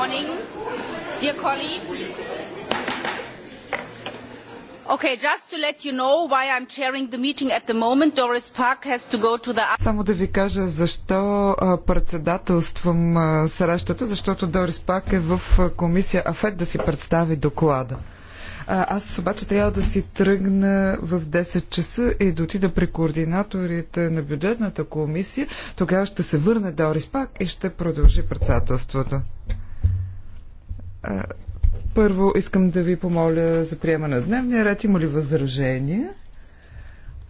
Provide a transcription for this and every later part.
morning, dear colleagues. Okay, just to let you know why I'm chairing the meeting at the moment, Doris Park has to go to the... Само да ви кажа защо председателствам срещата, защото Дорис Пак е в комисия АФЕД да си представи доклада. Аз обаче трябва да си тръгна в 10 часа и да отида при координаторите на бюджетната комисия. Тогава ще се върне Дорис пак и ще продължи председателството. Първо искам да ви помоля за приемане на дневния ред. Има ли възражения?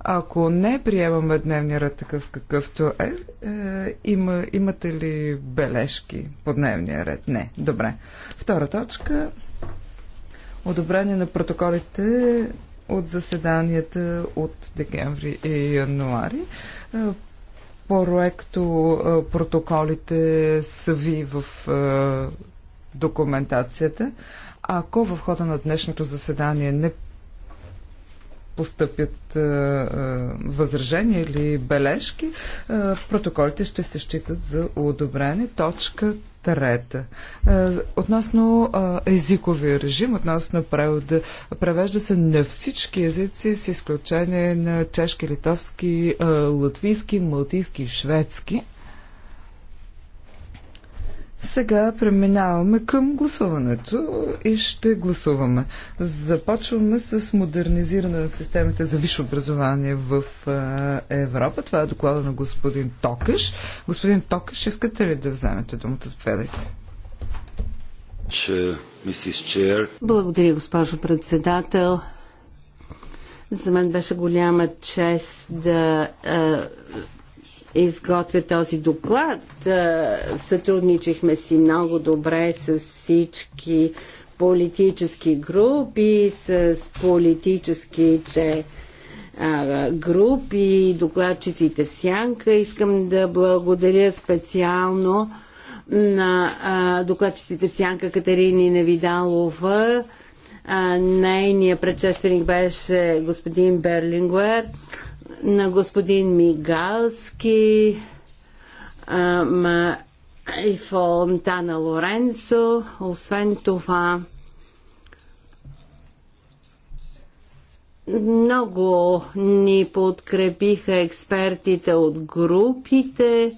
Ако не приемаме дневния ред такъв какъвто е, е има, имате ли бележки по дневния ред? Не. Добре. Втора точка. Одобрение на протоколите от заседанията от декември и януари. Е, Проекто е, протоколите са ви в е, документацията. Ако в хода на днешното заседание не постъпят е, е, възражения или бележки, е, протоколите ще се считат за одобрени. Точка трета. Е, относно е, езиковия режим, относно превода, превежда се на всички езици, с изключение на чешки, литовски, латвийски, малтийски и шведски. Сега преминаваме към гласуването и ще гласуваме. Започваме с модернизиране на системите за висше образование в Европа. Това е доклада на господин Токаш. Господин Токаш, искате ли да вземете думата? Заповядайте. Благодаря, госпожо председател. За мен беше голяма чест да изготвя този доклад. Е, сътрудничихме си много добре с всички политически групи, с политическите групи, докладчиците в Сянка. Искам да благодаря специално на докладчиците в Сянка Катерини Навидалова. Нейният предшественик беше господин Берлингуер на господин Мигалски, ма и Фонтана Лоренцо. Освен това, много ни подкрепиха експертите от групите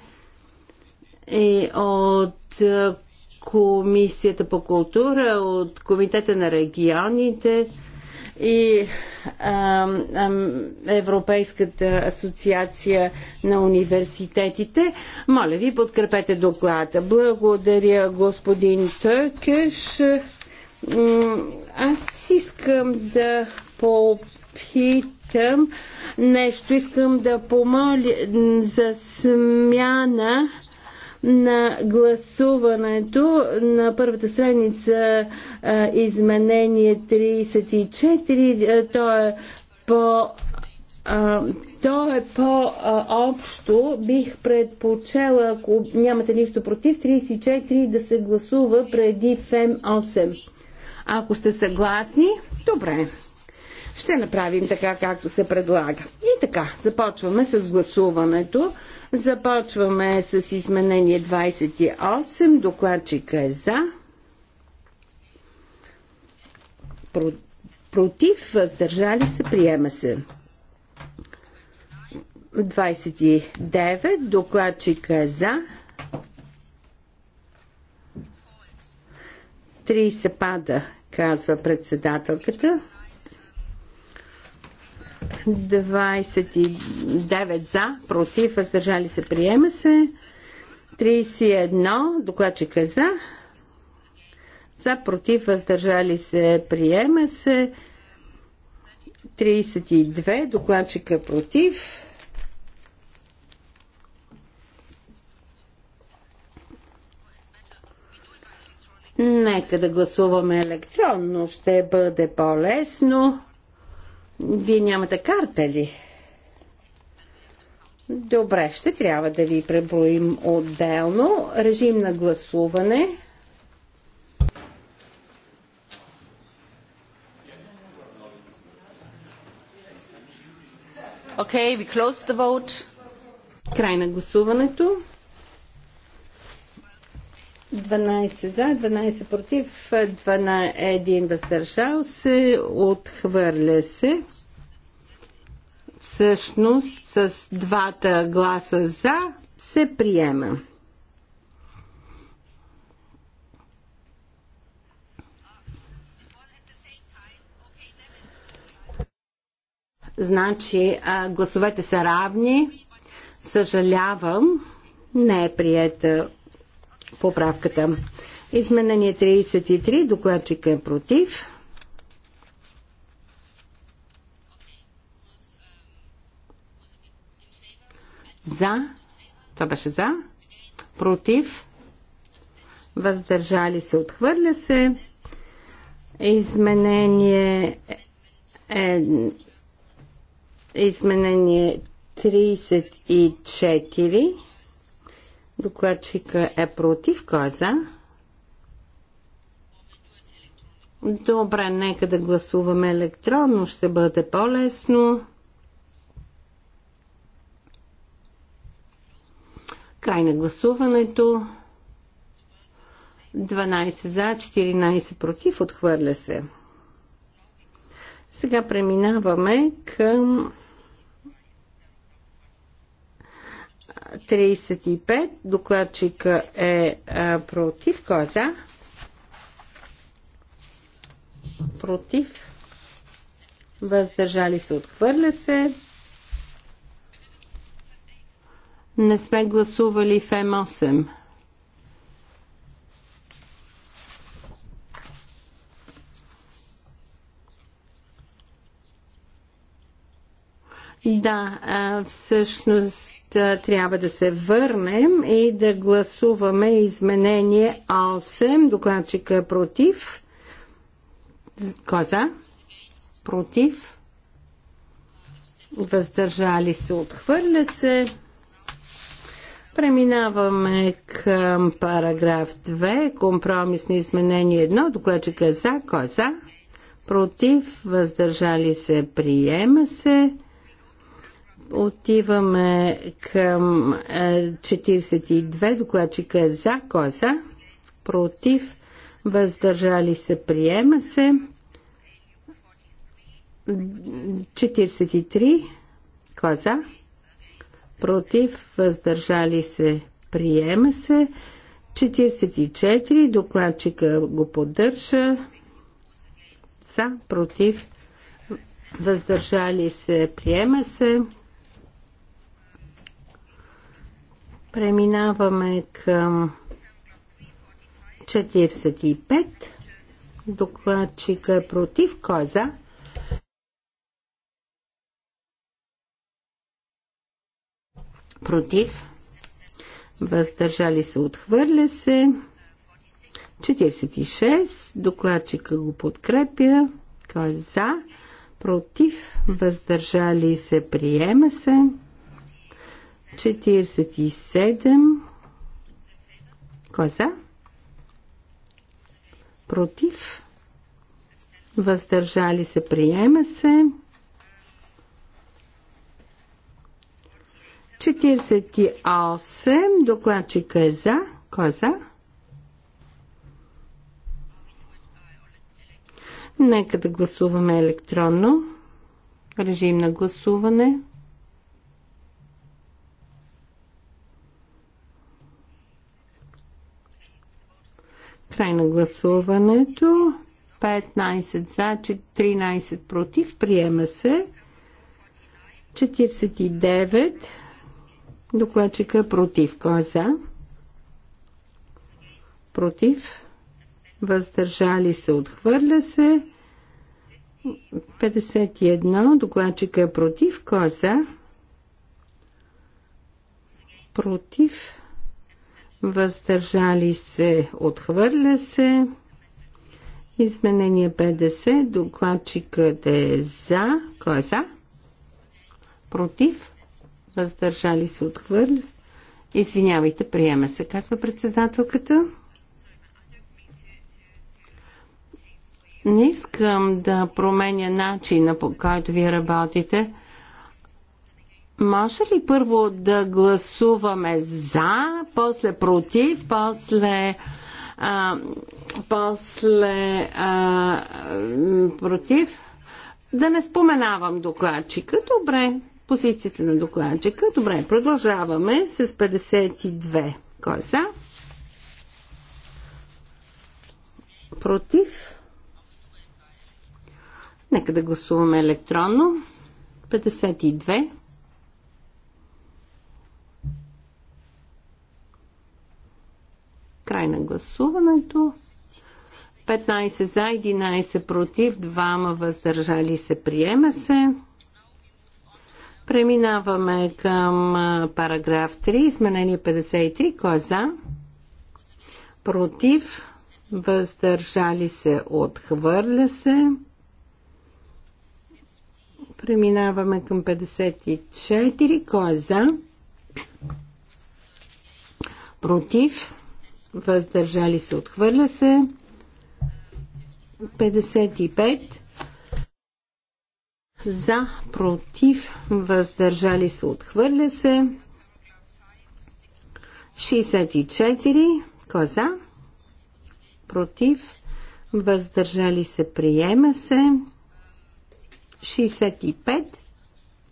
и от Комисията по култура, от Комитета на регионите и а, а, Европейската асоциация на университетите. Моля ви, подкрепете доклада. Благодаря, господин Търкеш. Аз искам да попитам нещо. Искам да помоля за смяна на гласуването на първата страница изменение 34. То е по а, то е по-общо. Бих предпочела, ако нямате нищо против, 34 да се гласува преди ФЕМ 8. Ако сте съгласни, добре. Ще направим така, както се предлага. И така, започваме с гласуването. Започваме с изменение 28. Докладчика е за. Против, въздържали се, приема се. 29. Докладчика е за. 30 пада, казва председателката. 29 за, против, въздържали се, приема се. 31, докладчик е за. За, против, въздържали се, приема се. 32, докладчика е против. Нека да гласуваме електронно, ще бъде по-лесно. Вие нямате карта ли? Добре, ще трябва да ви преброим отделно. Режим на гласуване. Okay, we close the vote. Край на гласуването. 12 за, 12 против, 12, 1 въздържал се, отхвърля се. Всъщност с двата гласа за се приема. Значи а, гласовете са равни. Съжалявам, не е приятел поправката. Изменение 33. Докладчик е против. За. Това беше за. Против. Въздържали се. Отхвърля се. Изменение е, изменение 34 Докладчика е против. Кой е за? Добре, нека да гласуваме електронно. Ще бъде по-лесно. Край на гласуването. 12 за, 14 против. Отхвърля се. Сега преминаваме към 35. докладчик е а, е, против. Кой е за? Против. Въздържали се. Отхвърля се. Не сме гласували в М8. Да, всъщност трябва да се върнем и да гласуваме изменение 8. Докладчика е против. Коза? Против. Въздържали се, отхвърля се. Преминаваме към параграф 2. Компромисно изменение 1. Докладчика е за. Коза? Против. Въздържали се, приема се. Отиваме към 42 е, докладчика е за коза, е против, въздържали се, приема се. 43 коза, против, въздържали се, приема се. 44 докладчика го поддържа, за, против, въздържали се, приема се. Преминаваме към 45. Докладчика е против. коза. е за? Против. Въздържали се. Отхвърля се. 46. Докладчика го подкрепя. Той е за? Против. Въздържали се. Приема се. 47. Кой е за? Против. Въздържали се. Приема се. 48. Докладчика е за. Кой е за? Нека да гласуваме електронно. Режим на гласуване. Край на гласуването. 15 за, 13 против. Приема се. 49. Докладчика е против. Кой е за? Против. Въздържали се. Отхвърля се. 51. Докладчика е против. Кой е за? Против въздържали се, отхвърля се. Изменение 50, докладчикът е за. Кой е за? Против? Въздържали се, отхвърля. Извинявайте, приема се, казва председателката. Не искам да променя начина по който вие работите, може ли първо да гласуваме за, после против, после а, после а, против? Да не споменавам докладчика. Добре, позицията на докладчика. Добре, продължаваме с 52. Кой е за? Против? Нека да гласуваме електронно. 52. Край на гласуването. 15 за, 11 против, 2 въздържали се, приема се. Преминаваме към параграф 3, изменение 53. Кой е за? Против, въздържали се, отхвърля се. Преминаваме към 54. Кой е за? Против, въздържали се, отхвърля се. 55 за, против, въздържали се, отхвърля се. 64 коза, е против, въздържали се, приема се. 65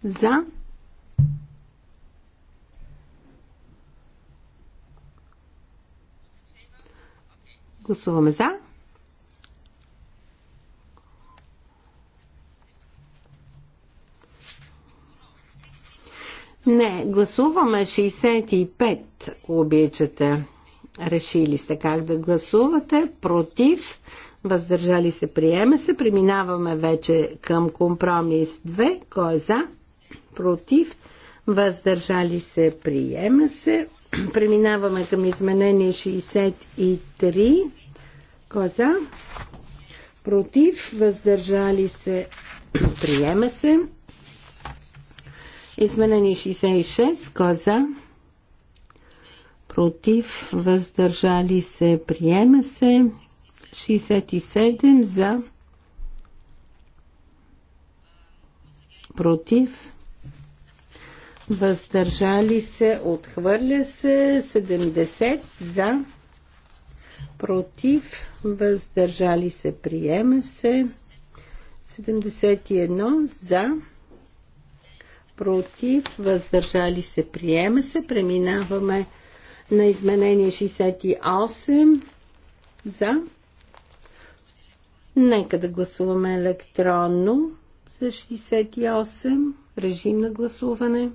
за, Гласуваме за. Не, гласуваме 65, обичате. Решили сте как да гласувате. Против, въздържали се, приеме се. Преминаваме вече към компромис 2. Кой е за? Против, въздържали се, приема се. Преминаваме към изменение 63. Кой е за? Против, въздържали се, приема се. Изменени 66, кой е за? Против, въздържали се, приема се. 67 за. Против, въздържали се, отхвърля се. 70 за против, въздържали се, приема се. 71 за, против, въздържали се, приема се. Преминаваме на изменение 68 за. Нека да гласуваме електронно за 68. Режим на гласуване.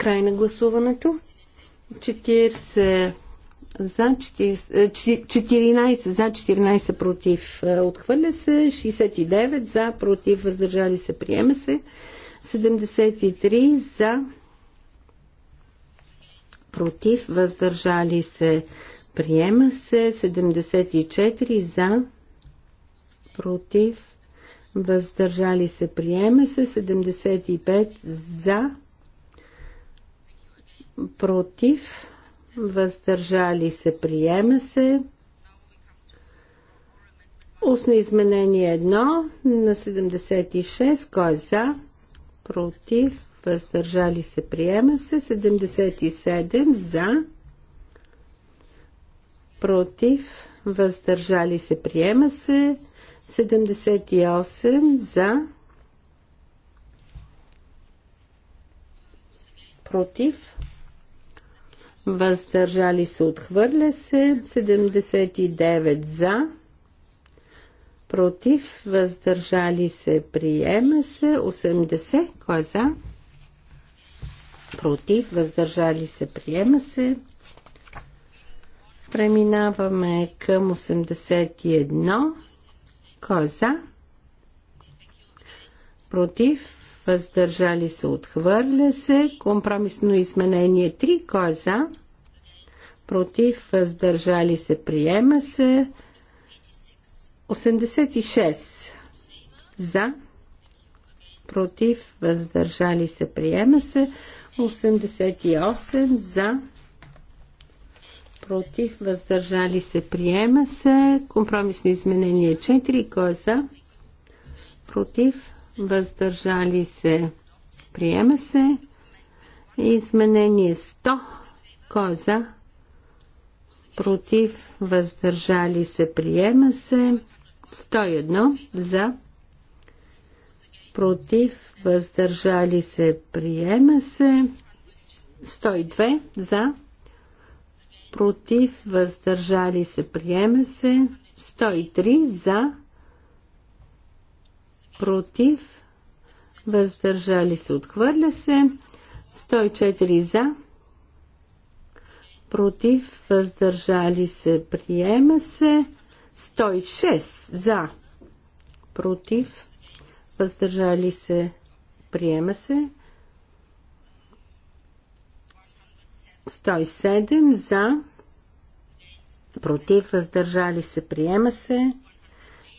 Край на гласуването. 40 за 40, 14 е, за 14 против е, отхвърля се, 69 за против въздържали се приема се, 73 за против въздържали се приема се, 74 за против въздържали се приема се, 75 за против, въздържали се, приема се. Устно изменение 1 на 76, кой е за, против, въздържали се, приема се. 77 за, против, въздържали се, приема се. 78 за, против, въздържали се, отхвърля се, 79 за, против, въздържали се, приема се, 80, кой е за? Против, въздържали се, приема се. Преминаваме към 81. Кой е за? Против, въздържали се, отхвърля се. Компромисно изменение 3. Кой е за? против, въздържали се, приема се. 86 за, против, въздържали се, приема се. 88 за, против, въздържали се, приема се. Компромисно изменение 4, кой е за? Против, въздържали се, приема се. Изменение 100, кой е за? против, въздържали се, приема се. 101 за, против, въздържали се, приема се. 102 за, против, въздържали се, приема се. 103 за, против, въздържали се, отхвърля се. 104 за, против, въздържали се, приема се. 106 за, против, въздържали се, приема се. 107 за, против, въздържали се, приема се.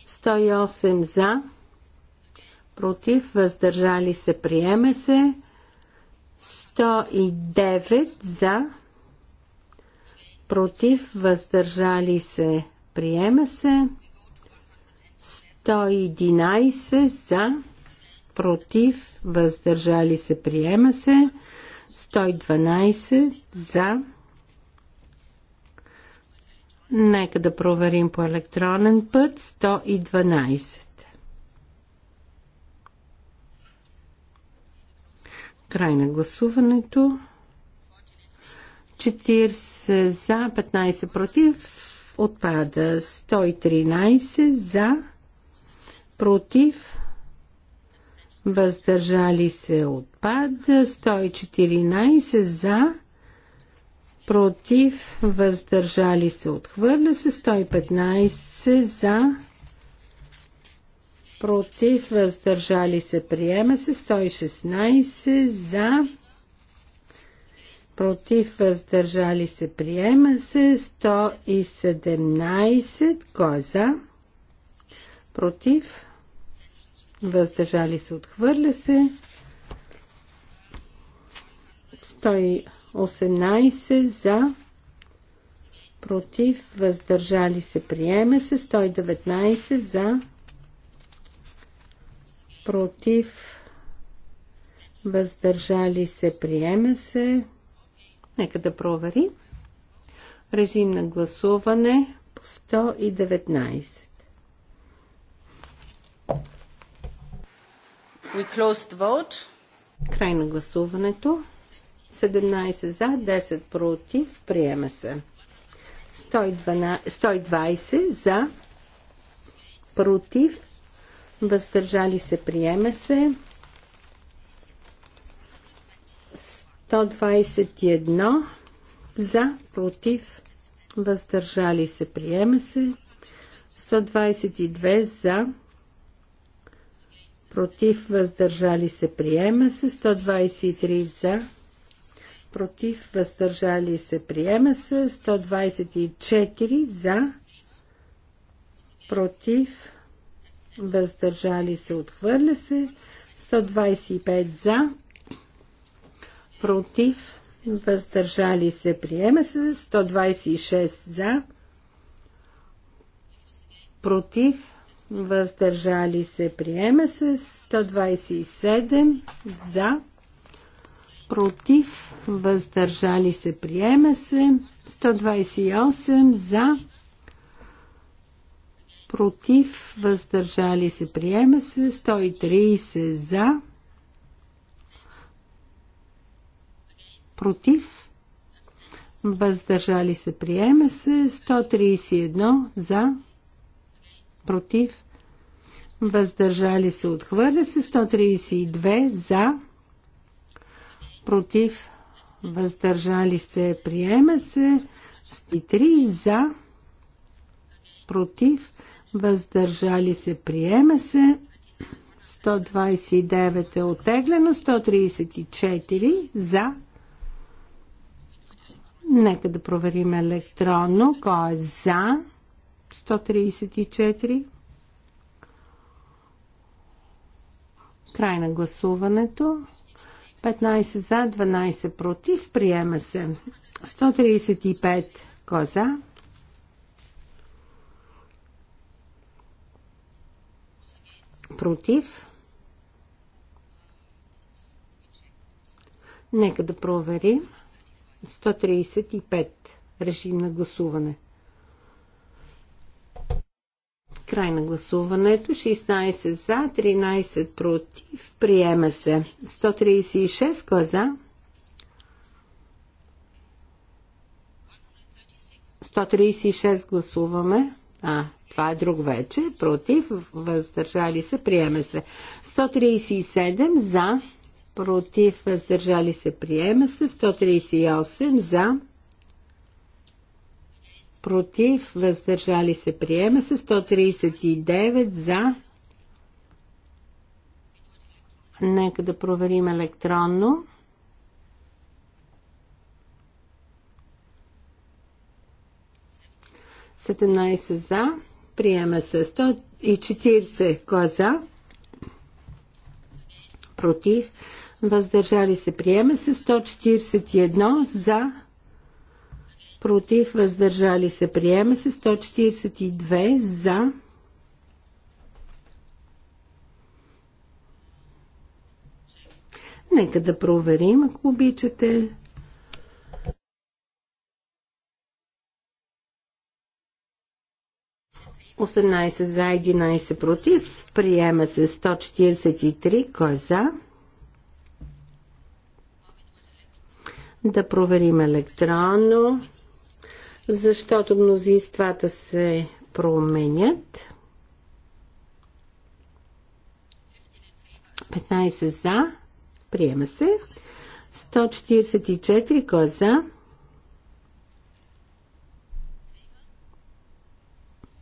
108 за, против, въздържали се, приема се. 109 за, против, въздържали се, приема се. 111 за, против, въздържали се, приема се. 112 за. Нека да проверим по електронен път 112. Край на гласуването. 40 за, 15 против, отпада 113 за, против, въздържали се отпада 114 за, против, въздържали се отхвърля се 115 за, против, въздържали се приема се 116 за, против въздържали се приема се 117 кой е за против въздържали се отхвърля се 118 за против въздържали се приема се 119 за против въздържали се приема се Нека да проверим. Режим на гласуване по 119. We closed vote. Край на гласуването. 17 за, 10 против. Приема се. 112, 120 за, против. Въздържали се. Приема се. 121 за, против, въздържали се, приема се. 122 за, против, въздържали се, приема се. 123 за, против, въздържали се, приема се. 124 за, против, въздържали се, отхвърля се. 125 за, против, въздържали се, приема се, 126 за, против, въздържали се, приема се, 127 за, против, въздържали се, приема се, 128 за, против, въздържали се, приема се, 130 за, против, въздържали се, приема се 131 за, против, въздържали се, отхвърля се 132 за, против, въздържали се, приема се 103 за, против, въздържали се, приема се 129 е отеглено, 134 за, Нека да проверим електронно. Кой е за? 134. Край на гласуването. 15 за, 12 против. Приема се. 135 коза. Е против. Нека да проверим. 135. Режим на гласуване. Край на гласуването. 16 за, 13 против. Приема се. 136. Кой е за? 136 гласуваме. А, това е друг вече. Против. Въздържали се. Приема се. 137 за против, въздържали се, приема се. 138 за, против, въздържали се, приема се. 139 за. Нека да проверим електронно. Седемнайсет за. Приема се 140 кой е за. Против въздържали се, приема се 141 за, против, въздържали се, приема се 142 за, Нека да проверим, ако обичате. Осемнайсет за, 11 против. Приема се 143. Кой е за? да проверим електронно, защото мнозинствата се променят. 15 за. Приема се. 144 кой е за?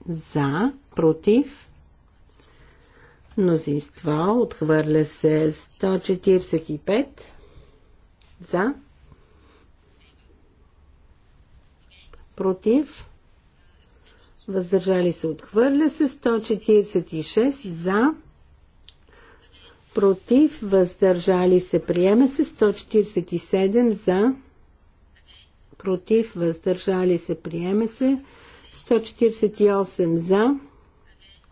За. Против. Мнозинство. Отхвърля се 145. За. против, въздържали се, отхвърля се, 146 за, против, въздържали се, приема се, 147 за, против, въздържали се, приема се, 148 за,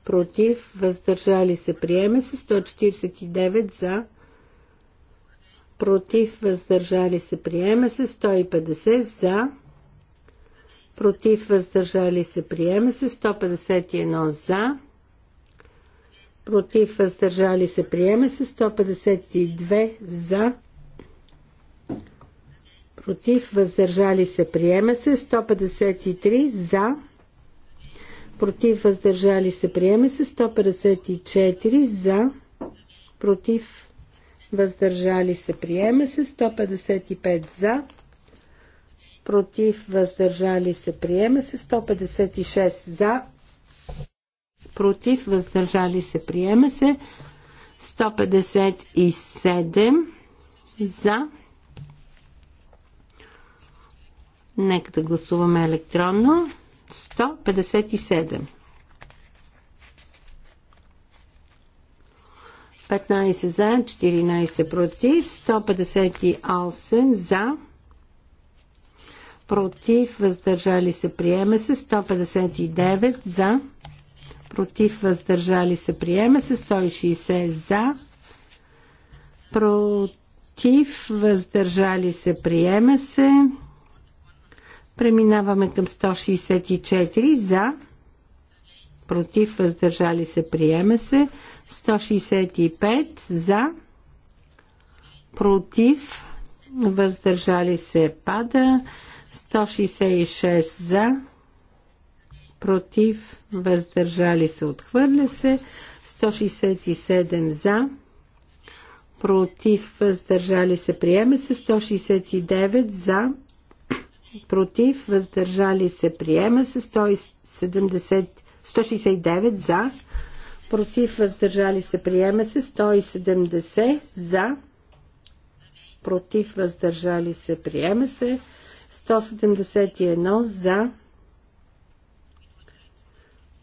против, въздържали се, приема се, 149 за, против, въздържали се, приема се, 150 за, против, въздържали се, приема се. 151 за, против, въздържали се, приема се. 152 за, против, въздържали се, приема се. 153 за, против, въздържали се, приема се. 154 за, против, въздържали се, приема се. 155 за, против, въздържали се, приема се. 156 за, против, въздържали се, приема се. 157 за. Нека да гласуваме електронно. 157. 15 за, 14 против, 158 за против, въздържали се, приема се 159 за, против, въздържали се, приема се 160 за, против, въздържали се, приема се. Преминаваме към 164 за, против, въздържали се, приема се 165 за, против, въздържали се, пада. 166 за, против, въздържали се, отхвърля се. 167 за, против, въздържали се, приема се. 169 за, против, въздържали се, приема се. 170, 169 за, против, въздържали се, приема се. 170 за, против, въздържали се, приема се. 171 за.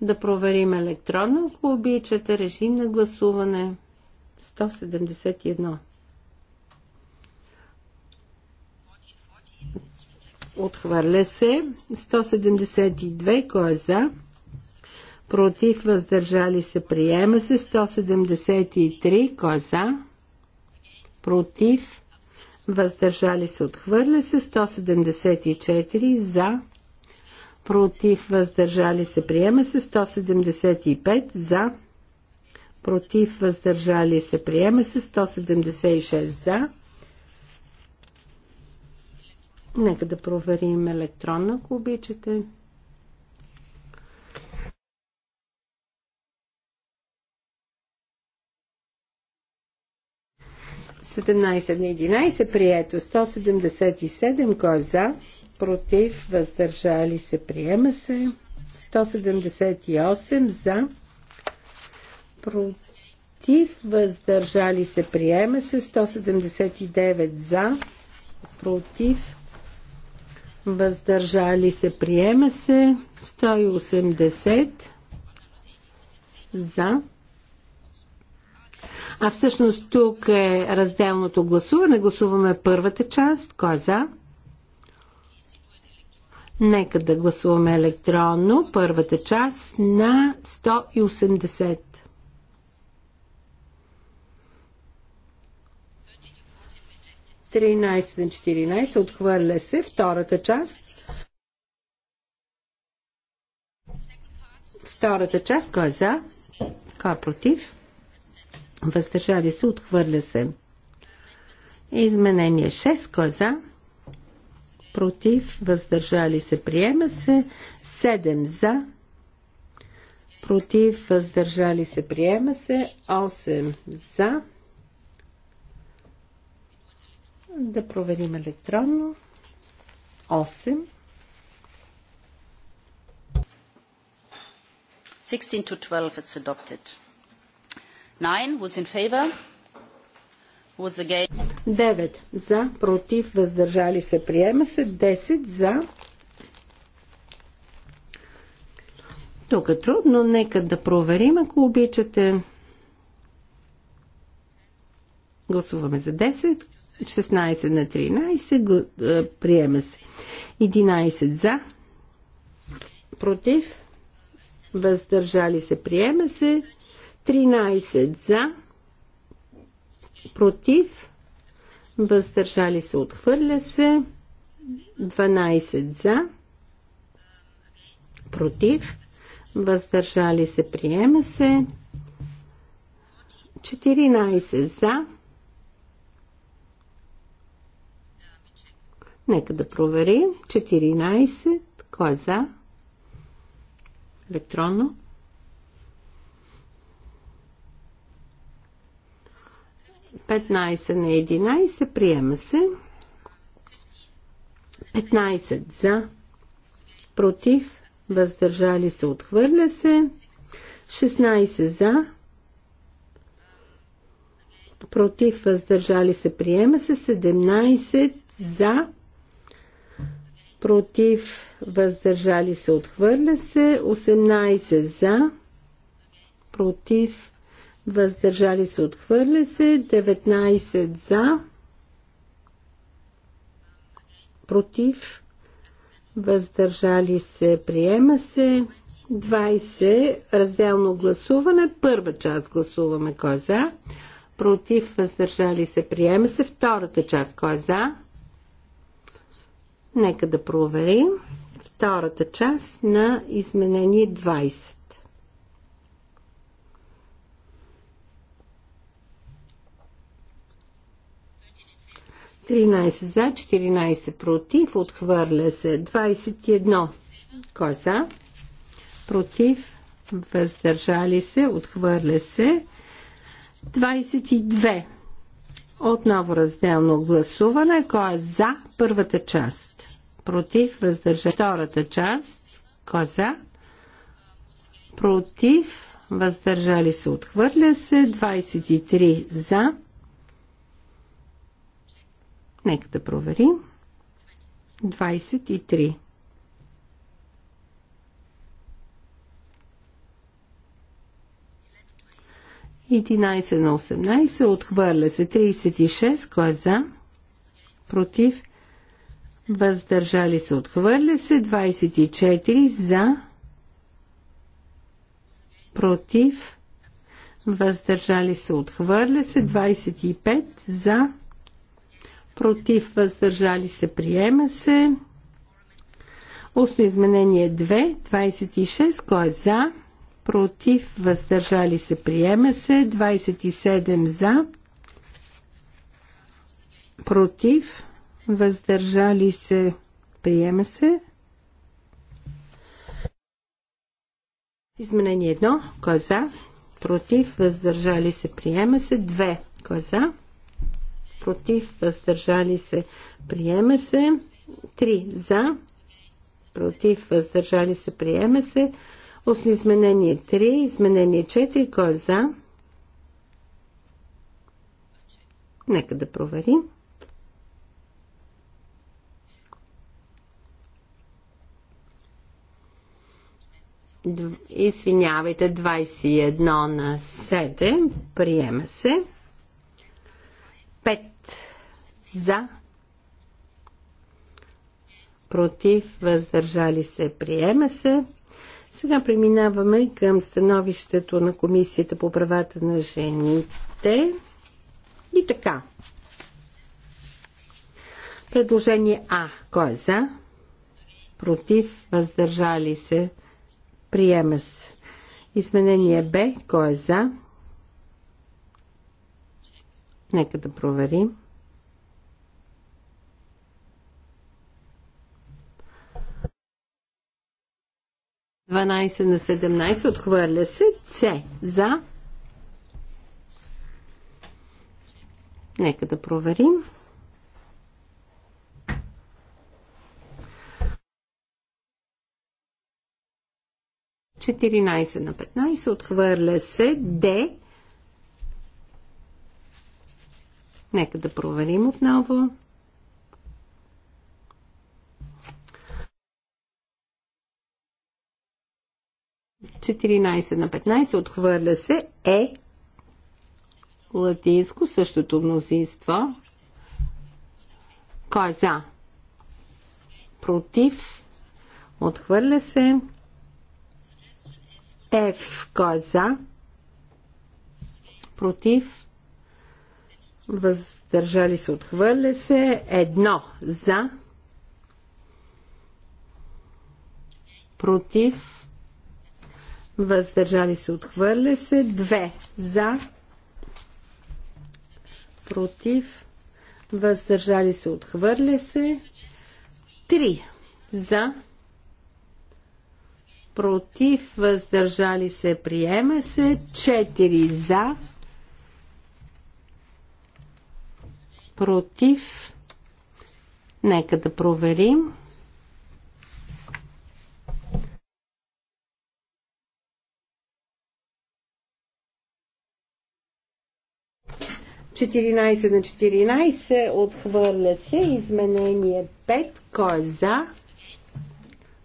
Да проверим електронно, ако обичате, режим на гласуване. 171. Отхвърля се. 172. Кой е за? Против въздържали се. Приема се. 173. Кой е за? Против въздържали се, отхвърля се 174 за, против, въздържали се, приема се 175 за, против, въздържали се, приема се 176 за. Нека да проверим електронно, ако обичате. 17 на 11 прието. 177 кой е за? Против. Въздържали се. Приема се. 178 за. Против. Въздържали се. Приема се. 179 за. Против. Въздържали се. Приема се. 180 за а всъщност тук е разделното гласуване. Гласуваме първата част. Кой е за? Нека да гласуваме електронно първата част на 180. на 14 отхвърля се втората част. Втората част, кой е за, кой е против? въздържали се, отхвърля се. Изменение 6, кой е за? Против, въздържали се, приема се. 7 за, против, въздържали се, приема се. 8 за. Да проверим електронно. 8. 16 to 12 it's adopted. 9. 9. За, против, въздържали се, приема се. 10. За. Тук е трудно, нека да проверим, ако обичате. Гласуваме за 10, 16 на 13, е, приема се. 11 за, против, въздържали се, приема се. 13 за, против, въздържали се, отхвърля се, 12 за, против, въздържали се, приема се, 14 за, Нека да проверим. 14. Кой е за? Електронно. 15 на 11 приема се. 15 за, против, въздържали се, отхвърля се. 16 за, против, въздържали се, приема се. 17 за, против, въздържали се, отхвърля се. 18 за, против, въздържали се, отхвърля се, 19 за, против, въздържали се, приема се, 20 разделно гласуване, първа част гласуваме кой е за, против, въздържали се, приема се, втората част кой е за, нека да проверим, втората част на изменение 20. 13 за, 14 против, отхвърля се 21. Кой е за? Против, въздържали се, отхвърля се 22. Отново разделно гласуване. Кой е за първата част? Против, въздържа втората част. Кой е за? Против, въздържали се, отхвърля се 23 за Нека да проверим. 23. 11 на 18, отхвърля се 36, кой е за? Против? Въздържали се, отхвърля се 24, за? Против? Въздържали се, отхвърля се 25, за? против, въздържали се, приема се. Устно изменение 2, 26, кой е за, против, въздържали се, приема се, 27 за, против, въздържали се, приема се. Изменение 1, кой е за, против, въздържали се, приема се, 2, кой е за, против, въздържали се, приема се. 3 за, против, въздържали се, приема се. Осно изменение 3, изменение 4, кой е за? Нека да проверим. Извинявайте, 21 на 7. Приема се за, против, въздържали се, приема се. Сега преминаваме към становището на Комисията по правата на жените. И така. Предложение А. Кой е за? Против, въздържали се, приема се. Изменение Б. Кой е за? Нека да проверим. 12 на 17 отхвърля се. С. За. Нека да проверим. Четиринайсет на 15 отхвърля се Д. Нека да проверим отново. 14 на 15 отхвърля се е латинско, същото мнозинство. Кой е за? Против. Отхвърля се. F. Кой е за? Против. Въздържали се. Отхвърля се. Едно. За. Против въздържали се, отхвърля се. 2 за, против, въздържали се, отхвърля се. 3 за, против, въздържали се, приема се. 4 за, против. Нека да проверим. 14 на 14 отхвърля се. Изменение 5. Кой е за?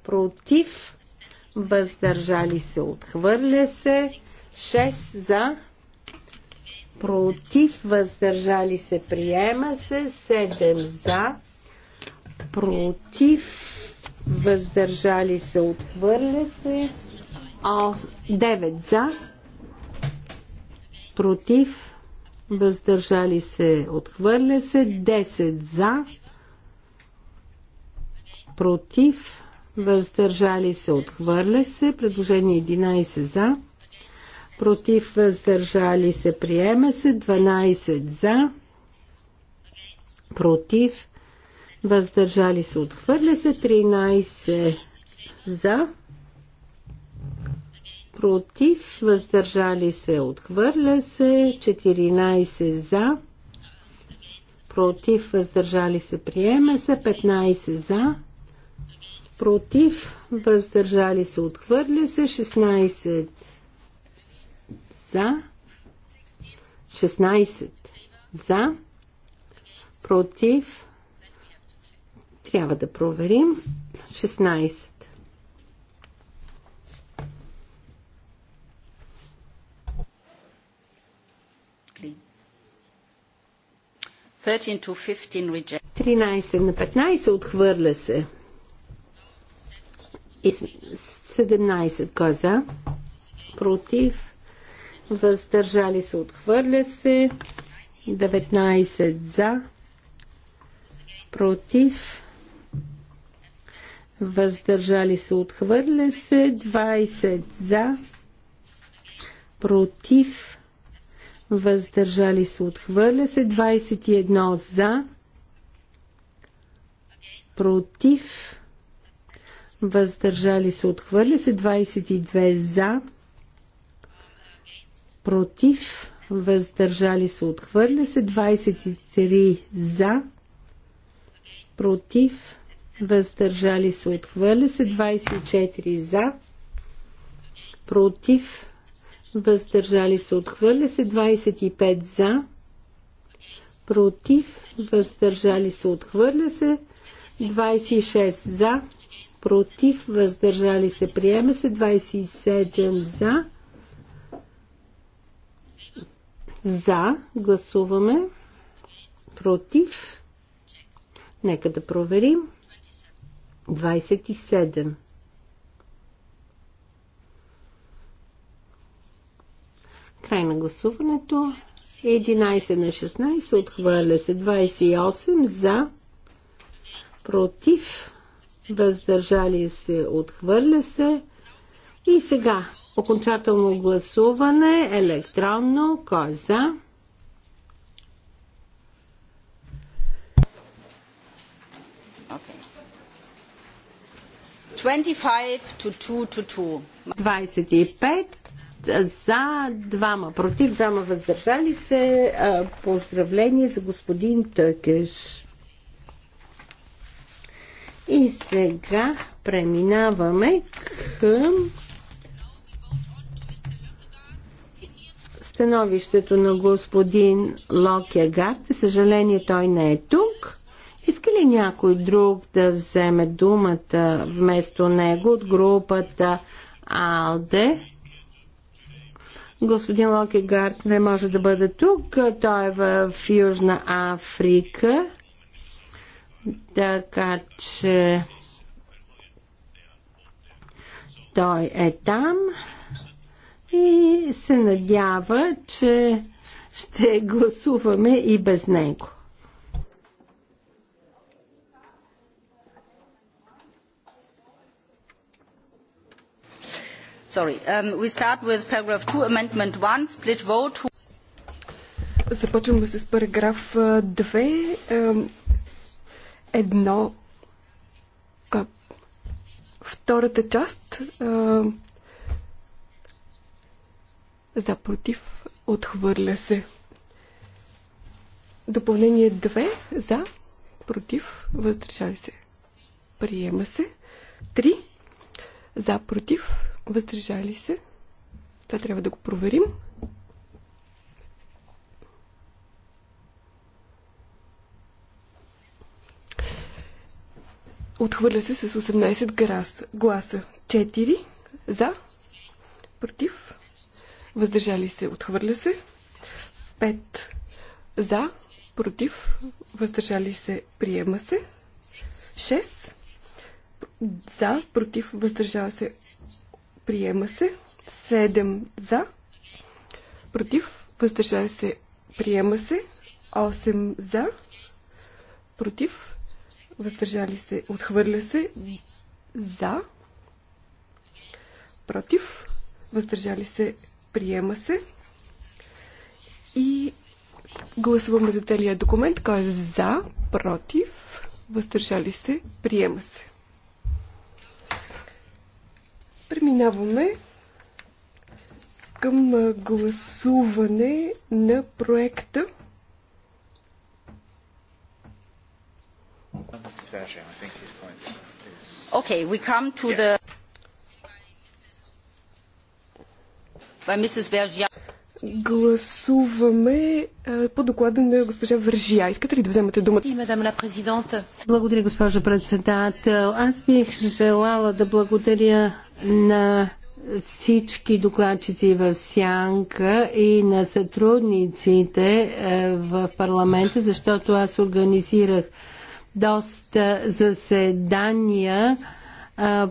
Против? Въздържали се. Отхвърля се. 6 за. Против? Въздържали се. Приема се. 7 за. Против? Въздържали се. Отхвърля се. 9 за. Против? въздържали се, отхвърля се, 10 за, против, въздържали се, отхвърля се, предложение 11 за, против, въздържали се, приема се, 12 за, против, въздържали се, отхвърля се, 13 за, против, въздържали се, отхвърля се, 14 за, против, въздържали се, приема се, 15 за, против, въздържали се, отхвърля се, 16 за, 16 за, против, трябва да проверим, 16. 13 на 15 отхвърля се. 17 коза е за? Против. Въздържали се. Отхвърля се. 19 за. Против. Въздържали се. Отхвърля се. 20 за. Против въздържали се, отхвърля се. 21 за, против, въздържали се, отхвърля се. 22 за, против, въздържали се, отхвърля се. 23 за, против, въздържали се, отхвърля се. 24 за, против, въздържали се, отхвърля се 25 за, против, въздържали се, отхвърля се 26 за, против, въздържали се, приема се 27 за, за, гласуваме, против, нека да проверим, 27. Край на гласуването. 11 на 16 отхвърля се. 28 за. Против. Въздържали се. Отхвърля се. И сега окончателно гласуване електронно. Кой е за? Okay. 25 to 2 to 2. 25 за двама против, двама въздържали се. Поздравление за господин Тъкеш. И сега преминаваме към становището на господин Локегард. За съжаление той не е тук. Иска ли някой друг да вземе думата вместо него от групата АЛДЕ? Господин Локегард не може да бъде тук. Той е в Южна Африка. Така че той е там и се надява, че ще гласуваме и без него. Um, Започваме с параграф 2. Едно. Втората част. За против. Отхвърля се. Допълнение 2. За. Против. Въздържали се. Приема се. 3. За. Против Въздържали се. Това трябва да го проверим. Отхвърля се с 18 гласа. 4 за, против, въздържали се, отхвърля се. 5 за, против, въздържали се, приема се. 6 за, против, въздържава се, приема се. 7 за, против, въздържали се, приема се. 8 за, против, въздържали се, отхвърля се. За, против, въздържали се, приема се. И гласуваме за целият документ, кой е за, против, въздържали се, приема се. Преминаваме към гласуване на проекта. Okay, we come to the by Mrs. Vergia. Гласуваме по доклада на госпожа Вържия. Искате ли да вземете думата? Благодаря, госпожа председател. Аз бих желала да благодаря на всички докладчици в Сянка и на сътрудниците е, в парламента, защото аз организирах доста заседания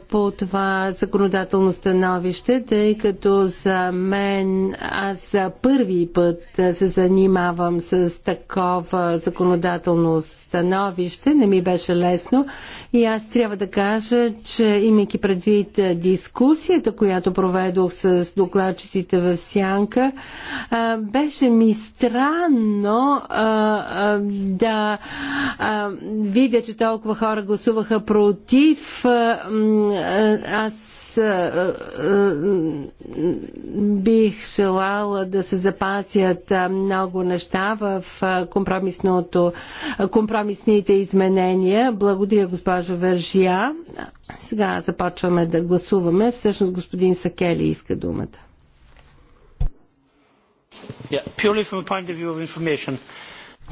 по това законодателно становище, тъй като за мен аз първи път се занимавам с такова законодателно становище. Не ми беше лесно и аз трябва да кажа, че имайки предвид дискусията, която проведох с докладчиците в Сянка, беше ми странно да видя, че толкова хора гласуваха против аз бих желала да се запасят много неща в компромисното, компромисните изменения. Благодаря, госпожо Вержия. Сега започваме да гласуваме. Всъщност господин Сакели иска думата. Yeah,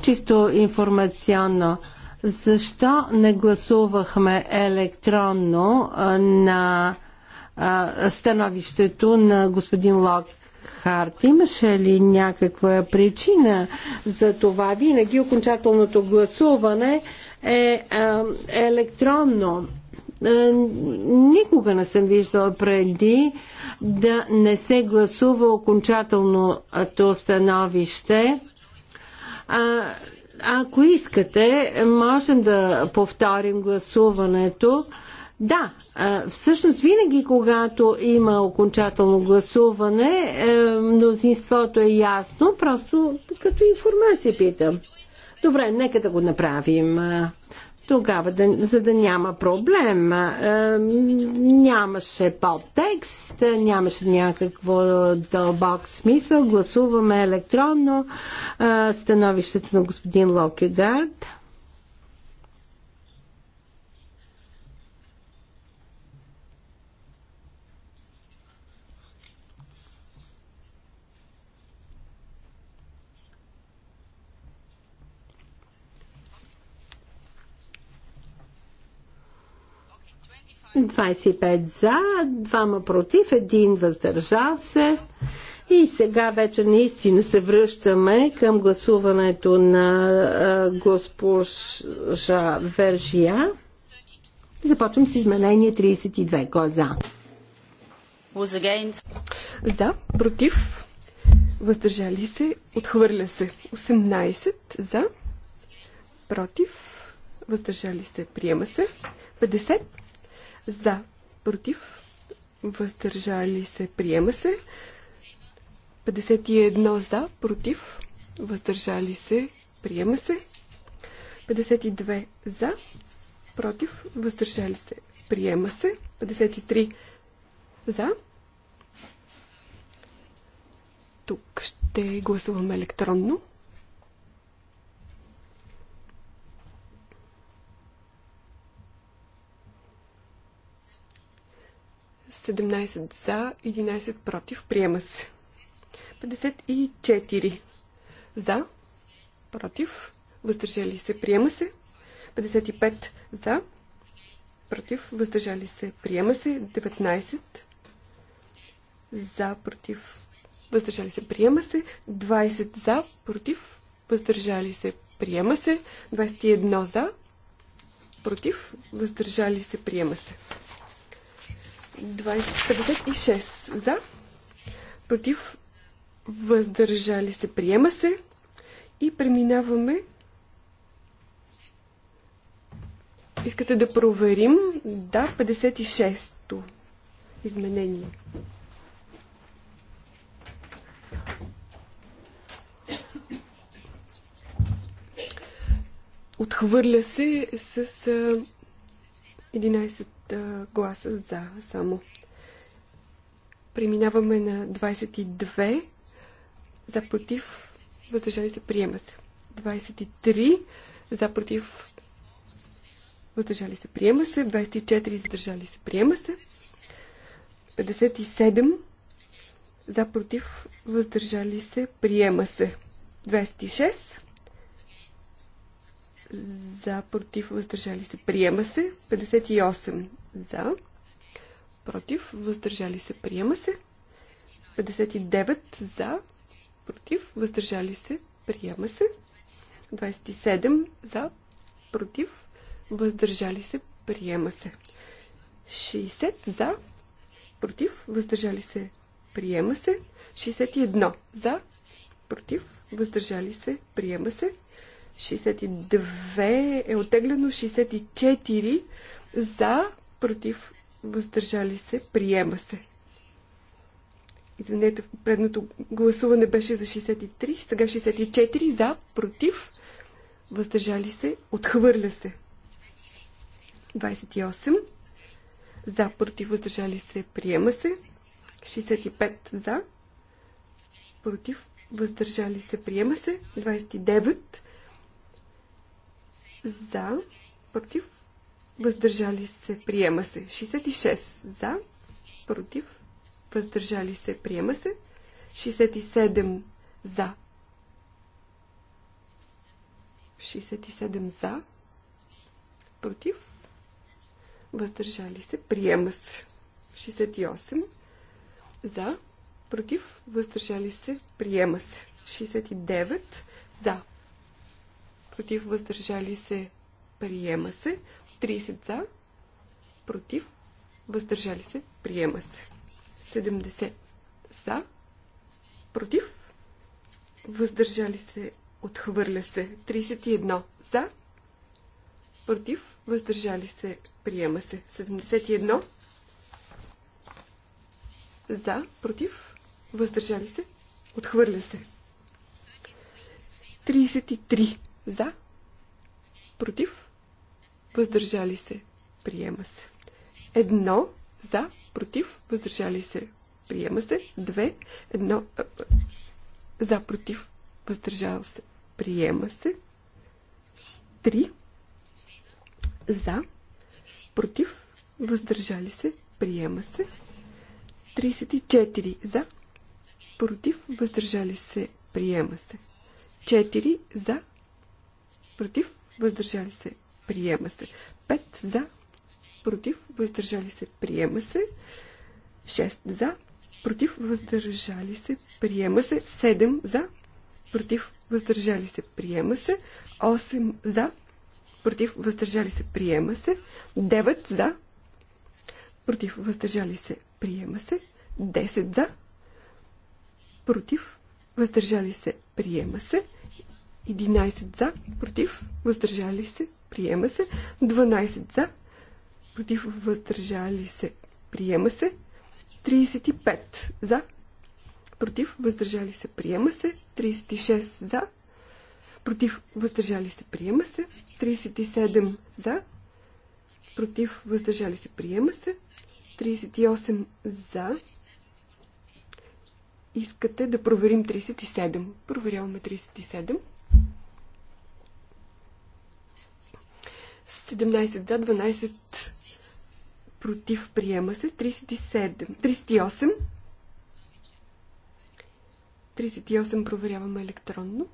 Чисто информационно защо не гласувахме електронно на становището на господин Лок Харт. Имаше ли някаква причина за това? Винаги окончателното гласуване е електронно. Никога не съм виждала преди да не се гласува окончателното становище. Ако искате, можем да повторим гласуването. Да, всъщност винаги, когато има окончателно гласуване, е, мнозинството е ясно, просто като информация питам. Добре, нека да го направим тогава, да, за да няма проблем. Е, нямаше подтекст, нямаше някакво дълбок смисъл. Гласуваме електронно е, становището на господин Локегард. 25 за, 2 против, 1 въздържал се. И сега вече наистина се връщаме към гласуването на госпожа Вержия. Започвам с изменение 32. Кой е за? За, против, въздържали се, отхвърля се. 18 за, против, въздържали се, приема се. 50 за. Против. Въздържали се. Приема се. 51 за. Против. Въздържали се. Приема се. 52 за. Против. Въздържали се. Приема се. 53 за. Тук ще гласуваме електронно. 17 за, 11 против. Приема се. 54 за, против. Въздържали се. Приема се. 55 за, против. Въздържали се. Приема се. 19 за, против. Въздържали се. Приема се. 20 за, против. Въздържали се. Приема се. 21 за, против. Въздържали се. Приема се. 56 за, против, въздържали се, приема се и преминаваме. Искате да проверим? Да, 56-то изменение. Отхвърля се с 11 гласа за само. Преминаваме на 22 за против, въздържали се, приема се. 23 за против, въздържали се, приема се. 24 задържали се, приема се. 57 за против, въздържали се, приема се. 26 за, против, въздържали се. Приема се. 58 за, против, въздържали се. Приема се. 59 за, против, въздържали се. Приема се. 27 за, против, въздържали се. Приема се. 60 за, против, въздържали се. Приема се. 61 за, против, въздържали се. Приема се. 62 е отеглено, 64 за, против, въздържали се, приема се. Извинете, предното гласуване беше за 63, сега 64 за, против, въздържали се, отхвърля се. 28 за, против, въздържали се, приема се. 65 за, против, въздържали се, приема се. 29 за, против, въздържали се, приема се. 66 за, против, въздържали се, приема се. 67 за. 67 за, против, въздържали се, приема се. 68 за, против, въздържали се, приема се. 69 за, против, въздържали се, приема се. 30 за, против, въздържали се, приема се. 70 за, против, въздържали се, отхвърля се. 31 за, против, въздържали се, приема се. 71 за, против, въздържали се, отхвърля се. 33 за. Против. Въздържали се. Приема се. Едно. За. Против. Въздържали се. Приема се. Две. Едно. Е, е. За. Против. Въздържал се. Приема се. Три. За. Против. Въздържали се. Приема се. 34 за. Против. Въздържали се. Приема се. 4 за против, въздържали се, приема се. 5 за, против, въздържали се, приема се. 6 за, против, въздържали се, приема се. 7 за, против, въздържали се, приема се. 8 за, против, въздържали се, приема се. 9 за, против, въздържали се, приема се. 10 за, против, въздържали се, приема се. 11 за, против, въздържали се, приема се. 12 за, против, въздържали се, приема се. 35 за, против, въздържали се, приема се. 36 за, против, въздържали се, приема се. 37 за, против, въздържали се, приема се. 38 за. Искате да проверим 37. Проверяваме 37. 17 за, 12 против, приема се. 37, 38. 38 проверяваме електронно.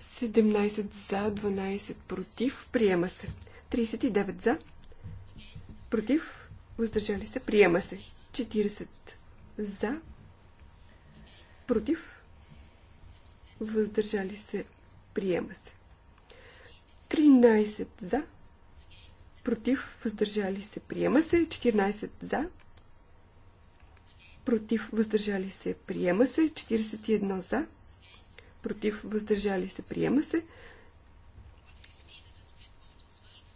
17 за, 12 против, приема се. 39 за, против, въздържали се, приема се. 40 за, против, въздържали се, Приема се. 13 за. Против. Въздържали се. Приема се. 14 за. Против. Въздържали се. Приема се. 41 за. Против. Въздържали се. Приема се.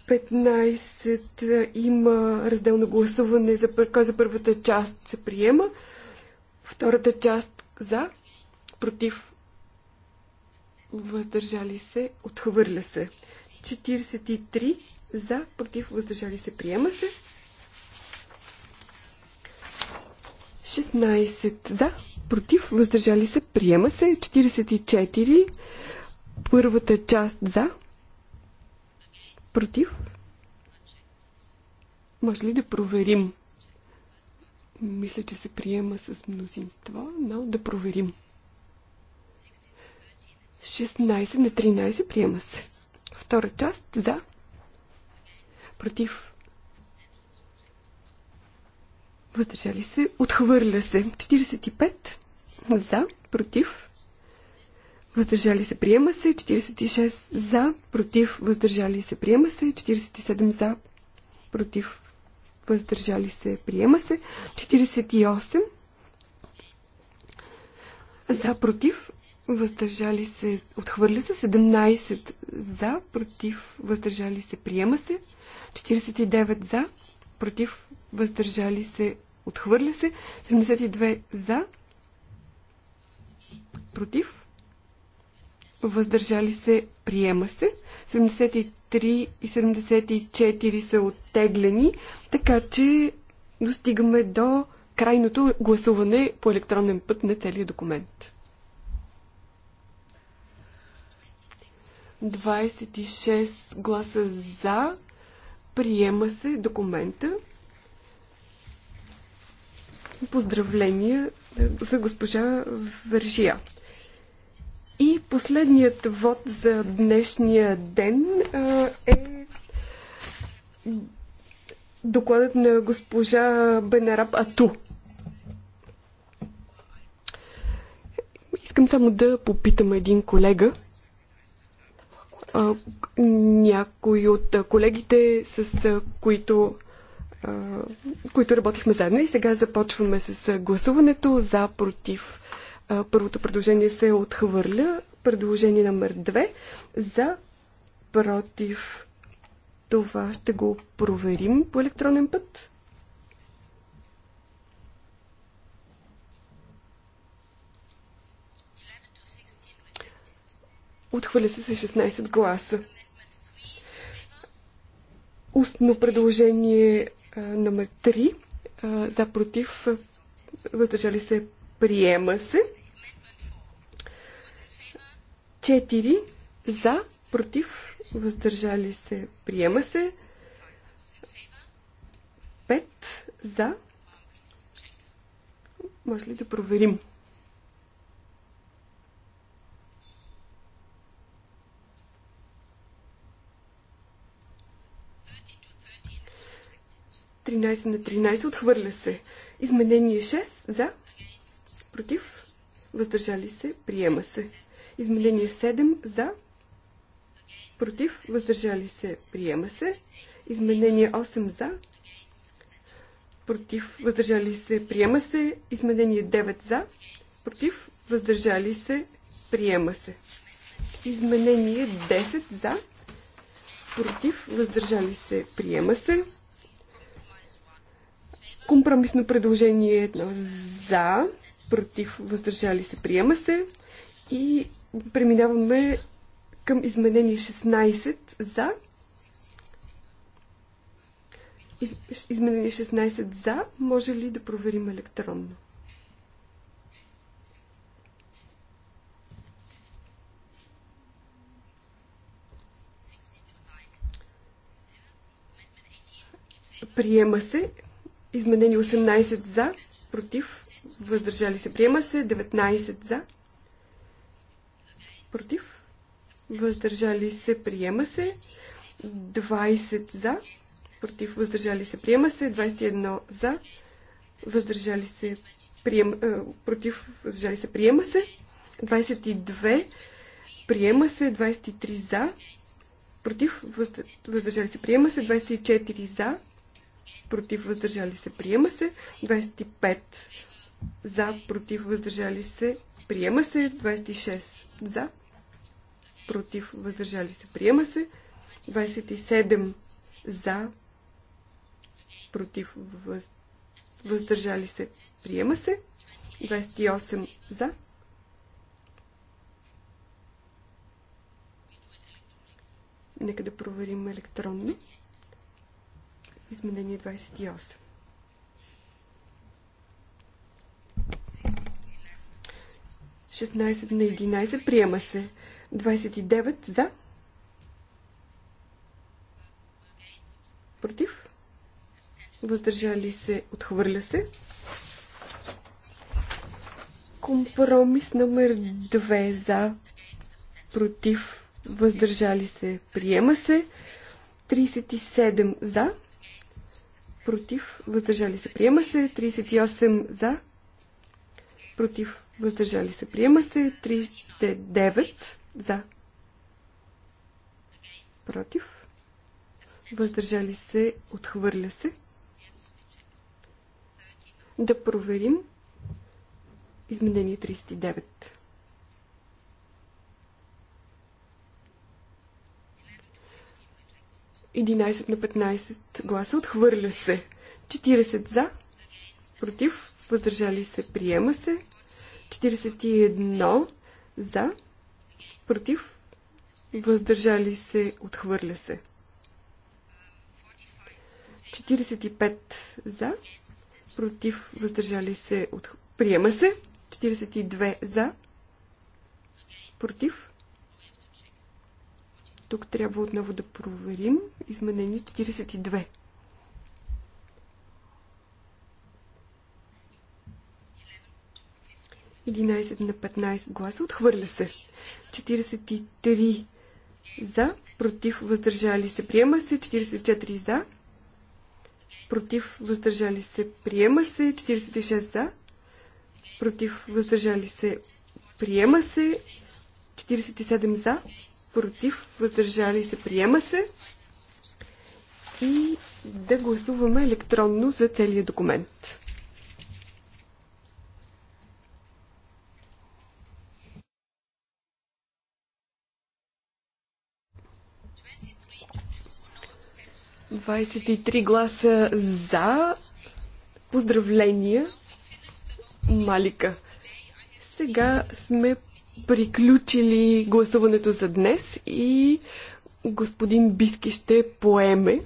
15 има разделно гласуване за, кой за първата част се приема. Втората част за, против въздържали се, отхвърля се. 43 за, против, въздържали се, приема се. 16 за, против, въздържали се, приема се. 44 първата част за, против. Може ли да проверим? Мисля, че се приема с мнозинство, но да проверим. 16 на 13 приема се. Втора част за. Против. Въздържали се. Отхвърля се. 45 за. Против. Въздържали се. Приема се. 46 за. Против. Въздържали се. Приема се. 47 за. Против. Въздържали се. Приема се. 48 за. Против въздържали се, отхвърля се, 17 за, против, въздържали се, приема се, 49 за, против, въздържали се, отхвърля се, 72 за, против, въздържали се, приема се, 73 и 74 са оттеглени, така че достигаме до крайното гласуване по електронен път на целият документ. 26 гласа за. Приема се документа. Поздравления за госпожа Вържия. И последният вод за днешния ден е докладът на госпожа Бенараб Ату. Искам само да попитам един колега някои от колегите, с които, които работихме заедно. И сега започваме с гласуването за, против. Първото предложение се отхвърля. Предложение номер 2 за, против. Това ще го проверим по електронен път. Отхвърля се с 16 гласа. Устно предложение а, номер 3. А, за против. Въздържали се. Приема се. 4. За. Против. Въздържали се. Приема се. 5. За. Може ли да проверим? 13 на 13 отхвърля се. Изменение 6 за, против, въздържали се, приема се. Изменение 7 за, против, въздържали се, приема се. Изменение 8 за, против, въздържали се, приема се. Изменение 9 за, против, въздържали се, приема се. Изменение 10 за, против, въздържали се, приема се. Компромисно предложение е едно за, против, въздържали се, приема се. И преминаваме към изменение 16 за. изменение 16 за. Може ли да проверим електронно? Приема се Изменени 18 за, против, въздържали се, приема се. 19 за, против, въздържали се, приема се. 20 за, против, въздържали се, приема се. 21 за, въздържали се, прием, э, против, въздържали се, приема се. 22 приема се, 23 за, против, въздържали се, приема се, 24 за, против, въздържали се, приема се. 25 за, против, въздържали се, приема се. 26 за, против, въздържали се, приема се. 27 за, против, въздържали се, приема се. 28 за. Нека да проверим електронно. Изменение 28. Шестнадесет на 11 приема се. 29 за. Против. Въздържали се. Отхвърля се. Компромис номер 2 за. Против. Въздържали се. Приема се. 37 за против, въздържали се, приема се, 38 за, против, въздържали се, приема се, 39 за, против, въздържали се, отхвърля се. Да проверим изменение 39. 11 на 15 гласа. Отхвърля се. 40 за. Против. Въздържали се. Приема се. 41 за. Против. Въздържали се. Отхвърля се. 45 за. Против. Въздържали се. Приема се. 42 за. Против тук трябва отново да проверим. Изменение 42. Единайсет на 15 гласа. Отхвърля се. 43 за, против, въздържали се. Приема се. 44 за, против, въздържали се. Приема се. 46 за, против, въздържали се. Приема се. 47 за, против, въздържали се, приема се. И да гласуваме електронно за целият документ. Двадесет и три гласа за. Поздравления, Малика. Сега сме приключили гласуването за днес и господин Биски ще поеме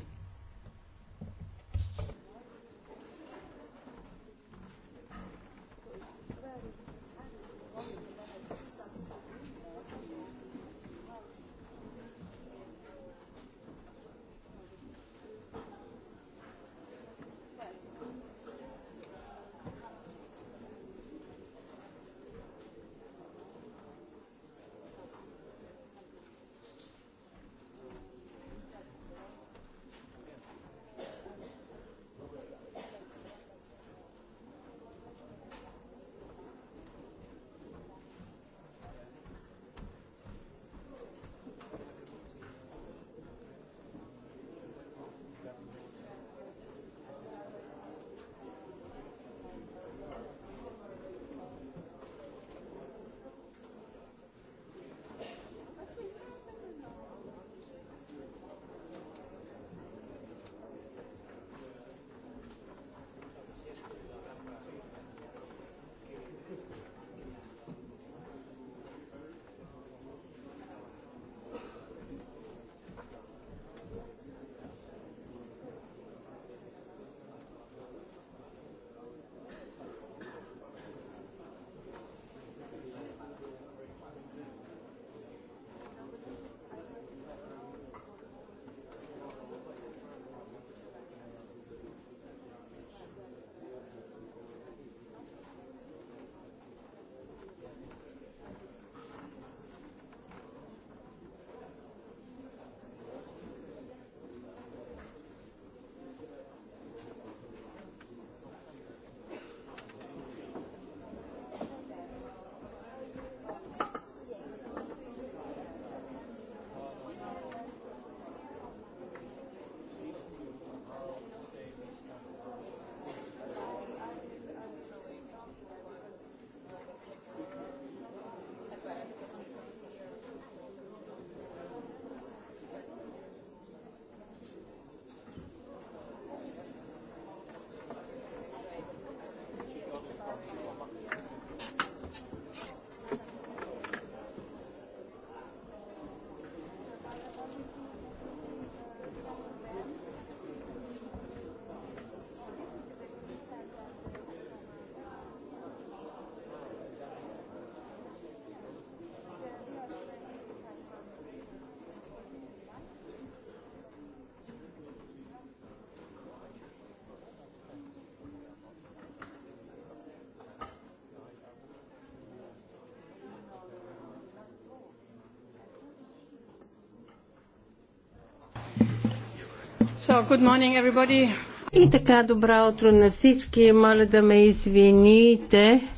So, good morning everybody. И така, добро утро на всички. Моля да ме извините.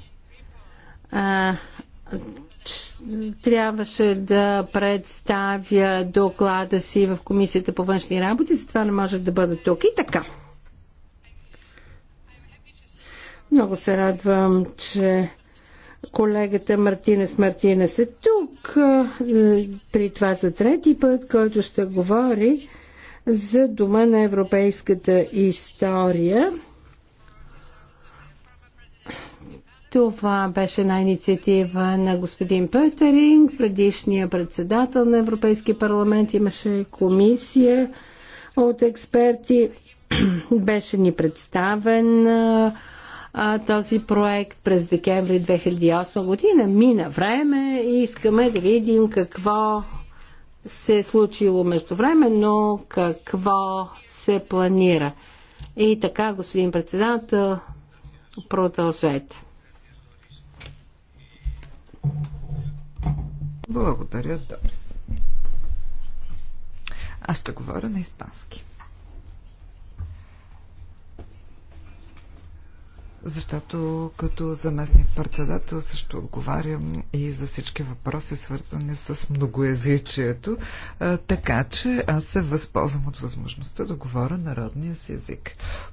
А, трябваше да представя доклада си в Комисията по външни работи, затова не може да бъда тук. И така. Много се радвам, че колегата Мартинес Мартинес е тук. При това за трети път, който ще говори за Дома на европейската история. Това беше на инициатива на господин Петеринг, предишния председател на Европейския парламент. Имаше комисия от експерти. Беше ни представен а, този проект през декември 2008 година. Мина време и искаме да видим какво се е случило междувременно, какво се планира. И така, господин председател, продължете. Благодаря, Дорис. Аз ще говоря на испански. защото като заместник председател също отговарям и за всички въпроси, свързани с многоязичието, така че аз се възползвам от възможността да говоря народния си език.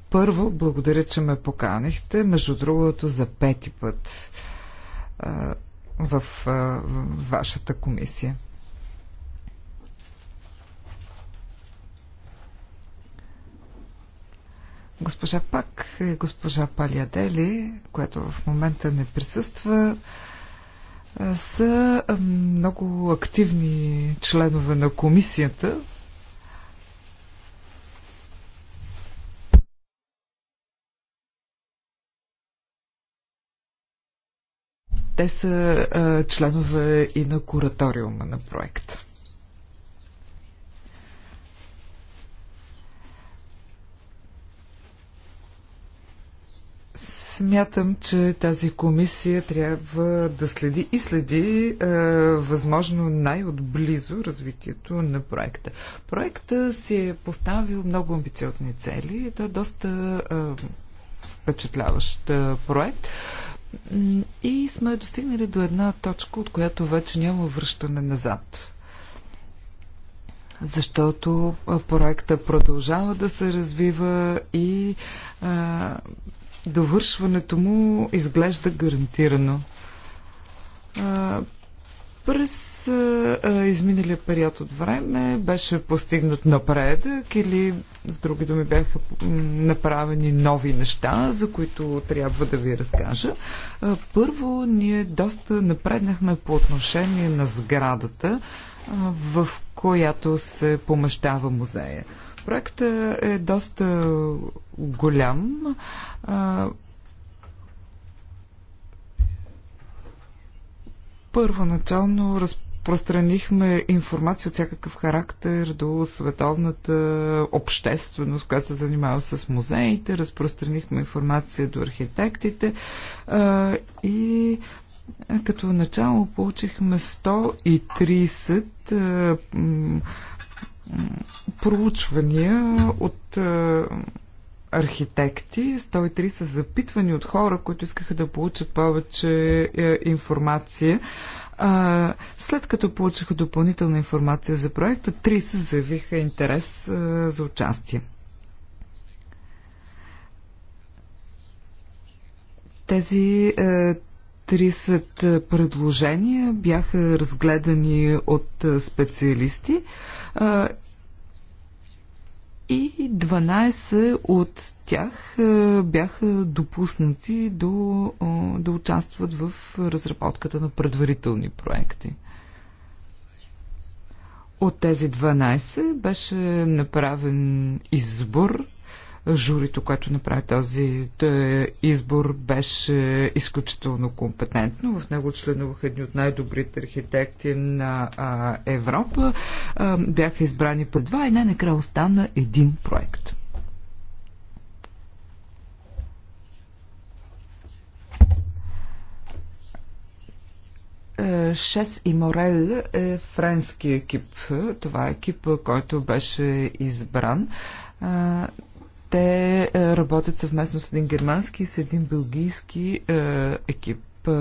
Първо, благодаря, че ме поканихте, между другото за пети път в вашата комисия. Госпожа Пак и госпожа Палиадели, която в момента не присъства, са много активни членове на комисията. Те са членове и на кураториума на проекта. Смятам, че тази комисия трябва да следи и следи е, възможно най-отблизо развитието на проекта. Проекта си е поставил много амбициозни цели. Той е доста е, впечатляващ е, проект. И сме достигнали до една точка, от която вече няма връщане назад защото е, проекта продължава да се развива и е, довършването му изглежда гарантирано. През а, изминалия период от време беше постигнат напредък или, с други думи, бяха направени нови неща, за които трябва да ви разкажа. А, първо, ние доста напреднахме по отношение на сградата, а, в която се помещава музея. Проектът е доста голям. Първоначално разпространихме информация от всякакъв характер до световната общественост, която се занимава с музеите, разпространихме информация до архитектите и като начало получихме 130 проучвания от архитекти, 103 са запитвани от хора, които искаха да получат повече е, информация. А, след като получиха допълнителна информация за проекта, 30 заявиха интерес а, за участие. Тези а, е, 30 е, предложения бяха разгледани от е, специалисти и 12 от тях е, бяха допуснати до, да участват в разработката на предварителни проекти. От тези 12 беше направен избор Журито, което направи този е, избор, беше изключително компетентно. В него членуваха едни от най-добрите архитекти на Европа. Бяха избрани по два и най-накрая остана един проект. Шес и Морел е френски екип. Това е екип, който беше избран. Те е, работят съвместно с един германски и с един белгийски е, екип. Е,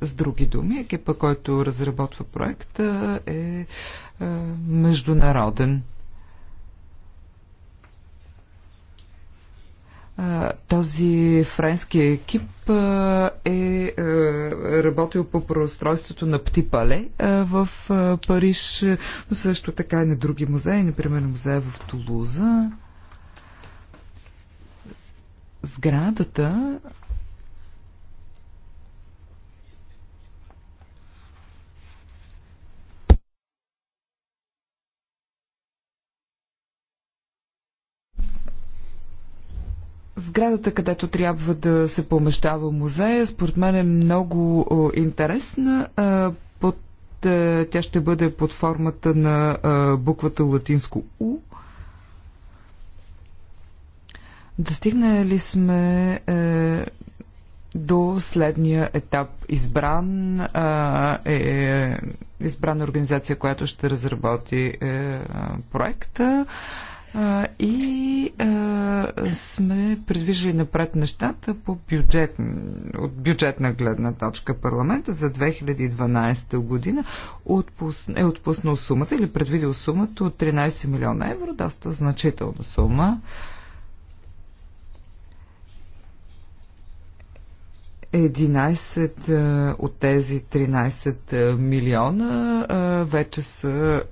с други думи, екипа, който разработва проекта е международен. Този френски екип е работил по проустройството на Пти Пале в Париж, но също така и на други музеи, например музея в Тулуза сградата сградата, където трябва да се помещава музея, според мен е много интересна. Под, тя ще бъде под формата на буквата латинско У. Достигнали сме е, до следния етап. Избран е, е избрана организация, която ще разработи е, проекта и е, сме предвижили напред нещата по бюджет, от бюджетна гледна точка парламента за 2012 година отпусна, е отпуснал сумата или предвидил сумата от 13 милиона евро, доста значителна сума. Е, 11 е, от тези 13 е, милиона е, вече са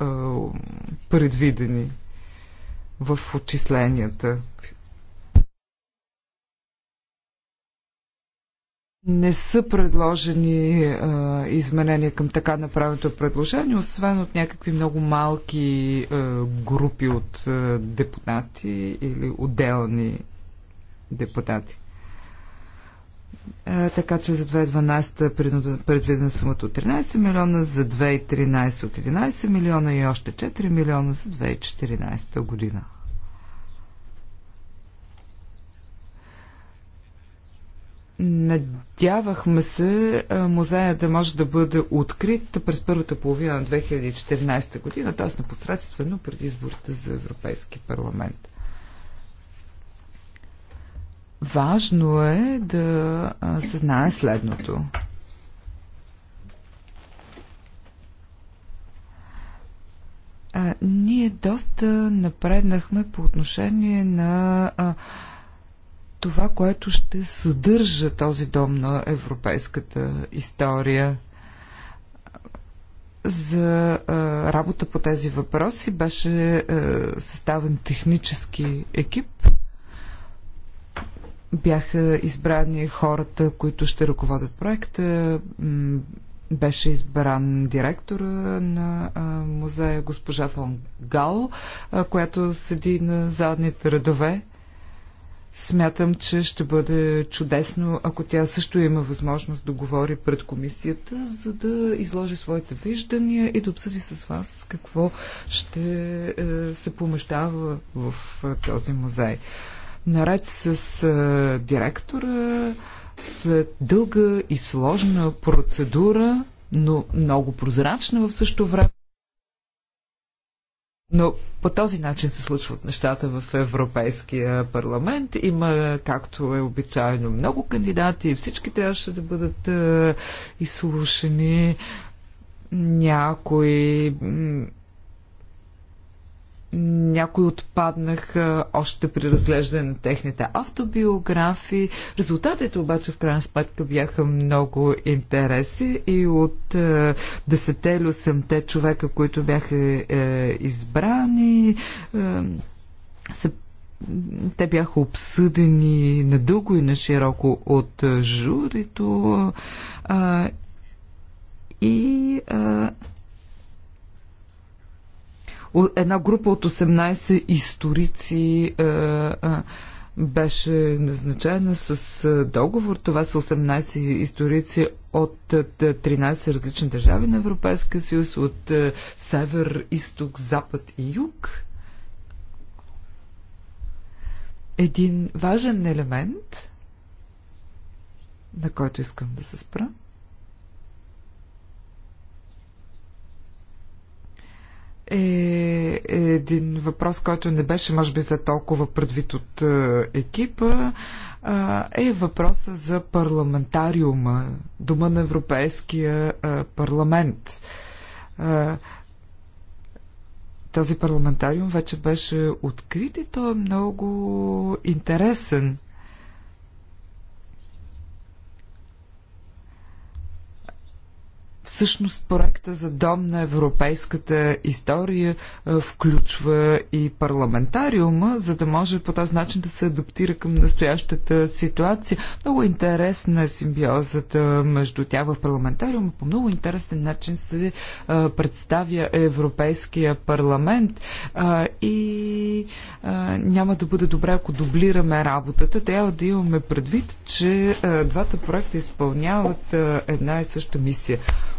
предвидени в отчисленията. Не са предложени а, изменения към така направеното предложение, освен от някакви много малки а, групи от а, депутати или отделни депутати. Е, така че за 2012 предвидена сумата от 13 милиона, за 2013 от 11 милиона и още 4 милиона за 2014 година. Надявахме се е, музея да може да бъде открит през първата половина на 2014 година, т.е. непосредствено преди изборите за Европейски парламент. Важно е да се знае следното. А, ние доста напреднахме по отношение на а, това, което ще съдържа този дом на европейската история. За а, работа по тези въпроси беше а, съставен технически екип бяха избрани хората, които ще ръководят проекта. Беше избран директора на музея госпожа Фон Гал, която седи на задните редове. Смятам, че ще бъде чудесно, ако тя също има възможност да говори пред комисията, за да изложи своите виждания и да обсъди с вас какво ще е, се помещава в е, този музей наред с а, директора, с дълга и сложна процедура, но много прозрачна в същото време. Но по този начин се случват нещата в Европейския парламент. Има, както е обичайно, много кандидати. Всички трябваше да бъдат изслушани. Някои някои отпаднаха още при разглеждане на техните автобиографии. Резултатите обаче в крайна сметка бяха много интереси и от е, десете или осемте човека, които бяха е, избрани, е, се те бяха обсъдени надълго и на широко от е, журито а, е, и а, една група от 18 историци е, е, беше назначена с е, договор. Това са 18 историци от 13 различни държави на Европейския съюз, от север, изток, запад и юг. Един важен елемент, на който искам да се спра, е един въпрос, който не беше, може би, за толкова предвид от е, екипа, е въпроса за парламентариума, дума на Европейския е, парламент. Е, този парламентариум вече беше открит и той е много интересен. Всъщност проекта за дом на европейската история включва и парламентариума, за да може по този начин да се адаптира към настоящата ситуация. Много интересна е симбиозата между тях в парламентариума. По много интересен начин се представя Европейския парламент и няма да бъде добре, ако дублираме работата. Трябва да имаме предвид, че двата проекта изпълняват една и съща мисия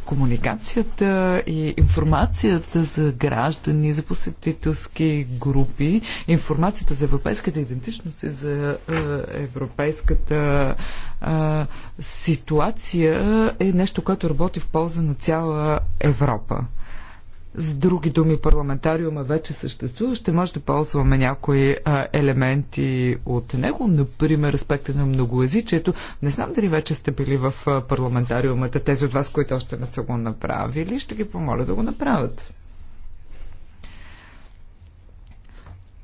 комуникацията и информацията за граждани, за посетителски групи, информацията за европейската идентичност и за е, европейската е, ситуация е нещо, което работи в полза на цяла Европа. С други думи, парламентариума вече съществува, ще може да ползваме някои а, елементи от него, например аспекта на многоязичието. Не знам дали вече сте били в парламентариумата, тези от вас, които още не са го направили, ще ги помоля да го направят.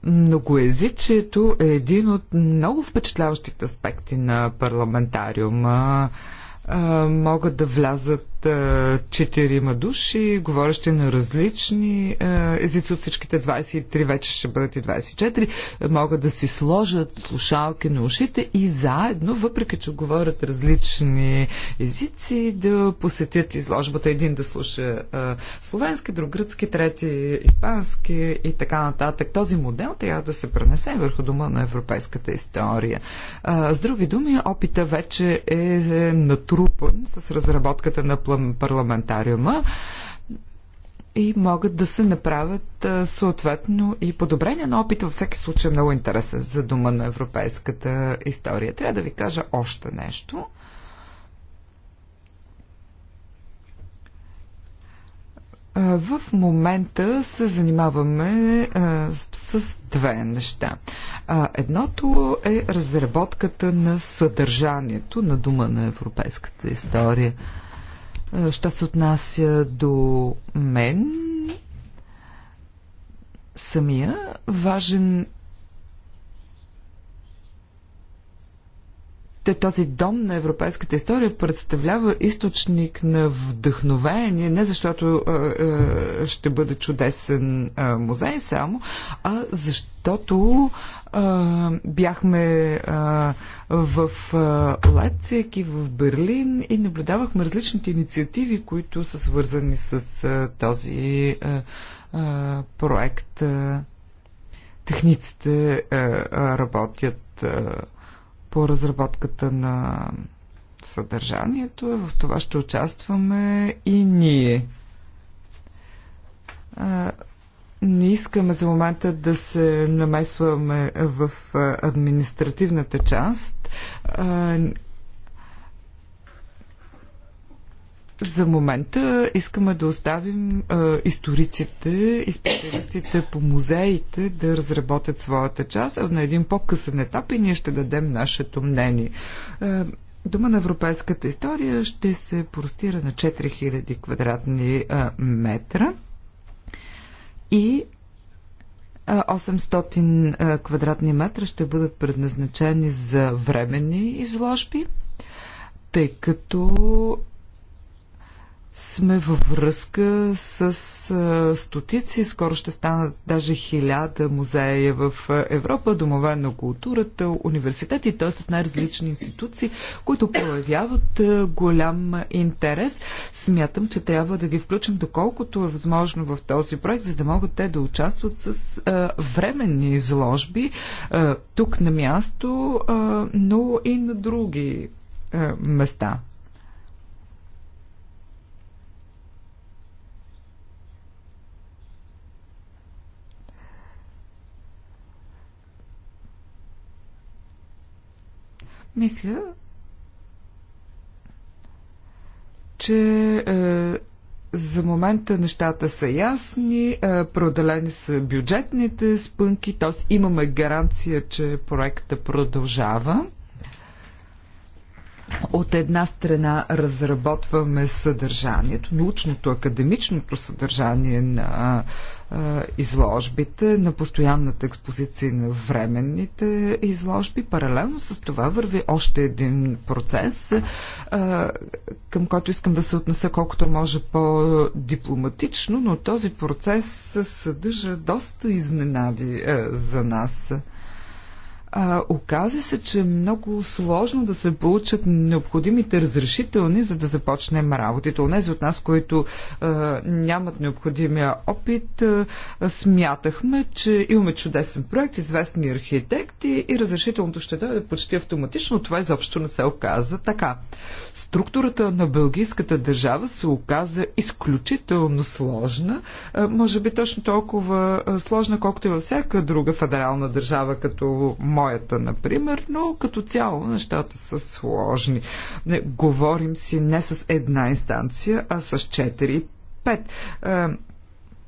Многоязичието е един от много впечатляващите аспекти на парламентариума. А, могат да влязат е, четирима души, говорещи на различни е, езици от всичките 23, вече ще бъдат и 24, е, могат да си сложат слушалки на ушите и заедно, въпреки че говорят различни езици, да посетят изложбата. Един да слуша словенски, друг гръцки, трети испански и така нататък. Този модел трябва да се пренесе върху дома на европейската история. С други думи, опита вече е натрупан с разработката на платформата парламентариума и могат да се направят съответно и подобрения на опита. Във всеки случай е много интересен за дума на европейската история. Трябва да ви кажа още нещо. В момента се занимаваме с две неща. едното е разработката на съдържанието на дума на европейската история. Е, що се отнася до мен, самия важен те този дом на европейската история представлява източник на вдъхновение, не защото е, е, ще бъде чудесен е, музей само, а защото бяхме а, в а, Лайпциг и в Берлин и наблюдавахме различните инициативи, които са свързани с а, този а, а, проект. Техниците а, работят а, по разработката на съдържанието. В това ще участваме и ние. Не искаме за момента да се намесваме в административната част. За момента искаме да оставим а, историците и специалистите по музеите да разработят своята част, а на един по-късен етап и ние ще дадем нашето мнение. А, Дома на европейската история ще се простира на 4000 квадратни а, метра и 800 квадратни метра ще бъдат предназначени за временни изложби, тъй като сме във връзка с а, стотици, скоро ще станат даже хиляда музея в Европа, домове на културата, университети, т.е. с най-различни институции, които проявяват а, голям интерес. Смятам, че трябва да ги включим доколкото е възможно в този проект, за да могат те да участват с а, временни изложби а, тук на място, а, но и на други а, места. Мисля, че е, за момента нещата са ясни, е, проделени са бюджетните спънки, т.е. имаме гаранция, че проекта продължава. От една страна разработваме съдържанието, научното, академичното съдържание на изложбите, на постоянната експозиция на временните изложби. Паралелно с това върви още един процес, към който искам да се отнеса колкото може по-дипломатично, но този процес съдържа доста изненади за нас. А, оказа се, че е много сложно да се получат необходимите разрешителни, за да започнем работите. Онези от нас, които а, нямат необходимия опит, а, смятахме, че имаме чудесен проект, известни архитекти и разрешителното ще дойде почти автоматично. Това изобщо не се оказа така. Структурата на бългийската държава се оказа изключително сложна, а, може би точно толкова сложна, колкото и във всяка друга федерална държава, като моята, например, но като цяло нещата са сложни. Не, говорим си не с една инстанция, а с 4-5. Е,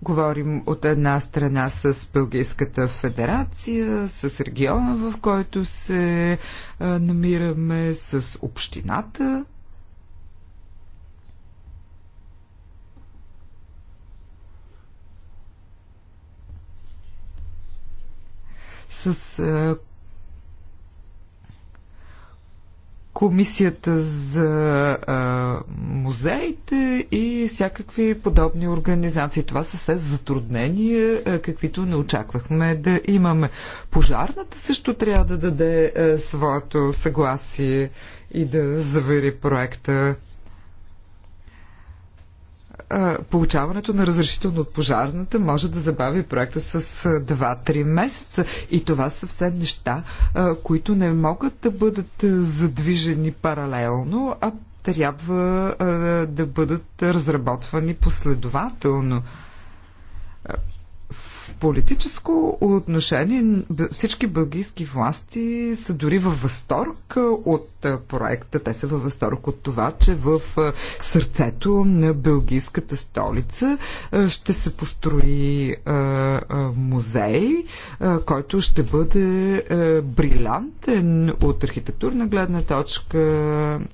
говорим от една страна с Бългийската федерация, с региона, в който се а, е, намираме, с общината. С е, Комисията за а, музеите и всякакви подобни организации. Това са все затруднения, а, каквито не очаквахме да имаме. Пожарната също трябва да даде а, своето съгласие и да завери проекта получаването на разрешително от пожарната може да забави проекта с 2-3 месеца. И това са все неща, които не могат да бъдат задвижени паралелно, а трябва да бъдат разработвани последователно. В политическо отношение всички бългийски власти са дори във възторг от проекта. Те са във възторг от това, че в сърцето на бългийската столица ще се построи музей, който ще бъде брилянтен от архитектурна гледна точка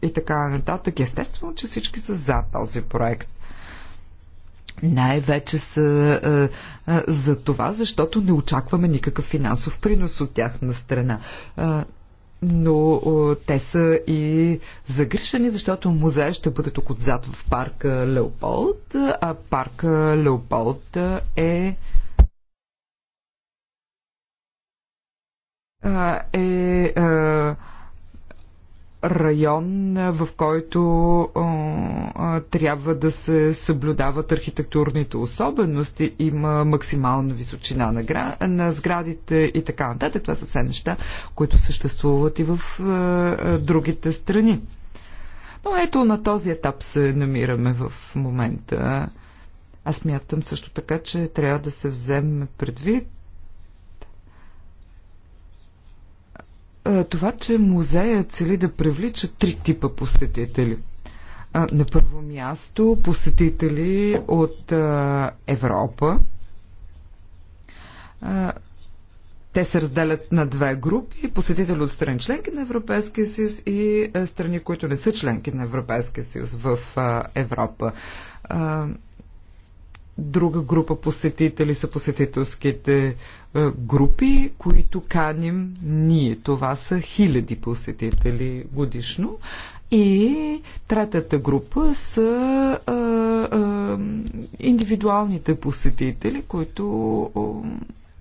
и така нататък. Естествено, че всички са за този проект най-вече са за това, защото не очакваме никакъв финансов принос от тяхна страна но те са и загрешени, защото музея ще бъде тук отзад в парка Леополд, а парка Леополд е е, е район, в който а, трябва да се съблюдават архитектурните особености, има максимална височина на, гра... на сградите и така нататък. Това са все неща, които съществуват и в а, а, другите страни. Но ето на този етап се намираме в момента. Аз мятам също така, че трябва да се вземе предвид Е, това, че музея цели да привлича три типа посетители. На първо място посетители от е, Европа. Те се разделят на две групи посетители от страни членки на Европейския съюз и е, страни, които не са членки на Европейския съюз в Европа. Друга група посетители са посетителските е, групи, които каним ние. Това са хиляди посетители годишно. И третата група са а, е, а, е, индивидуалните посетители, които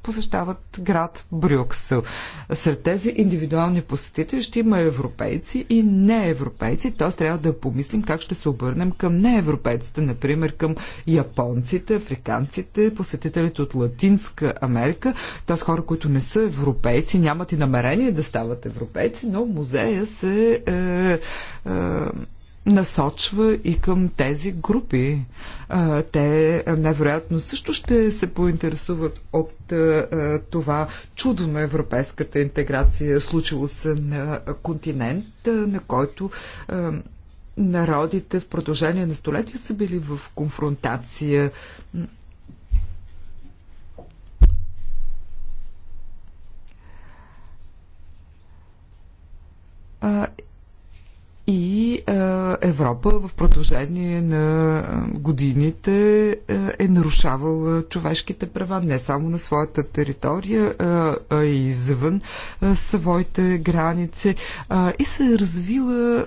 посещават град Брюксел. Сред тези индивидуални посетители ще има европейци и неевропейци, т.е. трябва да помислим как ще се обърнем към неевропейците, например към японците, африканците, посетителите от Латинска Америка, т.е. хора, които не са европейци, нямат и намерение да стават европейци, но музея се е, е, насочва и към тези групи. Те невероятно също ще се поинтересуват от това чудо на европейската интеграция, случило се на континент, на който народите в продължение на столетия са били в конфронтация. И е, Европа в продължение на е, годините е, е нарушавала човешките права не само на своята територия, а и извън своите граници и се е развила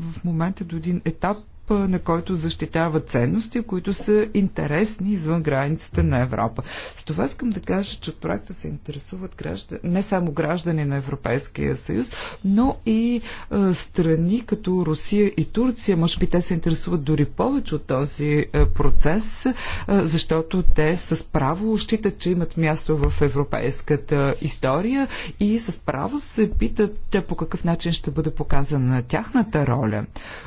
в момента до един етап, на който защитава ценности, които са интересни извън границите на Европа. С това искам да кажа, че от проекта се интересуват граждани, не само граждани на Европейския съюз, но и а, е, страни като Русия и Турция. Може би те се интересуват дори повече от този а, е, процес, а, е, защото те с право считат, че имат място в европейската история и с право се питат по какъв начин ще бъде показана тяхната роля.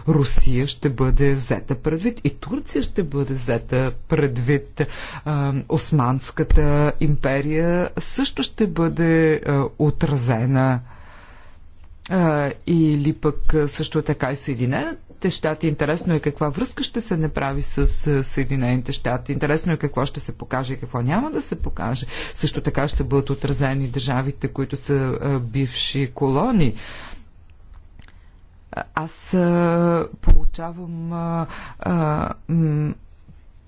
Русия ще бъде бъде взета предвид и Турция ще бъде взета предвид. Османската империя също ще бъде отразена или пък също така и Съединените щати. Интересно е каква връзка ще се направи с Съединените щати. Интересно е какво ще се покаже и какво няма да се покаже. Също така ще бъдат отразени държавите, които са бивши колони. Аз получавам а, а,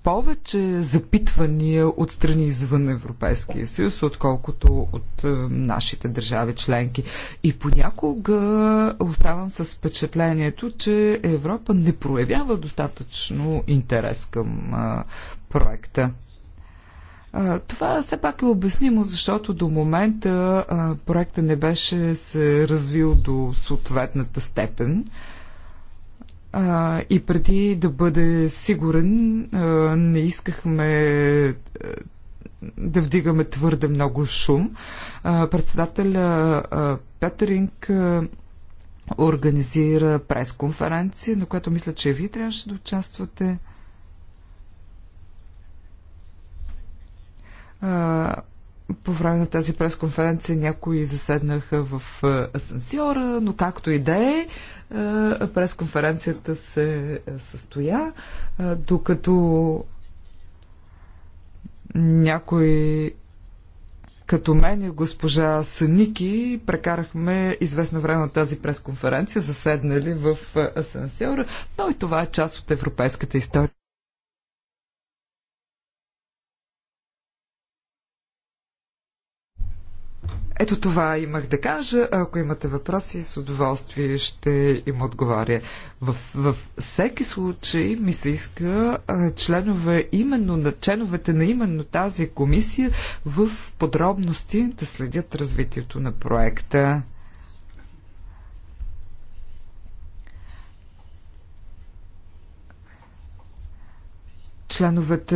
повече запитвания от страни извън Европейския съюз, отколкото от а, нашите държави членки. И понякога оставам с впечатлението, че Европа не проявява достатъчно интерес към а, проекта. Това все пак е обяснимо, защото до момента проекта не беше се развил до съответната степен и преди да бъде сигурен, не искахме да вдигаме твърде много шум. Председател председателя Петеринг организира пресконференция, на която мисля, че вие трябваше да участвате. по време на тази пресконференция някои заседнаха в асансьора, но както и да е, пресконференцията се състоя, докато някой като мен и госпожа Саники прекарахме известно време на тази пресконференция, заседнали в асансьора, но и това е част от европейската история. Ето това имах да кажа. Ако имате въпроси, с удоволствие ще им отговоря. В, в всеки случай ми се иска членове именно на членовете на именно тази комисия в подробности да следят развитието на проекта. членовете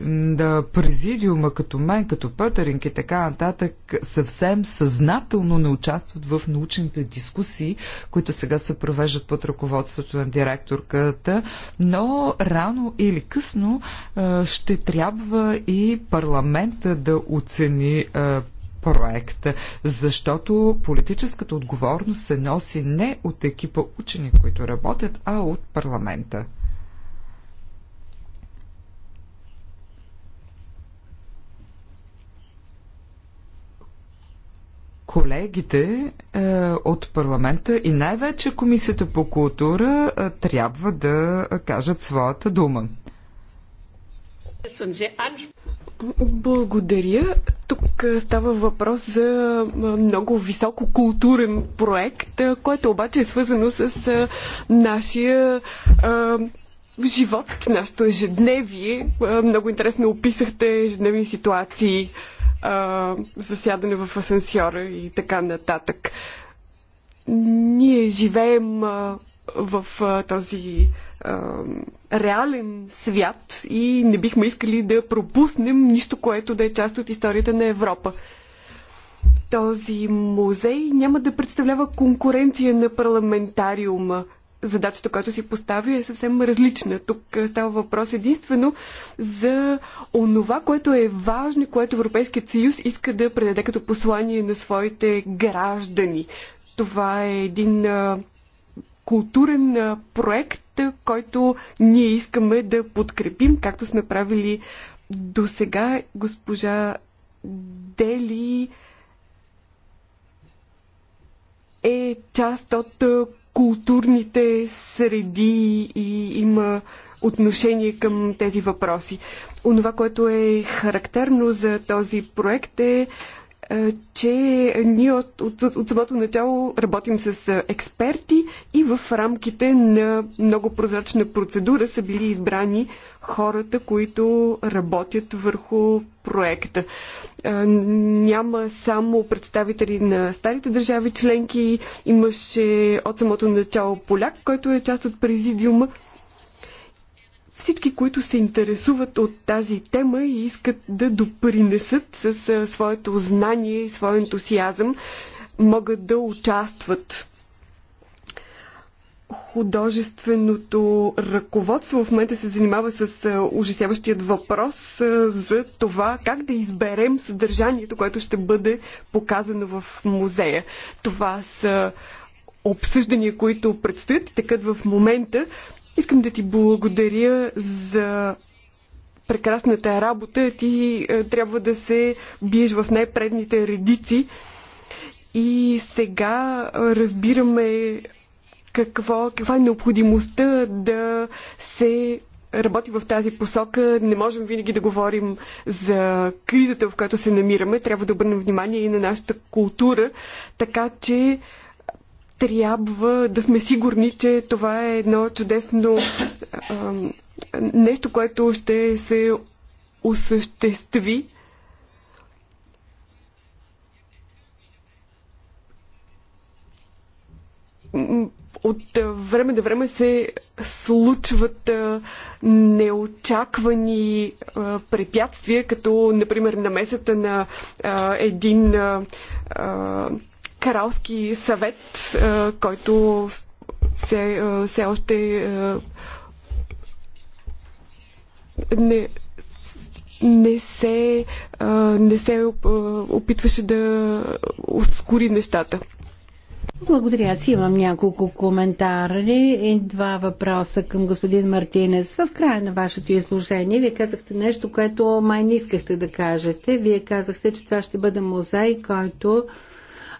на президиума, като мен, като Пътеринг и така нататък, съвсем съзнателно не участват в научните дискусии, които сега се провеждат под ръководството на директорката, но рано или късно ще трябва и парламента да оцени проект, защото политическата отговорност се носи не от екипа учени, които работят, а от парламента. колегите е, от парламента и най-вече Комисията по култура е, трябва да кажат своята дума. Благодаря. Тук е, става въпрос за е, много високо културен проект, е, който обаче е свързано с нашия живот, нашето ежедневие. Много интересно описахте ежедневни ситуации а, засядане в асансьора и така нататък. Ние живеем а, в а, този а, реален свят и не бихме искали да пропуснем нищо, което да е част от историята на Европа този музей няма да представлява конкуренция на парламентариума задачата, която си постави, е съвсем различна. Тук е, става въпрос единствено за онова, което е важно, което Европейският съюз иска да предаде като послание на своите граждани. Това е един е, културен е, проект, който ние искаме да подкрепим, както сме правили до сега. Госпожа Дели е част от културните среди и има отношение към тези въпроси. Онова, което е характерно за този проект е че ние от, от, от самото начало работим с експерти и в рамките на много прозрачна процедура са били избрани хората, които работят върху проекта. Няма само представители на старите държави членки, имаше от самото начало поляк, който е част от президиума, всички, които се интересуват от тази тема и искат да допринесат с своето знание и своя ентусиазъм, могат да участват. Художественото ръководство в момента се занимава с ужасяващият въпрос за това как да изберем съдържанието, което ще бъде показано в музея. Това са обсъждания, които предстоят и текат в момента, Искам да ти благодаря за прекрасната работа. Ти е, трябва да се биеш в най-предните редици. И сега е, разбираме какво, каква е необходимостта да се работи в тази посока. Не можем винаги да говорим за кризата, в която се намираме. Трябва да обърнем внимание и на нашата култура, така че трябва да сме сигурни, че това е едно чудесно а, нещо, което ще се осъществи. От време до време се случват неочаквани препятствия, като, например, намесата на един кралски съвет, е, който все, е, все още е, не, не се, не се опитваше да ускори нещата. Благодаря. Аз имам няколко коментари и два въпроса към господин Мартинес. В края на вашето изложение вие казахте нещо, което май не искахте да кажете. Вие казахте, че това ще бъде музей, който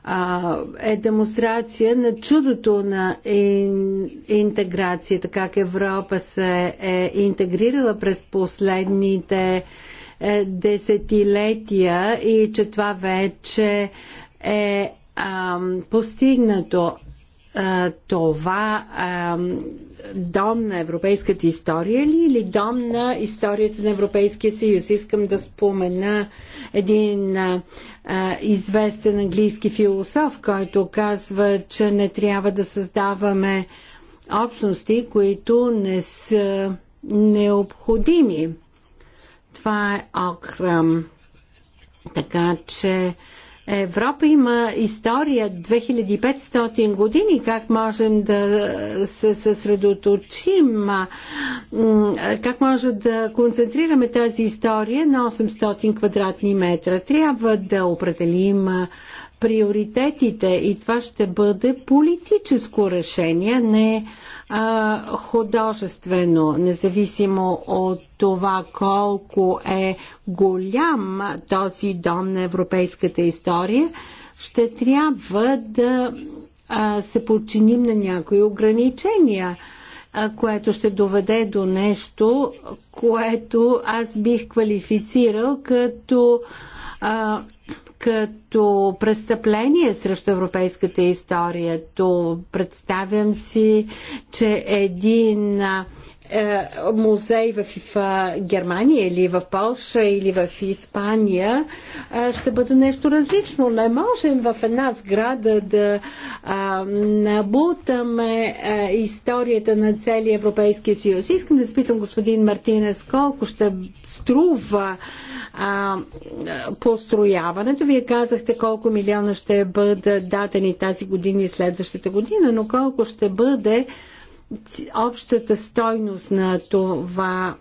а, е демонстрация на чудото на ин, интеграцията, как Европа се е интегрирала през последните е, десетилетия и че това вече е а, постигнато. А, това а, дом на европейската история ли или дом на историята на Европейския съюз? Искам да спомена един а, известен английски философ, който казва, че не трябва да създаваме общности, които не са необходими. Това е окрам. Така че Европа има история 2500 години, как можем да се съсредоточим, как може да концентрираме тази история на 800 квадратни метра. Трябва да определим приоритетите и това ще бъде политическо решение, не а, художествено, независимо от това колко е голям този дом на европейската история, ще трябва да а, се подчиним на някои ограничения което ще доведе до нещо, което аз бих квалифицирал като а, като престъпление срещу европейската история. То представям си, че един е, музей в, Германия или в Полша или в Испания ще бъде нещо различно. Не можем в една сграда да набутаме историята на целия Европейския съюз. Искам да спитам господин Мартинес колко ще струва а, построяването. Вие казахте колко милиона ще бъдат дадени тази година и следващата година, но колко ще бъде общата стойност на това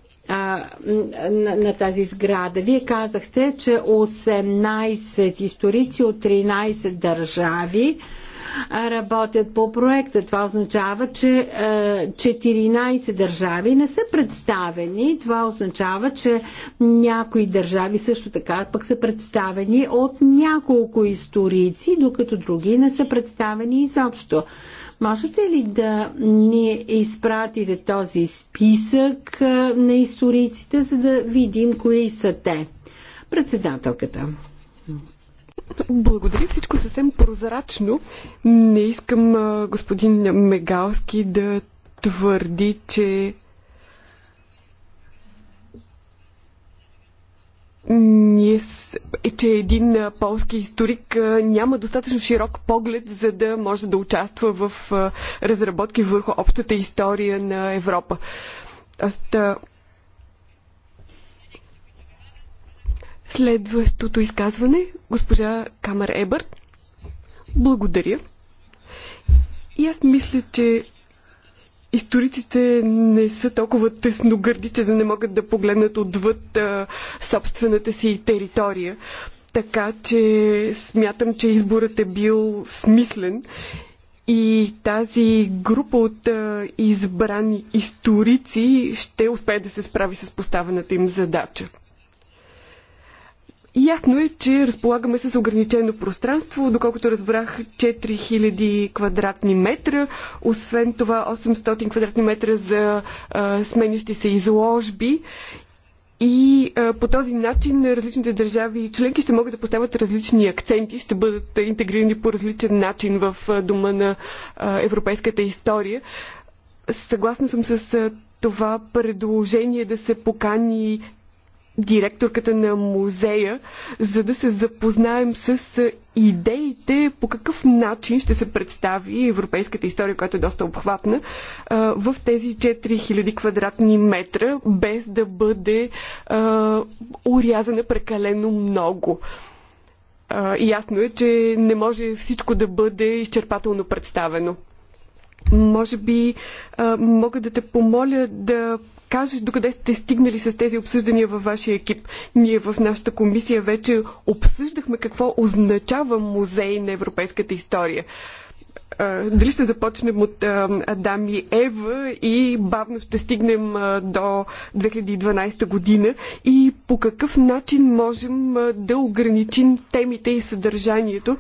на, на тази сграда. Вие казахте, че 18 историци от 13 държави работят по проекта. Това означава, че 14 държави не са представени. Това означава, че някои държави също така пък са представени от няколко историци, докато други не са представени изобщо. Можете ли да ни изпратите този списък на историците, за да видим кои са те? Председателката. Благодаря. Всичко е съвсем прозрачно. Не искам господин Мегалски да твърди, че ние, е, че един полски историк няма достатъчно широк поглед, за да може да участва в разработки върху общата история на Европа. следващото изказване, госпожа Камар Ебър. Благодаря. И аз мисля, че историците не са толкова тесногърди, че да не могат да погледнат отвъд а, собствената си територия. Така че смятам, че изборът е бил смислен и тази група от а, избрани историци ще успее да се справи с поставената им задача. Ясно е, че разполагаме с ограничено пространство, доколкото разбрах 4000 квадратни метра, освен това 800 квадратни метра за а, сменящи се изложби и а, по този начин различните държави и членки ще могат да поставят различни акценти, ще бъдат интегрирани по различен начин в а, дома на а, европейската история. Съгласна съм с а, това предложение да се покани директорката на музея, за да се запознаем с идеите по какъв начин ще се представи европейската история, която е доста обхватна, в тези 4000 квадратни метра, без да бъде урязана прекалено много. Ясно е, че не може всичко да бъде изчерпателно представено може би мога да те помоля да кажеш докъде сте стигнали с тези обсъждания във вашия екип. Ние в нашата комисия вече обсъждахме какво означава музей на европейската история. Дали ще започнем от Адам и Ева и бавно ще стигнем до 2012 година и по какъв начин можем да ограничим темите и съдържанието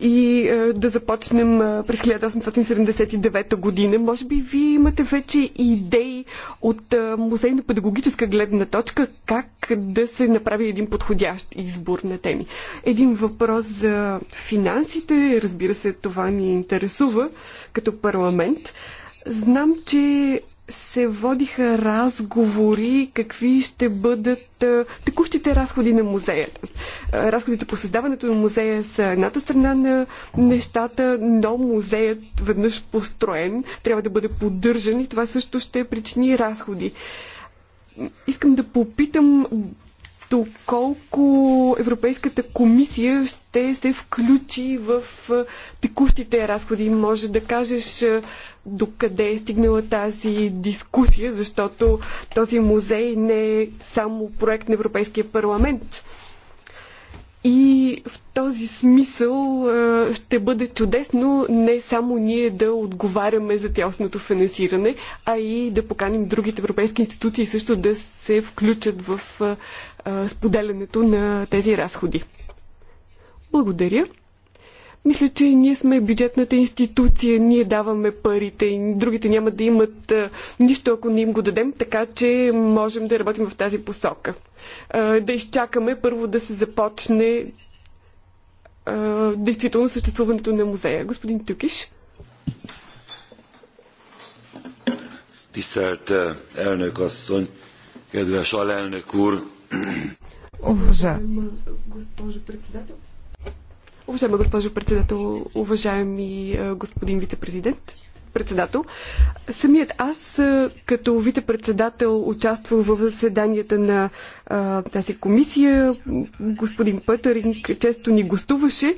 и е, да започнем е, през 1879 година. Може би вие имате вече идеи от е, музейно-педагогическа гледна точка как да се направи един подходящ избор на теми. Един въпрос за финансите, разбира се, това ни интересува като парламент. Знам, че се водиха разговори какви ще бъдат текущите разходи на музея. Разходите по създаването на музея са едната страна на нещата, но музеят веднъж построен трябва да бъде поддържан и това също ще причини разходи. Искам да попитам доколко Европейската комисия ще се включи в текущите разходи. Може да кажеш докъде е стигнала тази дискусия, защото този музей не е само проект на Европейския парламент. И в този смисъл ще бъде чудесно не само ние да отговаряме за тясното финансиране, а и да поканим другите европейски институции също да се включат в споделянето на тези разходи. Благодаря. Мисля, че ние сме бюджетната институция, ние даваме парите, другите няма да имат нищо, ако не им го дадем, така че можем да работим в тази посока. да изчакаме първо да се започне действително съществуването на музея. Господин Тюкиш. Tisztelt elnök asszony, kedves alelnök úr, Уважаема госпожо председател. Уважаема госпожо председател, уважаеми е, господин вице-президент, председател. Самият аз е, като вице-председател участвам в заседанията на а, е, тази комисия. Господин Пътеринг често ни гостуваше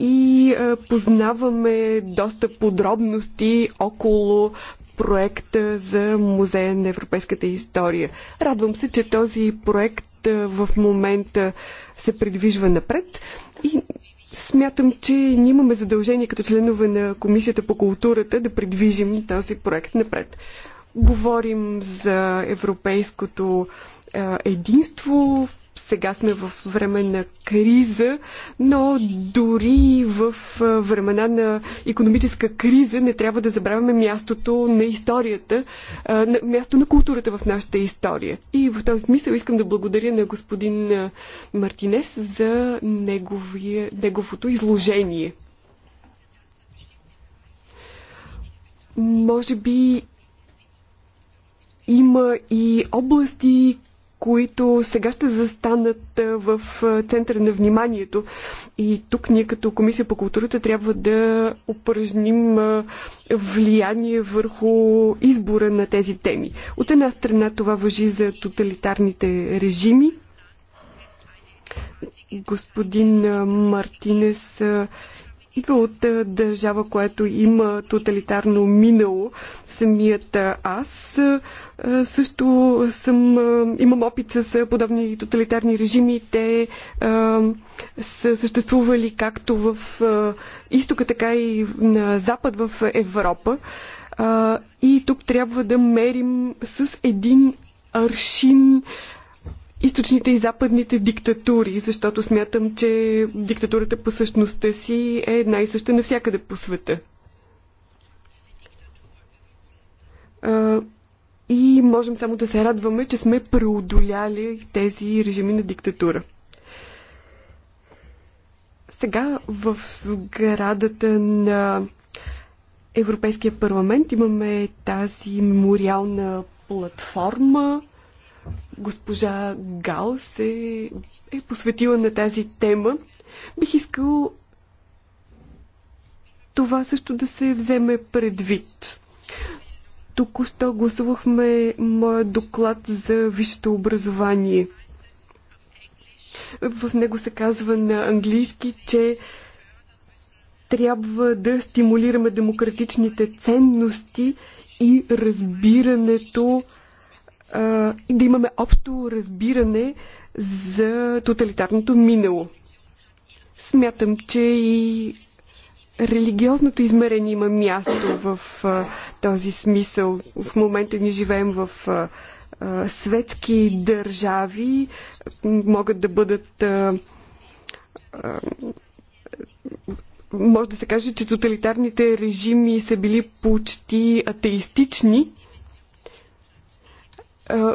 и а, познаваме доста подробности около проекта за музея на европейската история. Радвам се, че този проект в момента се придвижва напред и смятам, че ние имаме задължение като членове на Комисията по културата да придвижим този проект напред. Говорим за европейското единство, сега сме в време на криза, но дори в времена на економическа криза не трябва да забравяме мястото на историята, място на културата в нашата история. И в този смисъл искам да благодаря на господин Мартинес за неговия, неговото изложение. Може би има и области, които сега ще застанат в центъра на вниманието. И тук ние като Комисия по културата трябва да упражним влияние върху избора на тези теми. От една страна това въжи за тоталитарните режими. Господин Мартинес от е, държава, която има тоталитарно минало. Самият е, аз е, също съм, имам опит с подобни тоталитарни режими. Те а, са съществували както в а, изтока, така и на запад в Европа. А, и тук трябва да мерим с един аршин източните и западните диктатури, защото смятам, че диктатурата по същността си е една и съща навсякъде по света. И можем само да се радваме, че сме преодоляли тези режими на диктатура. Сега в сградата на Европейския парламент имаме тази мемориална платформа, Госпожа Гал се е посветила на тази тема. Бих искал това също да се вземе предвид. Току-що гласувахме моя доклад за висшето образование. В него се казва на английски, че трябва да стимулираме демократичните ценности и разбирането и да имаме общо разбиране за тоталитарното минало. Смятам, че и религиозното измерение има място в а, този смисъл. В момента ни живеем в а, а, светски държави, могат да бъдат. А, а, може да се каже, че тоталитарните режими са били почти атеистични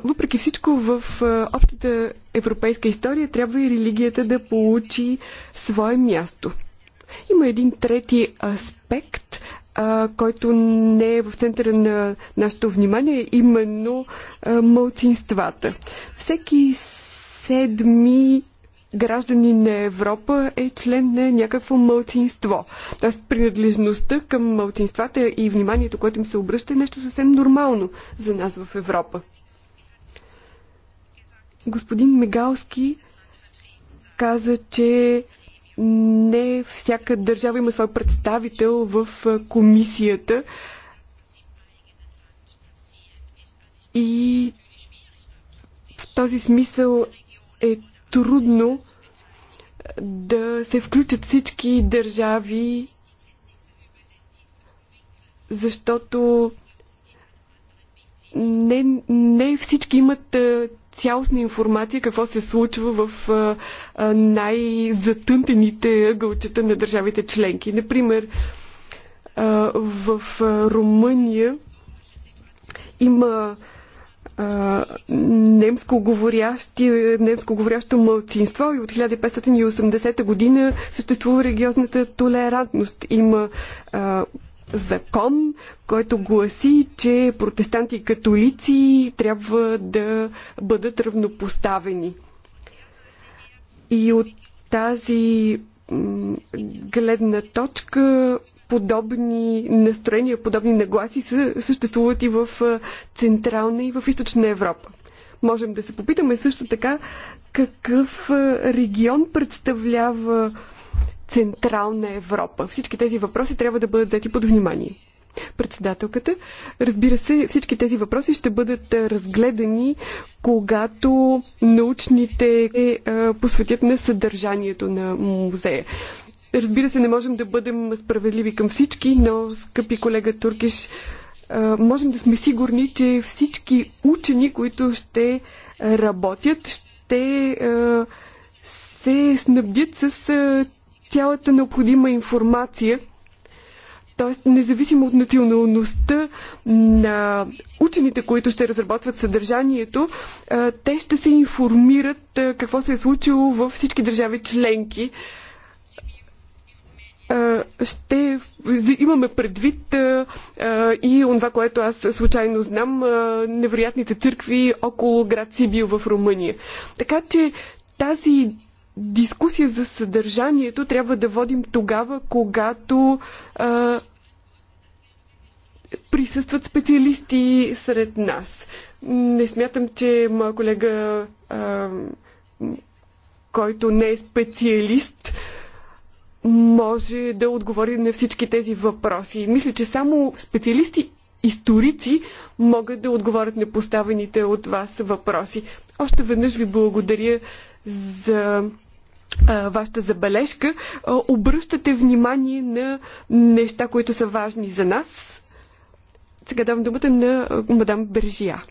въпреки всичко, в общата европейска история трябва и религията да получи свое място. Има един трети аспект, който не е в центъра на нашето внимание, именно мълцинствата. Всеки седми граждани на Европа е член на някакво мълцинство. Тоест принадлежността към мълцинствата и вниманието, което им се обръща е нещо съвсем нормално за нас в Европа. Господин Мигалски каза, че не всяка държава има свой представител в комисията. И в този смисъл е трудно да се включат всички държави, защото не, не всички имат цялостна информация какво се случва в най-затънтените ъгълчета на държавите членки. Например, в Румъния има немско говорящи, немско говорящо мълцинство и от 1580 година съществува религиозната толерантност. Има а, закон, който гласи, че протестанти и католици трябва да бъдат равнопоставени. И от тази гледна точка подобни настроения, подобни нагласи съществуват и в Централна и в Източна Европа. Можем да се попитаме също така какъв регион представлява Централна Европа? Всички тези въпроси трябва да бъдат взети под внимание. Председателката, разбира се, всички тези въпроси ще бъдат разгледани, когато научните посветят на съдържанието на музея. Разбира се, не можем да бъдем справедливи към всички, но, скъпи колега Туркиш, можем да сме сигурни, че всички учени, които ще работят, ще се снабдят с цялата необходима информация, т.е. независимо от националността на учените, които ще разработват съдържанието, те ще се информират какво се е случило във всички държави членки. Ще имаме предвид и това, което аз случайно знам, невероятните църкви около град Сибил в Румъния. Така че тази дискусия за съдържанието трябва да водим тогава, когато а, присъстват специалисти сред нас. Не смятам, че моя колега, а, който не е специалист, може да отговори на всички тези въпроси. Мисля, че само специалисти историци могат да отговорят на поставените от вас въпроси. Още веднъж ви благодаря за вашата забележка. Обръщате внимание на неща, които са важни за нас. Сега давам думата на мадам Бержия.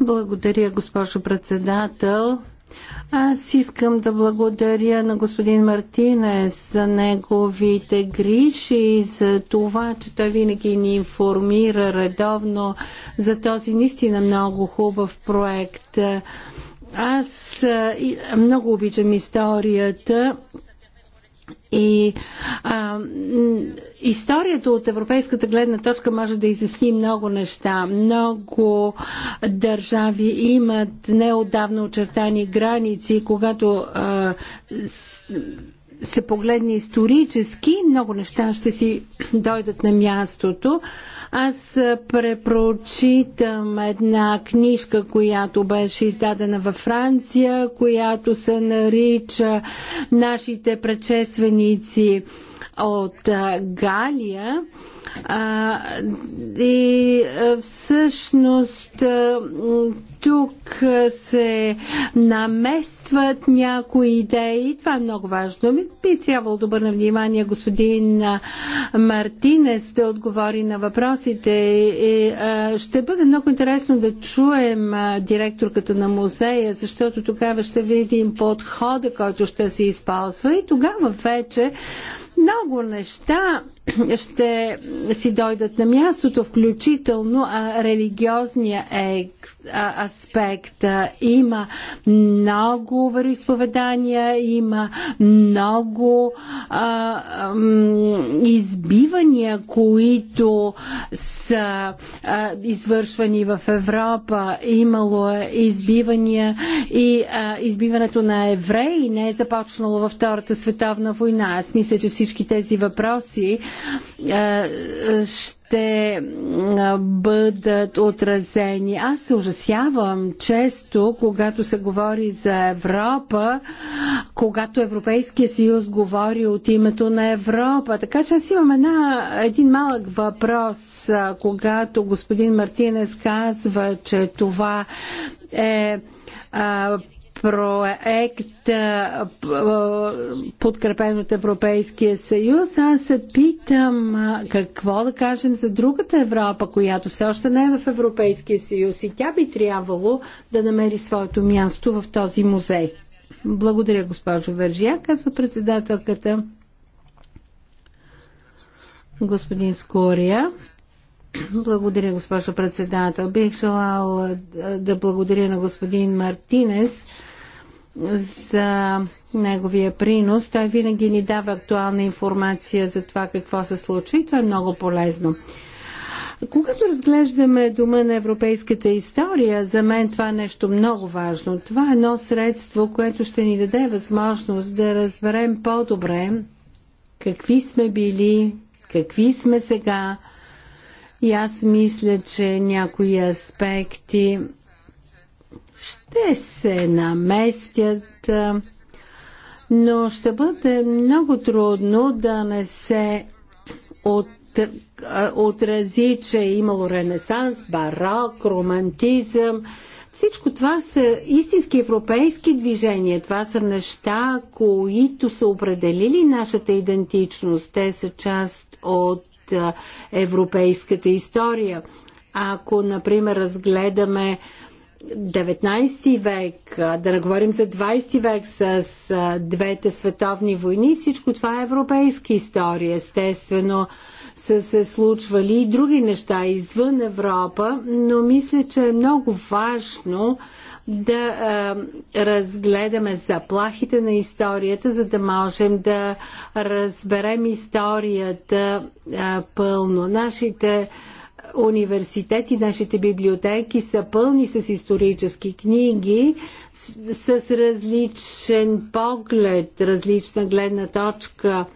Благодаря, госпожо председател. Аз искам да благодаря на господин Мартинес за неговите грижи и за това, че той винаги ни информира редовно за този наистина много хубав проект. Аз много обичам историята и а, историята от европейската гледна точка може да изясни много неща. Много държави имат неодавна очертани граници, когато а, с, се погледне исторически, много неща ще си дойдат на мястото. Аз препрочитам една книжка, която беше издадена във Франция, която се нарича Нашите предшественици от Галия. и всъщност тук се наместват някои идеи. Това е много важно. Би трябвало да обърна внимание господин Мартинес да отговори на въпросите. И, ще бъде много интересно да чуем директорката на музея, защото тогава ще видим подхода, който ще се използва и тогава вече много неща ще си дойдат на мястото, включително а, религиозния а, аспект. Има много вероисповедания, има много а, а, избивания, които са а, извършвани в Европа. Имало е избивания и а, избиването на евреи не е започнало във Втората световна война. Аз мисля, че всички тези въпроси е, ще бъдат отразени. Аз се ужасявам често, когато се говори за Европа, когато Европейския съюз говори от името на Европа. Така че аз имам една, един малък въпрос, когато господин Мартинес казва, че това е проект, подкрепен от Европейския съюз. Аз се питам какво да кажем за другата Европа, която все още не е в Европейския съюз и тя би трябвало да намери своето място в този музей. Благодаря, госпожо Вържия, казва председателката. Господин Скория. Благодаря, госпожо председател. Бих желал да благодаря на господин Мартинес за неговия принос. Той винаги ни дава актуална информация за това какво се случва и това е много полезно. Когато разглеждаме Дома на европейската история, за мен това е нещо много важно. Това е едно средство, което ще ни даде възможност да разберем по-добре какви сме били, какви сме сега. И аз мисля, че някои аспекти те се наместят, но ще бъде много трудно да не се от отрази, че е имало ренесанс, барок, романтизъм. Всичко това са истински европейски движения. Това са неща, които са определили нашата идентичност. Те са част от европейската история. Ако, например, разгледаме 19 век, да не говорим за 20 век с двете световни войни, всичко това е европейска история. Естествено са се случвали и други неща извън Европа, но мисля, че е много важно да а, разгледаме заплахите на историята, за да можем да разберем историята а, пълно. Нашите а, университети, нашите библиотеки са пълни с исторически книги, с различен поглед, различна гледна точка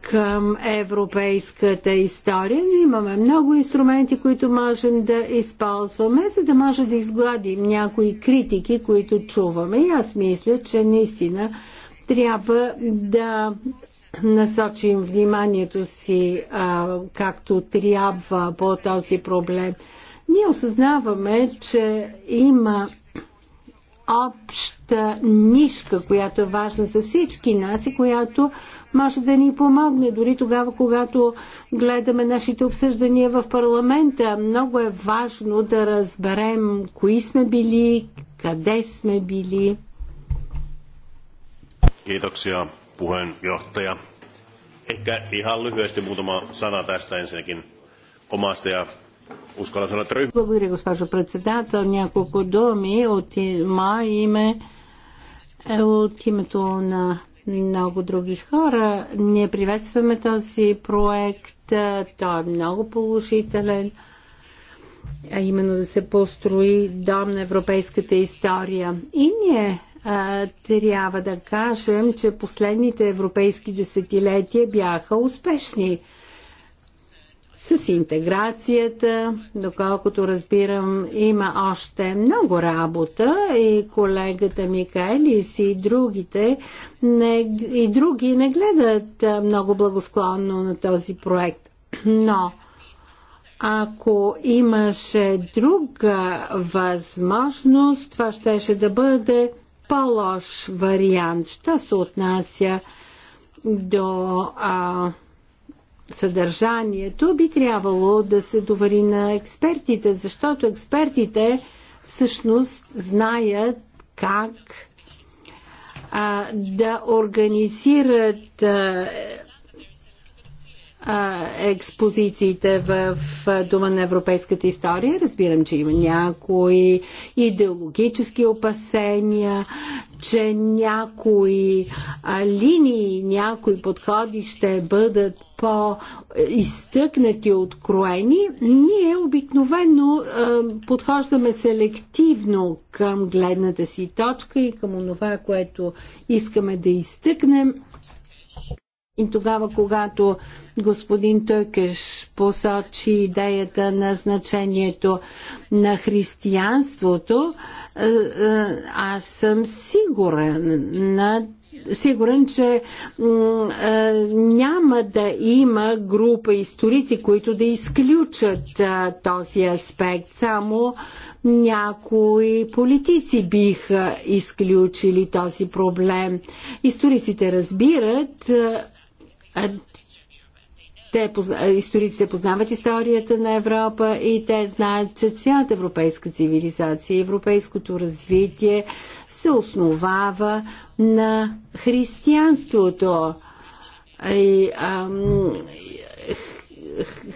към европейската история, но имаме много инструменти, които можем да използваме, за да може да изгладим някои критики, които чуваме. И аз мисля, че наистина трябва да насочим вниманието си а, както трябва по този проблем. Ние осъзнаваме, че има обща нишка, която е важна за всички нас и която може да ни помогне. Дори тогава, когато гледаме нашите обсъждания в парламента, много е важно да разберем кои сме били, къде сме били. Kiitoksia puheenjohtaja. Ehkä ihan lyhyesti muutama sana tästä ensinnäkin omasta ja Искала се натри. Благодаря, госпожо председател. Няколко думи от ма име, е, от името на много други хора. Ние приветстваме този проект. Е, той е много положителен. А е, именно да се построи дом на европейската история. И ние а, трябва да кажем, че последните европейски десетилетия бяха успешни с интеграцията. Доколкото разбирам, има още много работа и колегата Микаелис и другите не, и други не гледат много благосклонно на този проект. Но ако имаше друга възможност, това щеше да бъде по-лош вариант, що се отнася до а, съдържанието, би трябвало да се довари на експертите, защото експертите всъщност знаят как а, да организират а, експозициите в Дома на европейската история. Разбирам, че има някои идеологически опасения, че някои линии, някои подходи ще бъдат по-изтъкнати, откроени, ние обикновено подхождаме селективно към гледната си точка и към онова, което искаме да изтъкнем и тогава, когато господин Търкеш посочи идеята на значението на християнството, е, е, аз съм сигурен на сигурен, че е, няма да има група историци, които да изключат а, този аспект. Само някои политици биха изключили този проблем. Историците разбират а, те, историците познават историята на Европа и те знаят, че цялата европейска цивилизация, и европейското развитие се основава на християнството. И, ам,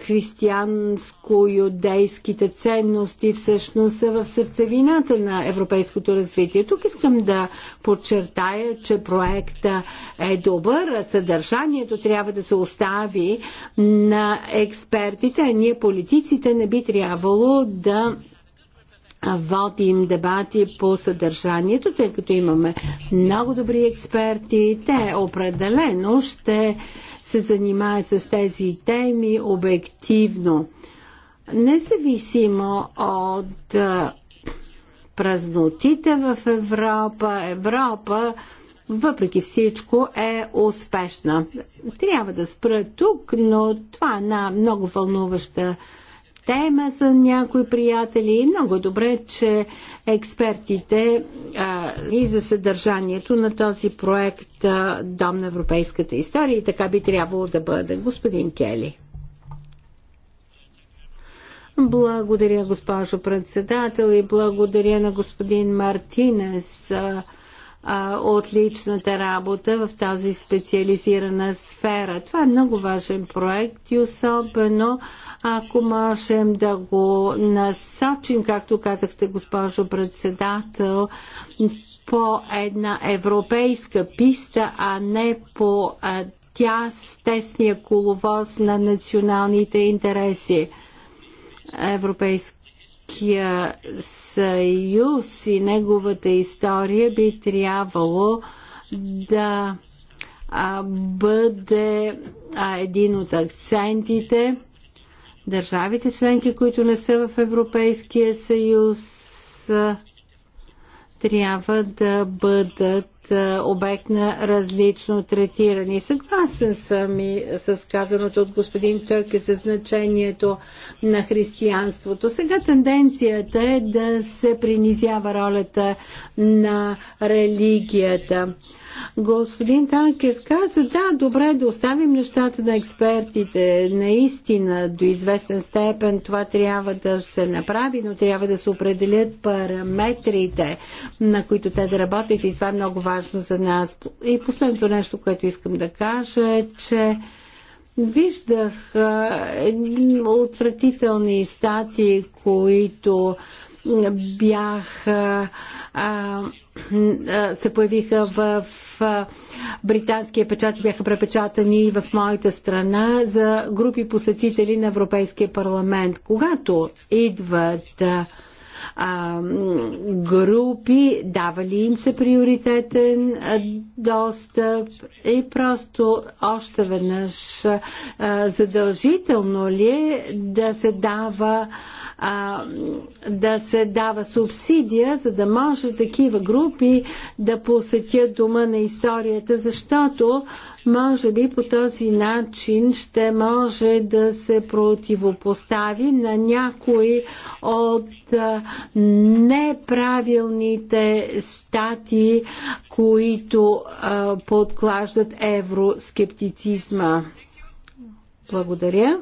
християнско-юдейските ценности всъщност са в сърцевината на европейското развитие. Тук искам да подчертая, че проекта е добър, а съдържанието трябва да се остави на експертите, а ние политиците не би трябвало да водим дебати по съдържанието, тъй като имаме много добри експерти. Те определено ще се занимаят с тези теми обективно. Независимо от празнотите в Европа, Европа въпреки всичко е успешна. Трябва да спра тук, но това е една много вълнуваща тема за някои приятели и много добре, че експертите а, и за съдържанието на този проект а, Дом на европейската история и така би трябвало да бъде. Господин Кели. Благодаря, госпожо председател, и благодаря на господин Мартинес. А, от личната работа в тази специализирана сфера. Това е много важен проект и особено ако можем да го насочим, както казахте, госпожо председател, по една европейска писта, а не по тя с тесния коловоз на националните интереси. Европейска Европейския съюз и неговата история би трябвало да а, бъде а, един от акцентите. Държавите членки, които не са в Европейския съюз, трябва да бъдат е, обект на различно третиране. Съгласен съм и с казаното от господин Търке за значението на християнството. Сега тенденцията е да се принизява ролята на религията. Господин Танкев каза, да, добре, да оставим нещата на експертите. Наистина, до известен степен това трябва да се направи, но трябва да се определят параметрите, на които те да работят и това е много важно важно за нас. И последното нещо, което искам да кажа е, че виждах отвратителни статии, които бяха а, се появиха в, в британския печат и бяха препечатани и в моята страна за групи посетители на Европейския парламент. Когато идват а, групи, дава ли им се приоритетен достъп и просто още веднъж а, задължително ли е да се дава а, а, да се дава субсидия, за да може такива групи да посетят дома на историята, защото може би по този начин ще може да се противопостави на някои от неправилните статии, които подклаждат евроскептицизма. Благодаря.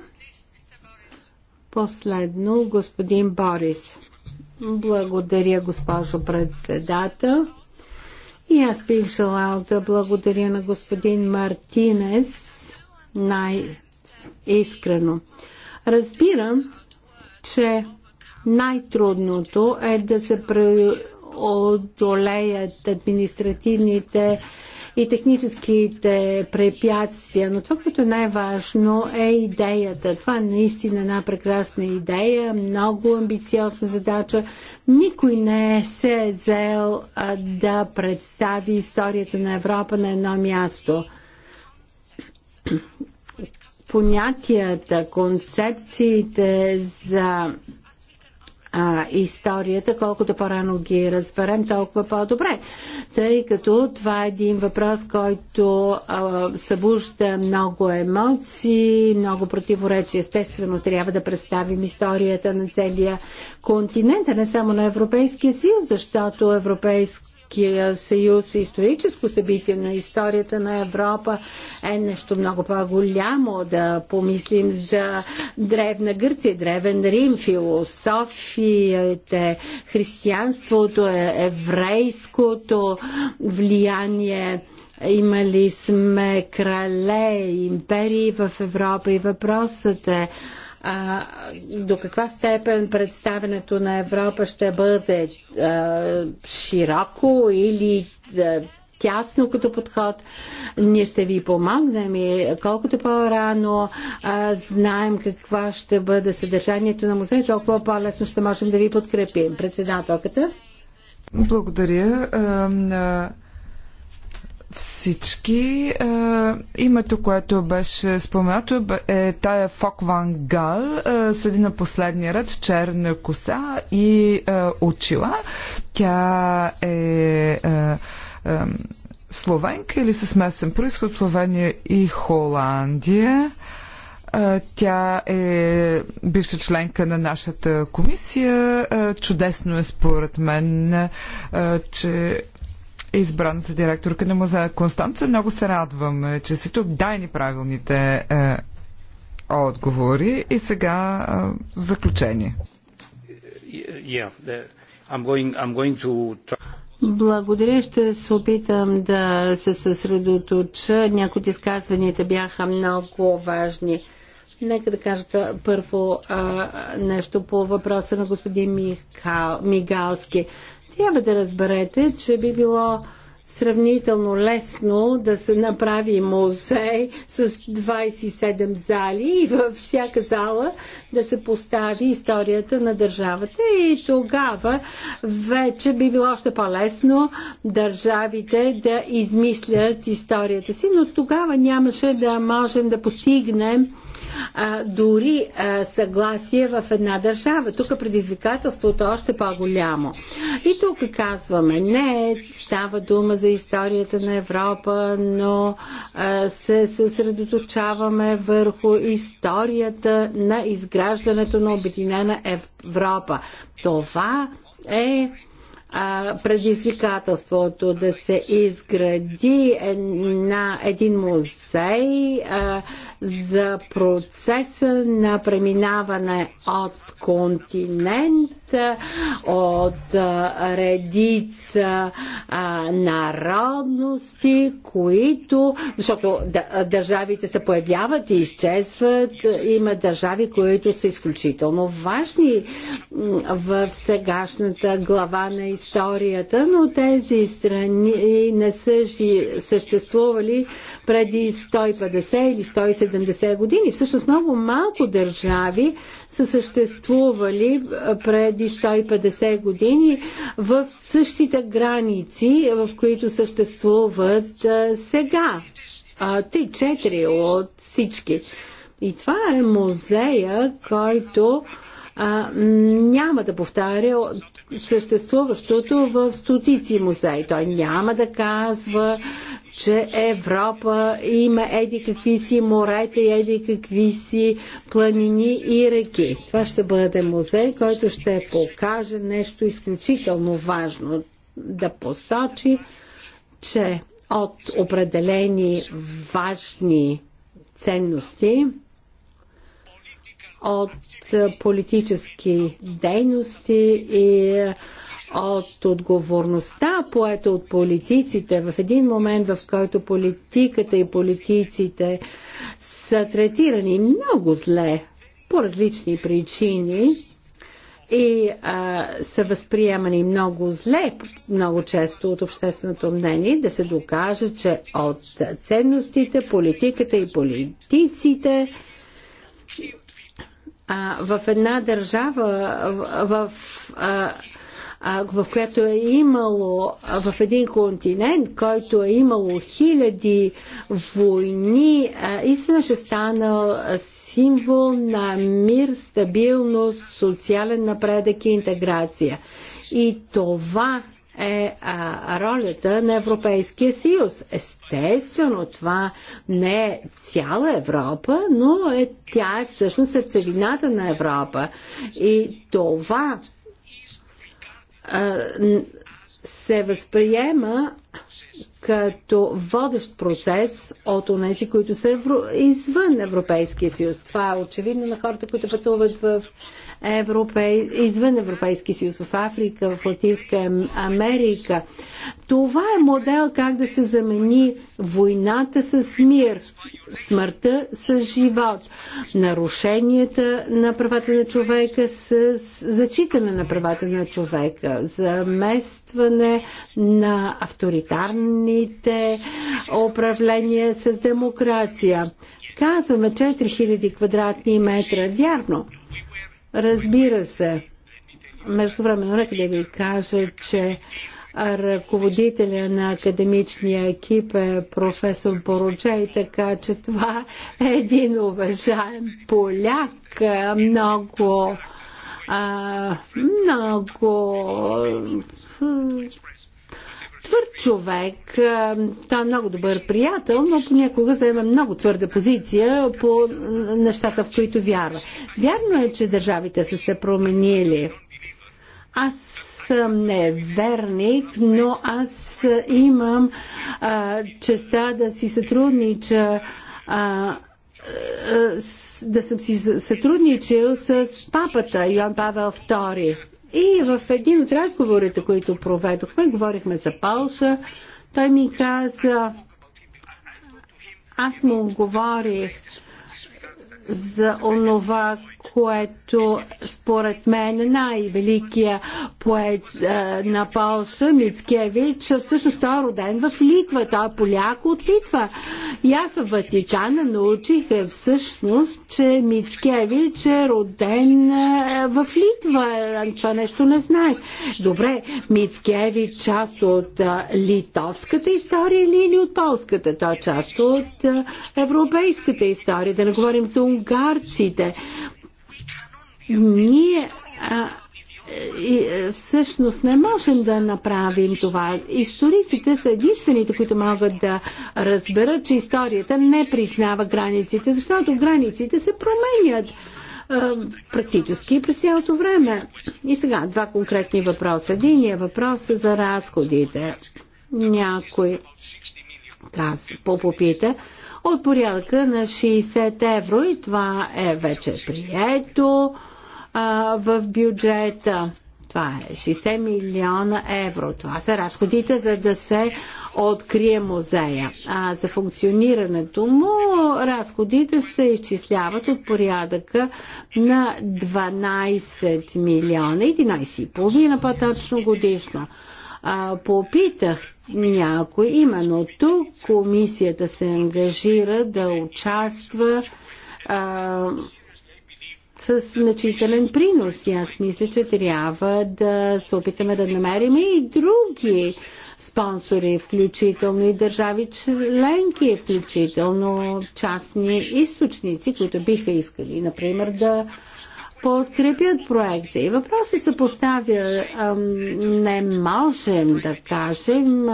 Последно, господин Борис. Благодаря, госпожо председател. И аз бих желал да благодаря на господин Мартинес най-искрено. Разбирам, че най-трудното е да се преодолеят административните и техническите препятствия. Но това, което е най-важно, е идеята. Това е наистина една прекрасна идея, много амбициозна задача. Никой не се е взел да представи историята на Европа на едно място понятията, концепциите за а, историята, колкото по-рано ги разберем, толкова по-добре. Тъй като това е един въпрос, който а, събужда много емоции, много противоречия. Естествено, трябва да представим историята на целия континент, а не само на Европейския съюз, защото Европейския Европейския съюз историческо събитие на историята на Европа е нещо много по-голямо. Да помислим за древна Гърция, древен Рим, философията, християнството, е, еврейското влияние. Имали сме крале, империи в Европа и въпросът е а, до каква степен представенето на Европа ще бъде а, широко или а, тясно като подход. Ние ще ви помогнем и колкото по-рано знаем каква ще бъде съдържанието на музея, толкова по-лесно ще можем да ви подкрепим. Председателката. Благодаря всички. Е, името, което беше споменато, е тая Фок Ван Гал, е, седи на последния ред черна коса и е, очила. Тя е, е, е словенка или със местен происход Словения и Холандия. Тя е бивша членка на нашата комисия. Чудесно е според мен, че е избрана за директорка на музея Констанца. Много се радвам, е, че си тук. Дай ни правилните е, отговори. И сега е, заключение. Благодаря, ще се опитам да се съсредоточа. Някои от изказванията бяха много важни. Нека да кажа първо а, нещо по въпроса на господин Михал, Мигалски. Трябва да разберете, че би било сравнително лесно да се направи музей с 27 зали и във всяка зала да се постави историята на държавата и тогава вече би било още по-лесно държавите да измислят историята си, но тогава нямаше да можем да постигнем а, дори а, съгласие в една държава. Тук предизвикателството е още по-голямо. И тук казваме, не, става дума за историята на Европа, но а, се съсредоточаваме върху историята на изграждането на Обединена Европа. Това е предизвикателството да се изгради една, един музей, а, за процеса на преминаване от континент, от редица народности, които, защото държавите се появяват и изчезват, има държави, които са изключително важни в сегашната глава на историята, но тези страни не са съществували преди 150 или 170 години. Всъщност много малко държави са съществували преди 150 години в същите граници, в които съществуват сега. Три, четири от всички. И това е музея, който а, няма да повтаря съществуващото в стотици музеи. Той няма да казва, че Европа има еди какви си морета и еди какви си планини и реки. Това ще бъде музей, който ще покаже нещо изключително важно да посочи, че от определени важни ценности от политически дейности и от отговорността, поета от политиците, в един момент, в който политиката и политиците са третирани много зле по различни причини и а, са възприемани много зле, много често от общественото мнение, да се докаже, че от ценностите, политиката и политиците а, в една държава, в, в а, в която е имало в един континент, който е имало хиляди войни, истина ще стана символ на мир, стабилност, социален напредък и интеграция. И това е а, ролята на Европейския съюз. Естествено, това не е цяла Европа, но е, тя е всъщност сърцевината на Европа. И това а, се възприема като водещ процес от онези, които са евро... извън Европейския съюз. Това е очевидно на хората, които пътуват в европей... извън Европейски съюз, в Африка, в Латинска Америка. Това е модел как да се замени войната с мир, смъртта с живот, нарушенията на правата на човека с зачитане на правата на човека, заместване на авторитарните управления с демокрация. Казваме 4000 квадратни метра. Вярно. Разбира се, между време, нека да ви кажа, че ръководителя на академичния екип е професор Поручай, така че това е един уважаем поляк, много а, много твърд човек. Е, той е много добър приятел, но понякога заема много твърда позиция по е, нещата, в които вярва. Вярно е, че държавите са се променили. Аз съм неверник, но аз имам а, е, честа да си сътруднича а, да съм си сътрудничил с папата Йоан Павел II. И в един от разговорите, които проведохме, говорихме за Пауша, той ми каза, аз му говорих за онова, което според мен най-великия поет а, на Полша, Мицкевич, всъщност той е роден в Литва, той е поляк от Литва. И аз в Ватикана научих е, всъщност, че Мицкевич е роден а, е, в Литва. Това нещо не знае. Добре, Мицкевич част от а, е, литовската история или от полската? Той е част от а, европейската история. Да не говорим за унгарците. Ние а, и, е, всъщност не можем да направим това. Историците са единствените, които могат да разберат, че историята не признава границите, защото границите се променят практически през цялото време. И сега два конкретни въпроса. Единият въпрос е за разходите. Някой каз, попопита от порядъка на 60 евро и това е вече прието а, в бюджета. Това е 60 милиона евро. Това са разходите, за да се открие музея. А за функционирането му разходите се изчисляват от порядъка на 12 милиона, 11,5 по-точно годишно. А, попитах някой, именно тук комисията се ангажира да участва а, с значителен принос. И аз мисля, че трябва да се опитаме да намерим и други спонсори, включително и държави членки, включително частни източници, които биха искали, например, да подкрепят проекта. И въпросът се поставя, не можем да кажем,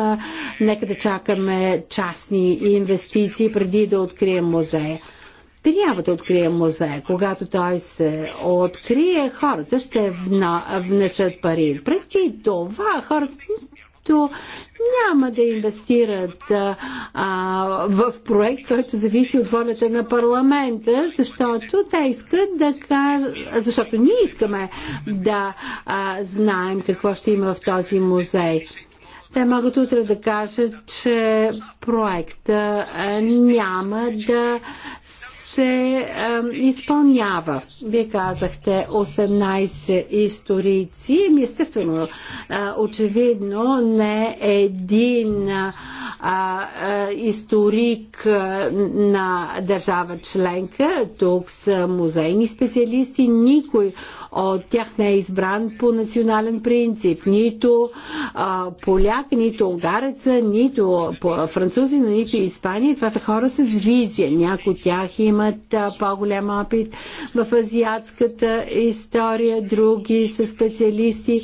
нека да чакаме частни инвестиции преди да открием музея трябва да открие музея. Когато той се открие, хората ще вна, внесат пари. Преди това хората няма да инвестират а, а, в проект, който зависи от волята на парламента, защото те искат да кажат, защото ние искаме да а, знаем какво ще има в този музей. Те могат утре да кажат, че проекта няма да се е, изпълнява. Вие казахте 18 историци. Ами, естествено, е, очевидно, не един е, е, историк на държава членка. Тук са музейни специалисти. Никой от тях не е избран по национален принцип. Нито а, поляк, нито угареца, нито французи, нито Испания. Това са хора с визия. Някои от тях имат по-голям опит в азиатската история, други са специалисти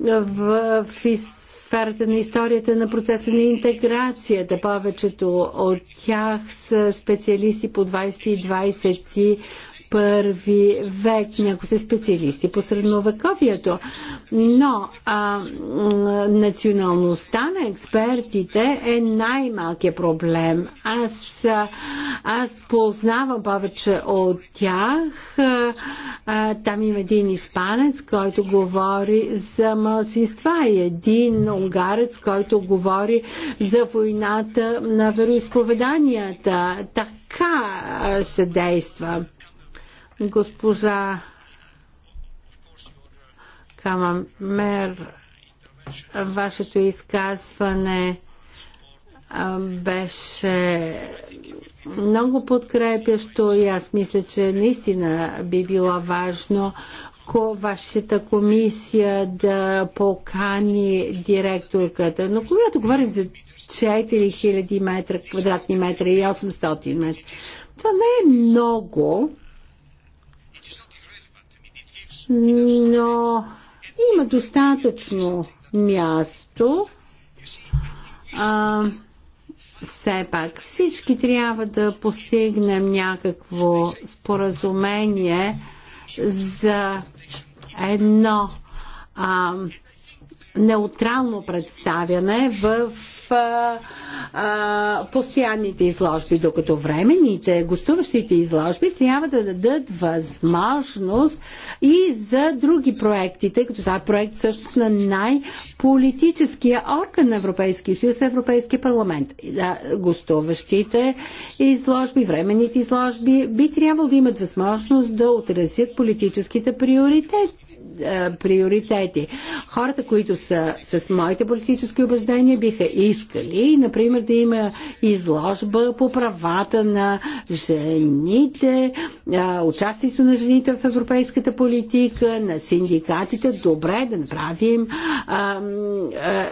в, в сферата на историята на процеса на интеграцията. Повечето от тях са специалисти по 20 и 20 първи век, някои са специалисти по средновековието. Но а, националността на експертите е най-малкият проблем. Аз, аз познавам повече от тях. А, а, там има един испанец, който говори за малцинства и един унгарец, който говори за войната на вероисповеданията. Така се действа. Госпожа Камамер, вашето изказване беше много подкрепящо и аз мисля, че наистина би било важно ко вашата комисия да покани директорката. Но когато говорим за 4000 метра, квадратни метра и 800 метра, това не е много, но има достатъчно място. А, все пак всички трябва да постигнем някакво споразумение за едно а, неутрално представяне в а, а, постоянните изложби, докато времените, гостуващите изложби трябва да дадат възможност и за други проекти, тъй като това е проект всъщност на най-политическия орган на Европейския съюз, Европейския парламент. Да, гостуващите изложби, времените изложби би трябвало да имат възможност да отразят политическите приоритети е, приоритети. Хората, които са с моите политически убеждения, биха искали, например, да има изложба по правата на жените, е, участието на жените в европейската политика, на синдикатите. Добре, да направим а, е, а,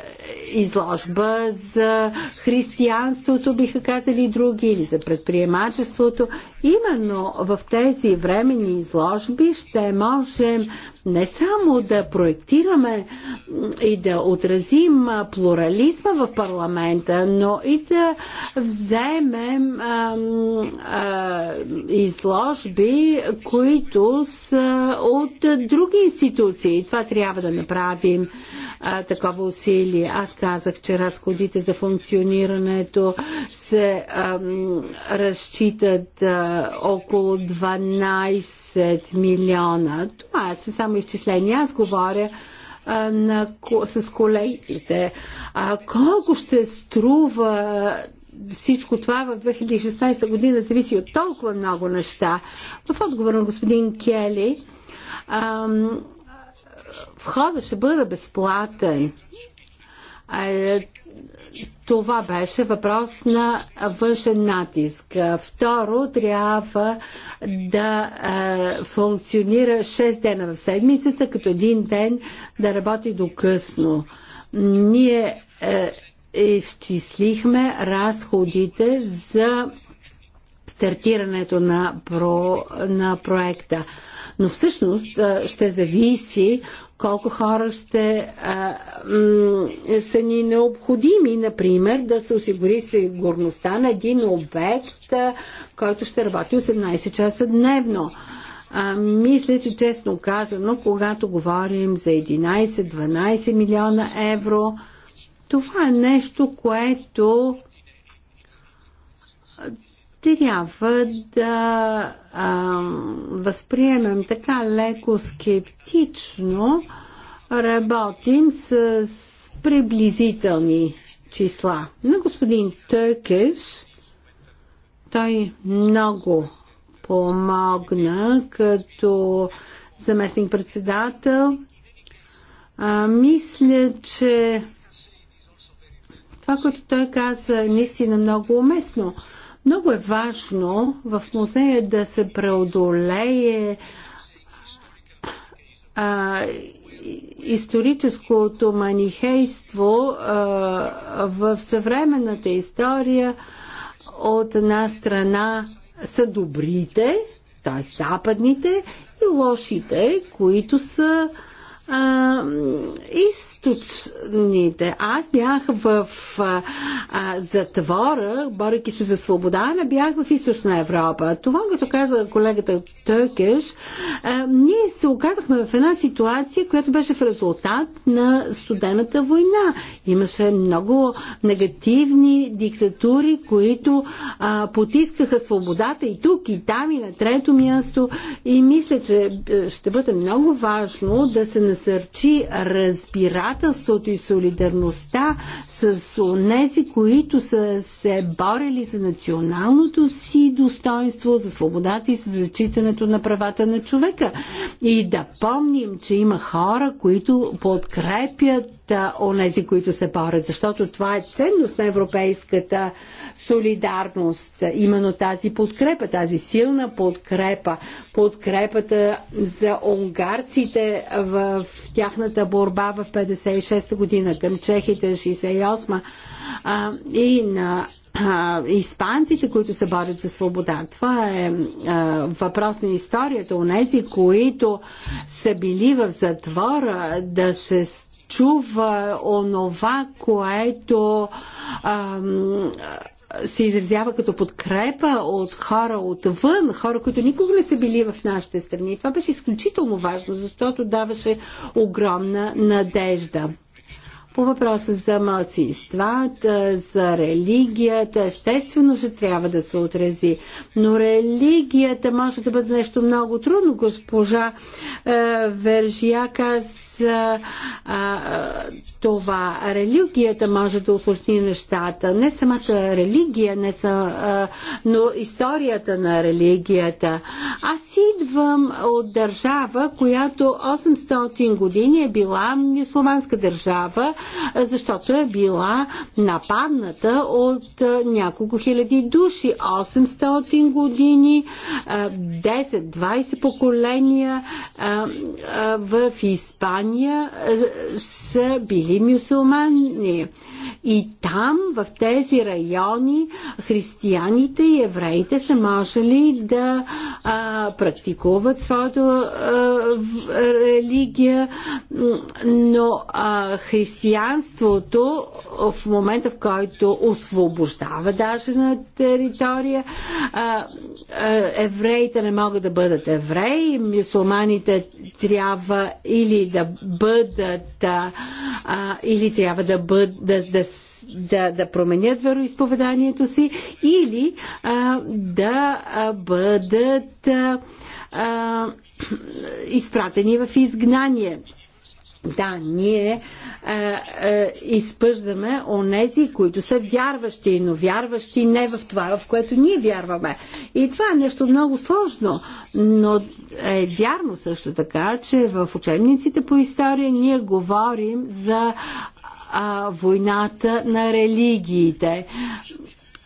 изложба за християнството, биха казали и други, или за предприемачеството. Именно в тези времени изложби ще можем не само да проектираме и да отразим плурализма в парламента, но и да вземем а, а, изложби, които са от други институции. Това трябва да направим а, такова усилие. Аз казах, че разходите за функционирането се а, разчитат а, около 12 милиона. Това са само само изчисления. Аз говоря а, на, с колегите. А, колко ще струва всичко това в 2016 година зависи от толкова много неща. В отговор на господин Кели, ам, входа ще бъде безплатен. Това беше въпрос на външен натиск. Второ, трябва да е, функционира 6 дена в седмицата, като един ден да работи до късно. Ние е, изчислихме разходите за стартирането на, про, на проекта. Но всъщност е, ще зависи колко хора ще а, са ни необходими, например, да се осигури сигурността на един обект, а, който ще работи 18 часа дневно. А, мисля, че честно казано, когато говорим за 11-12 милиона евро, това е нещо, което трябва да а, възприемем така леко скептично, работим с, приблизителни числа. На господин Търкеш той много помогна като заместник-председател. мисля, че това, което той каза, е наистина много уместно. Много е важно в музея да се преодолее а, историческото манихейство а, в съвременната история от една страна са добрите, т.е. западните и лошите, които са а, и източните. Аз бях в а, а, затвора, борейки се за свобода, не бях в източна Европа. Това, като каза колегата Търкеш, а, ние се оказахме в една ситуация, която беше в резултат на студената война. Имаше много негативни диктатури, които а, потискаха свободата и тук, и там, и на трето място. И мисля, че ще бъде много важно да се насърчи разбирателство приятелството и солидарността с онези, които са се борили за националното си достоинство, за свободата и за зачитането на правата на човека. И да помним, че има хора, които подкрепят онези, които се борят, защото това е ценност на европейската солидарност, именно тази подкрепа, тази силна подкрепа, подкрепата за унгарците в тяхната борба в 56-та година, към чехите 68 1968 и на испанците, които се борят за свобода. Това е а, въпрос на историята. Онези, които са били в затвора, да се чува онова, което ам, се изразява като подкрепа от хора отвън, хора, които никога не са били в нашите страни. Това беше изключително важно, защото даваше огромна надежда. По въпроса за мълцинствата, за религията, естествено ще трябва да се отрази. Но религията може да бъде нещо много трудно. Госпожа е, Вержия каза за а, това. Религията може да усложни нещата. Не самата религия, не са, а, но историята на религията. Аз идвам от държава, която 800 години е била мюсулманска държава, защото е била нападната от няколко хиляди души. 800 години, 10-20 поколения в Испания Испания е, са били мюсулмани. И там, в тези райони, християните и евреите са можели да а, практикуват своята религия, но а, християнството в момента, в който освобождава даже на територия, а, а, евреите не могат да бъдат евреи, мюсулманите трябва или да бъдат а, или трябва да бъдат да, да, да, да променят вероисповеданието си или а, да бъдат а, а, изпратени в изгнание. Да, ние е, е, изпъждаме онези, които са вярващи, но вярващи не в това, в което ние вярваме. И това е нещо много сложно, но е вярно също така, че в учебниците по история ние говорим за а, войната на религиите.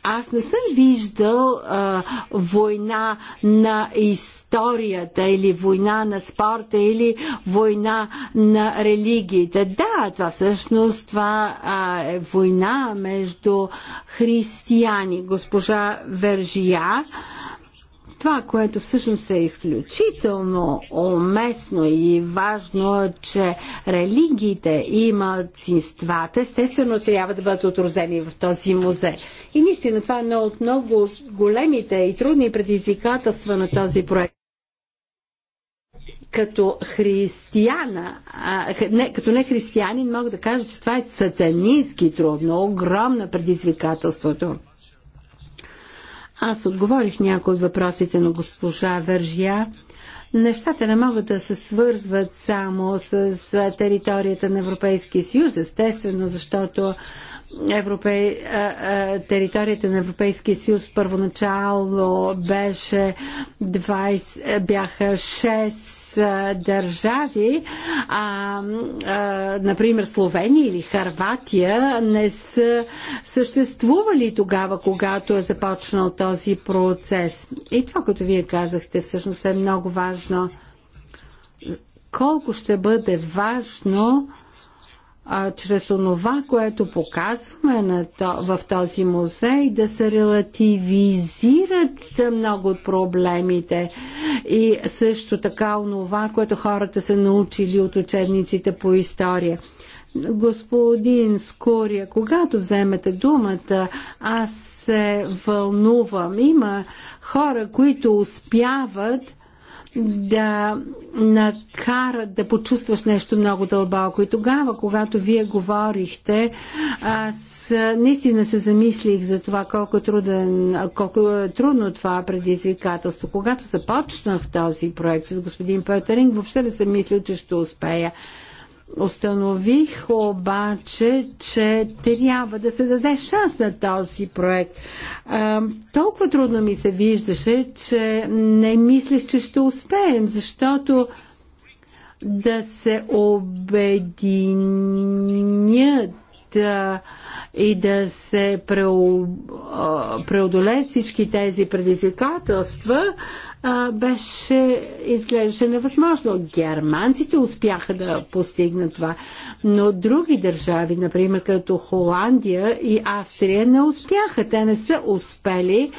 Аз не съм виждал а, война на историята или война на спорта или война на религиите. Да, това всъщност това а, е война между християни. Госпожа Вержия това, което всъщност е изключително уместно и важно, е, че религиите и малцинствата естествено трябва да бъдат отрозени в този музей. И наистина това е едно от много големите и трудни предизвикателства на този проект като християна, а, не, като не християнин мога да кажа, че това е сатанински трудно, огромно предизвикателството. Аз отговорих някои от въпросите на госпожа Вържия. Нещата не могат да се свързват само с територията на Европейския съюз, естествено, защото Европе... територията на Европейския съюз първоначално беше 20... бяха 6 а, държави, а, а, например Словения или Харватия, не са съществували тогава, когато е започнал този процес. И това, което вие казахте, всъщност е много важно. Колко ще бъде важно а, чрез онова, което показваме на то, в този музей, да се релативизират много от проблемите и също така онова, което хората са научили от учебниците по история. Господин Скория, когато вземете думата, аз се вълнувам. Има хора, които успяват да накарат да почувстваш нещо много дълбоко. И тогава, когато вие говорихте, аз наистина се замислих за това колко, труден, колко е трудно това предизвикателство. Когато започнах този проект с господин Петеринг, въобще не съм мислил, че ще успея. Установих обаче, че трябва да се даде шанс на този проект. А, толкова трудно ми се виждаше, че не мислех, че ще успеем, защото да се обединят и да се преодолее всички тези предизвикателства, беше, изглеждаше невъзможно. Германците успяха да постигнат това, но други държави, например като Холандия и Австрия, не успяха. Те не са успели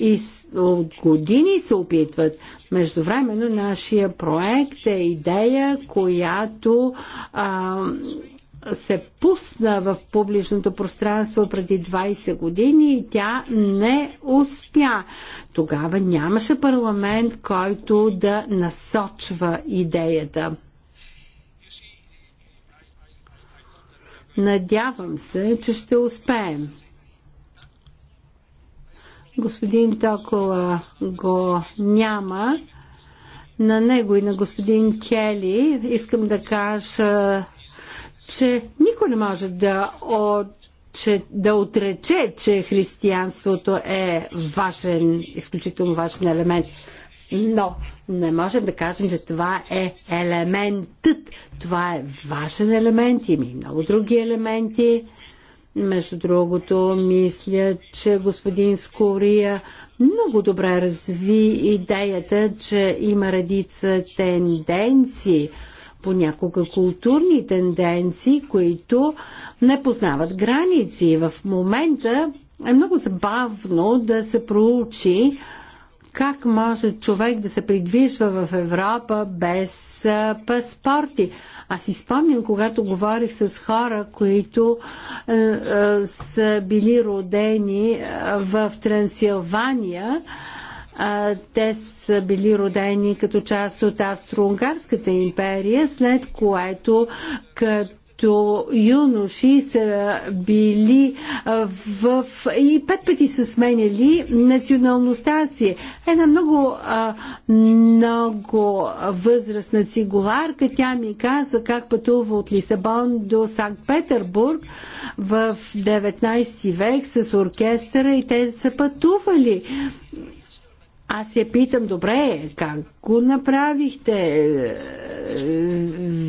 и от години се опитват. Междувременно нашия проект е идея, която а, се пусна в публичното пространство преди 20 години и тя не успя. Тогава нямаше парламент, който да насочва идеята. Надявам се, че ще успеем. Господин Токола го няма. На него и на господин Кели искам да кажа че никой не може да, от, че, да отрече, че християнството е важен, изключително важен елемент. Но не можем да кажем, че това е елементът. Това е важен елемент. Има и много други елементи. Между другото, мисля, че господин Скория много добре разви идеята, че има редица тенденции – понякога културни тенденции, които не познават граници. В момента е много забавно да се проучи как може човек да се придвижва в Европа без паспорти. Аз си спомням, когато говорих с хора, които е, е, са били родени в Трансилвания, те са били родени като част от Австро-Унгарската империя, след което като като юноши са били в... и пет пъти са сменяли националността си. Една много, много възрастна цигуларка, тя ми каза как пътува от Лисабон до Санкт-Петербург в 19 век с оркестъра и те са пътували аз я питам, добре, как го направихте?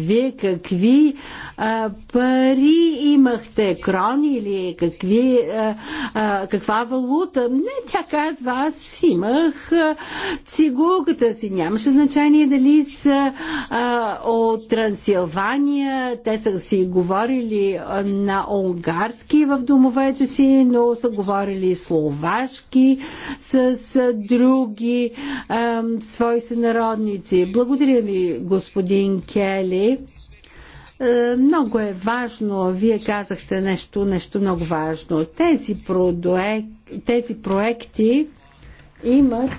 Вие какви а, пари имахте? Крони или какви, а, а, каква валута? Не, тя казва, аз имах цигулката си. Нямаше значение дали са а, от Трансилвания. Те са си говорили на унгарски в домовете си, но са говорили словашки с друг други свои сънародници. Благодаря ви, господин Кели. Е, много е важно, вие казахте нещо, нещо много важно. Тези, продуек, тези проекти имат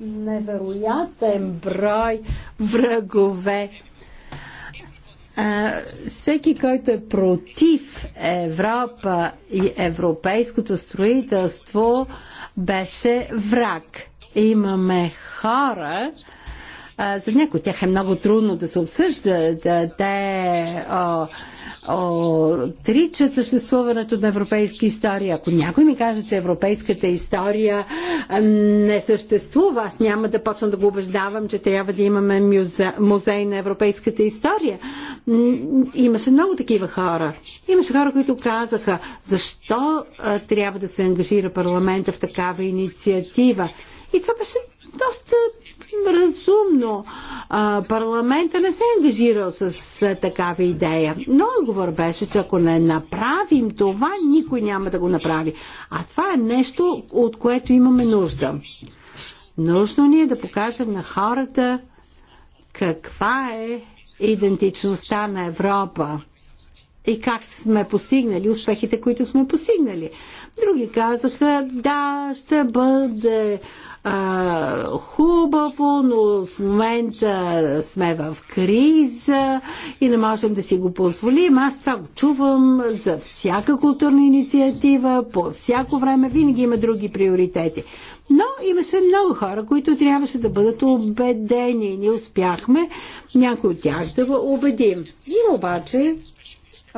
невероятен брой врагове всеки, който е против Европа и европейското строителство, беше враг. Имаме хора, за някои от тях е много трудно да се обсъждат. Те о, отричат съществуването на европейска история. Ако някой ми каже, че европейската история не съществува, аз няма да почна да го убеждавам, че трябва да имаме мюзе, музей на европейската история. Имаше много такива хора. Имаше хора, които казаха, защо трябва да се ангажира парламента в такава инициатива. И това беше доста разумно. А, парламента не се е ангажирал с а, такава идея. Но отговор беше, че ако не направим това, никой няма да го направи. А това е нещо, от което имаме нужда. Нужно ни е да покажем на хората каква е идентичността на Европа и как сме постигнали успехите, които сме постигнали. Други казаха, да, ще бъде а, хубаво, но в момента сме в криза и не можем да си го позволим. Аз това го чувам за всяка културна инициатива, по всяко време, винаги има други приоритети. Но имаше много хора, които трябваше да бъдат убедени. Ние успяхме някои от тях да го убедим. Има обаче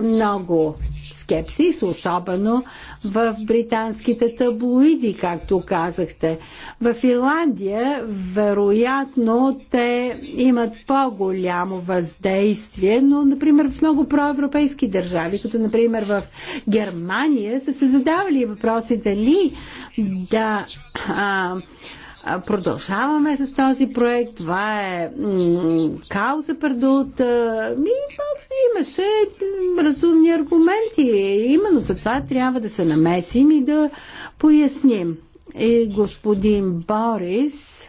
много скепсис, особено в британските таблоиди, както казахте. В Ирландия, вероятно, те имат по-голямо въздействие, но, например, в много проевропейски държави, като, например, в Германия, са се задавали въпросите ли да. А, Продължаваме с този проект. Това е кауза пердут. Ми, имаше разумни аргументи. Именно за това трябва да се намесим и да поясним. И господин Борис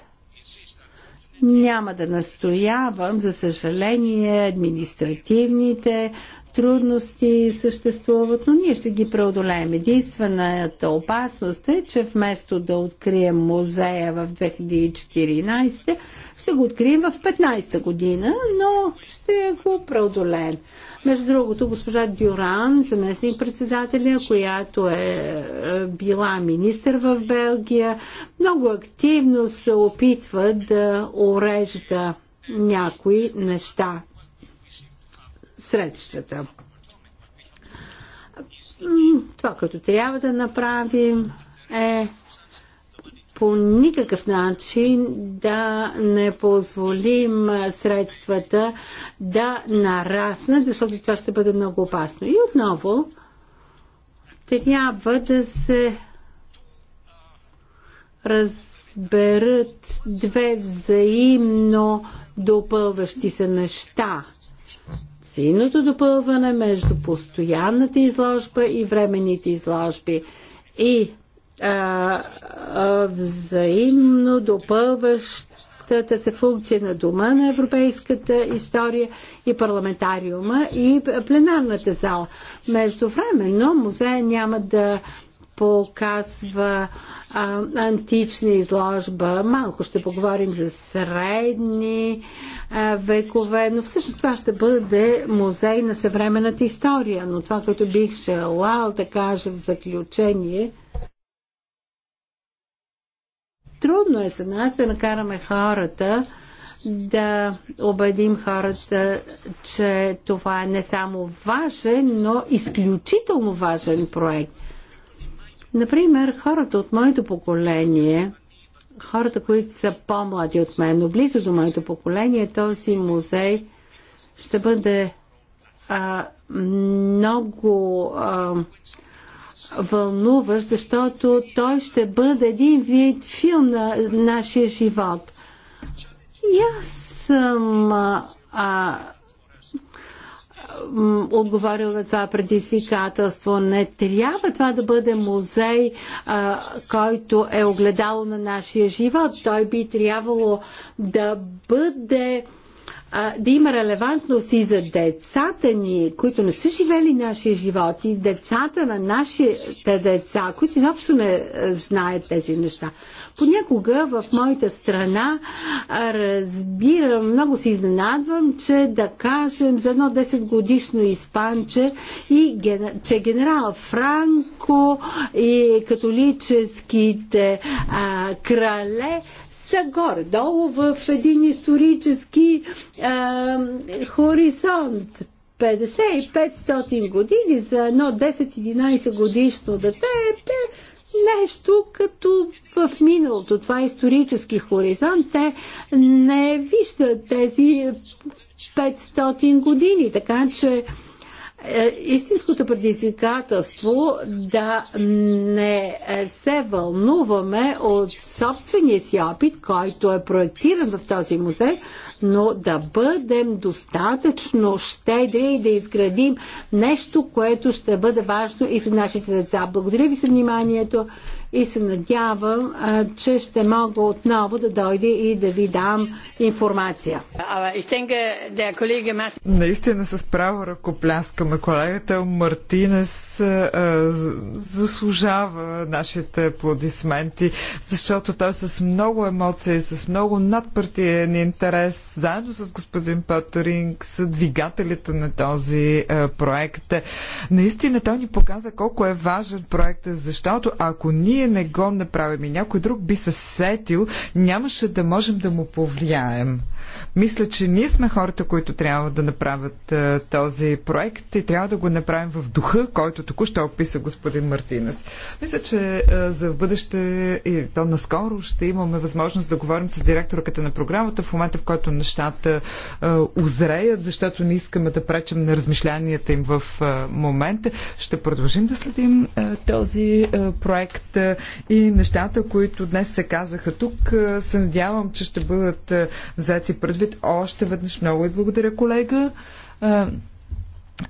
няма да настоявам, за съжаление, административните трудности съществуват, но ние ще ги преодолеем. Единствената опасност е, че вместо да открием музея в 2014, ще го открием в 15 година, но ще го преодолеем. Между другото, госпожа Дюран, заместник председателя, която е, е била министър в Белгия, много активно се опитва да урежда някои неща средствата. Това, като трябва да направим е по никакъв начин да не позволим средствата да нараснат, защото това ще бъде много опасно. И отново трябва да се разберат две взаимно допълващи се неща – Силното допълване между постоянната изложба и временните изложби и а, а, взаимно допълващата се функция на Дома на европейската история и парламентариума и пленарната зала. Между време, но музея няма да показва а, антична изложба. Малко ще поговорим за средни а, векове, но всъщност това ще бъде музей на съвременната история. Но това, което бих желал да кажа в заключение, трудно е за нас да накараме хората да убедим хората, че това е не само важен, но изключително важен проект – Например, хората от моето поколение, хората, които са по-млади от мен, но близо до моето поколение, този музей ще бъде а, много а, вълнуващ, защото той ще бъде един вид филм на нашия живот. И аз съм а, отговорил на това предизвикателство. Не трябва това да бъде музей, а, който е огледало на нашия живот. Той би трябвало да бъде да има релевантност и за децата ни, които не са живели нашия живот и децата на нашите деца, които изобщо не знаят тези неща. Понякога в моята страна разбирам, много се изненадвам, че да кажем за едно 10 годишно испанче и че генерал Франко и католическите а, крале са горе-долу в един исторически а, хоризонт. 50 и 500 години за едно 10-11 годишно дете е нещо като в миналото. Това е исторически хоризонт. Те не виждат тези 500 години, така че е, истинското предизвикателство да не е, се вълнуваме от собствения си опит, който е проектиран в този музей, но да бъдем достатъчно щедри и да изградим нещо, което ще бъде важно и за нашите деца. Благодаря ви за вниманието и се надявам, че ще мога отново да дойде и да ви дам информация. Наистина с право ръкопляскаме. Колегата Мартинес заслужава нашите аплодисменти, защото той с много емоции, с много надпартиен интерес, заедно с господин Патеринг, са двигателите на този проект. Наистина той ни показа колко е важен проект, защото ако ние ние не го направим и някой друг би се сетил, нямаше да можем да му повлияем. Мисля, че ние сме хората, които трябва да направят а, е, този проект и трябва да го направим в духа, който току-що описа господин Мартинес. Мисля, че а, е, за бъдеще и то наскоро ще имаме възможност да говорим с директорката на програмата в момента, в който нещата а, е, озреят, защото не искаме да пречем на размишленията им в а, момента. Ще продължим да следим а, този а, проект а, и нещата, които днес се казаха тук, а, се надявам, че ще бъдат а, взети предвид още веднъж. Много и благодаря, колега. А,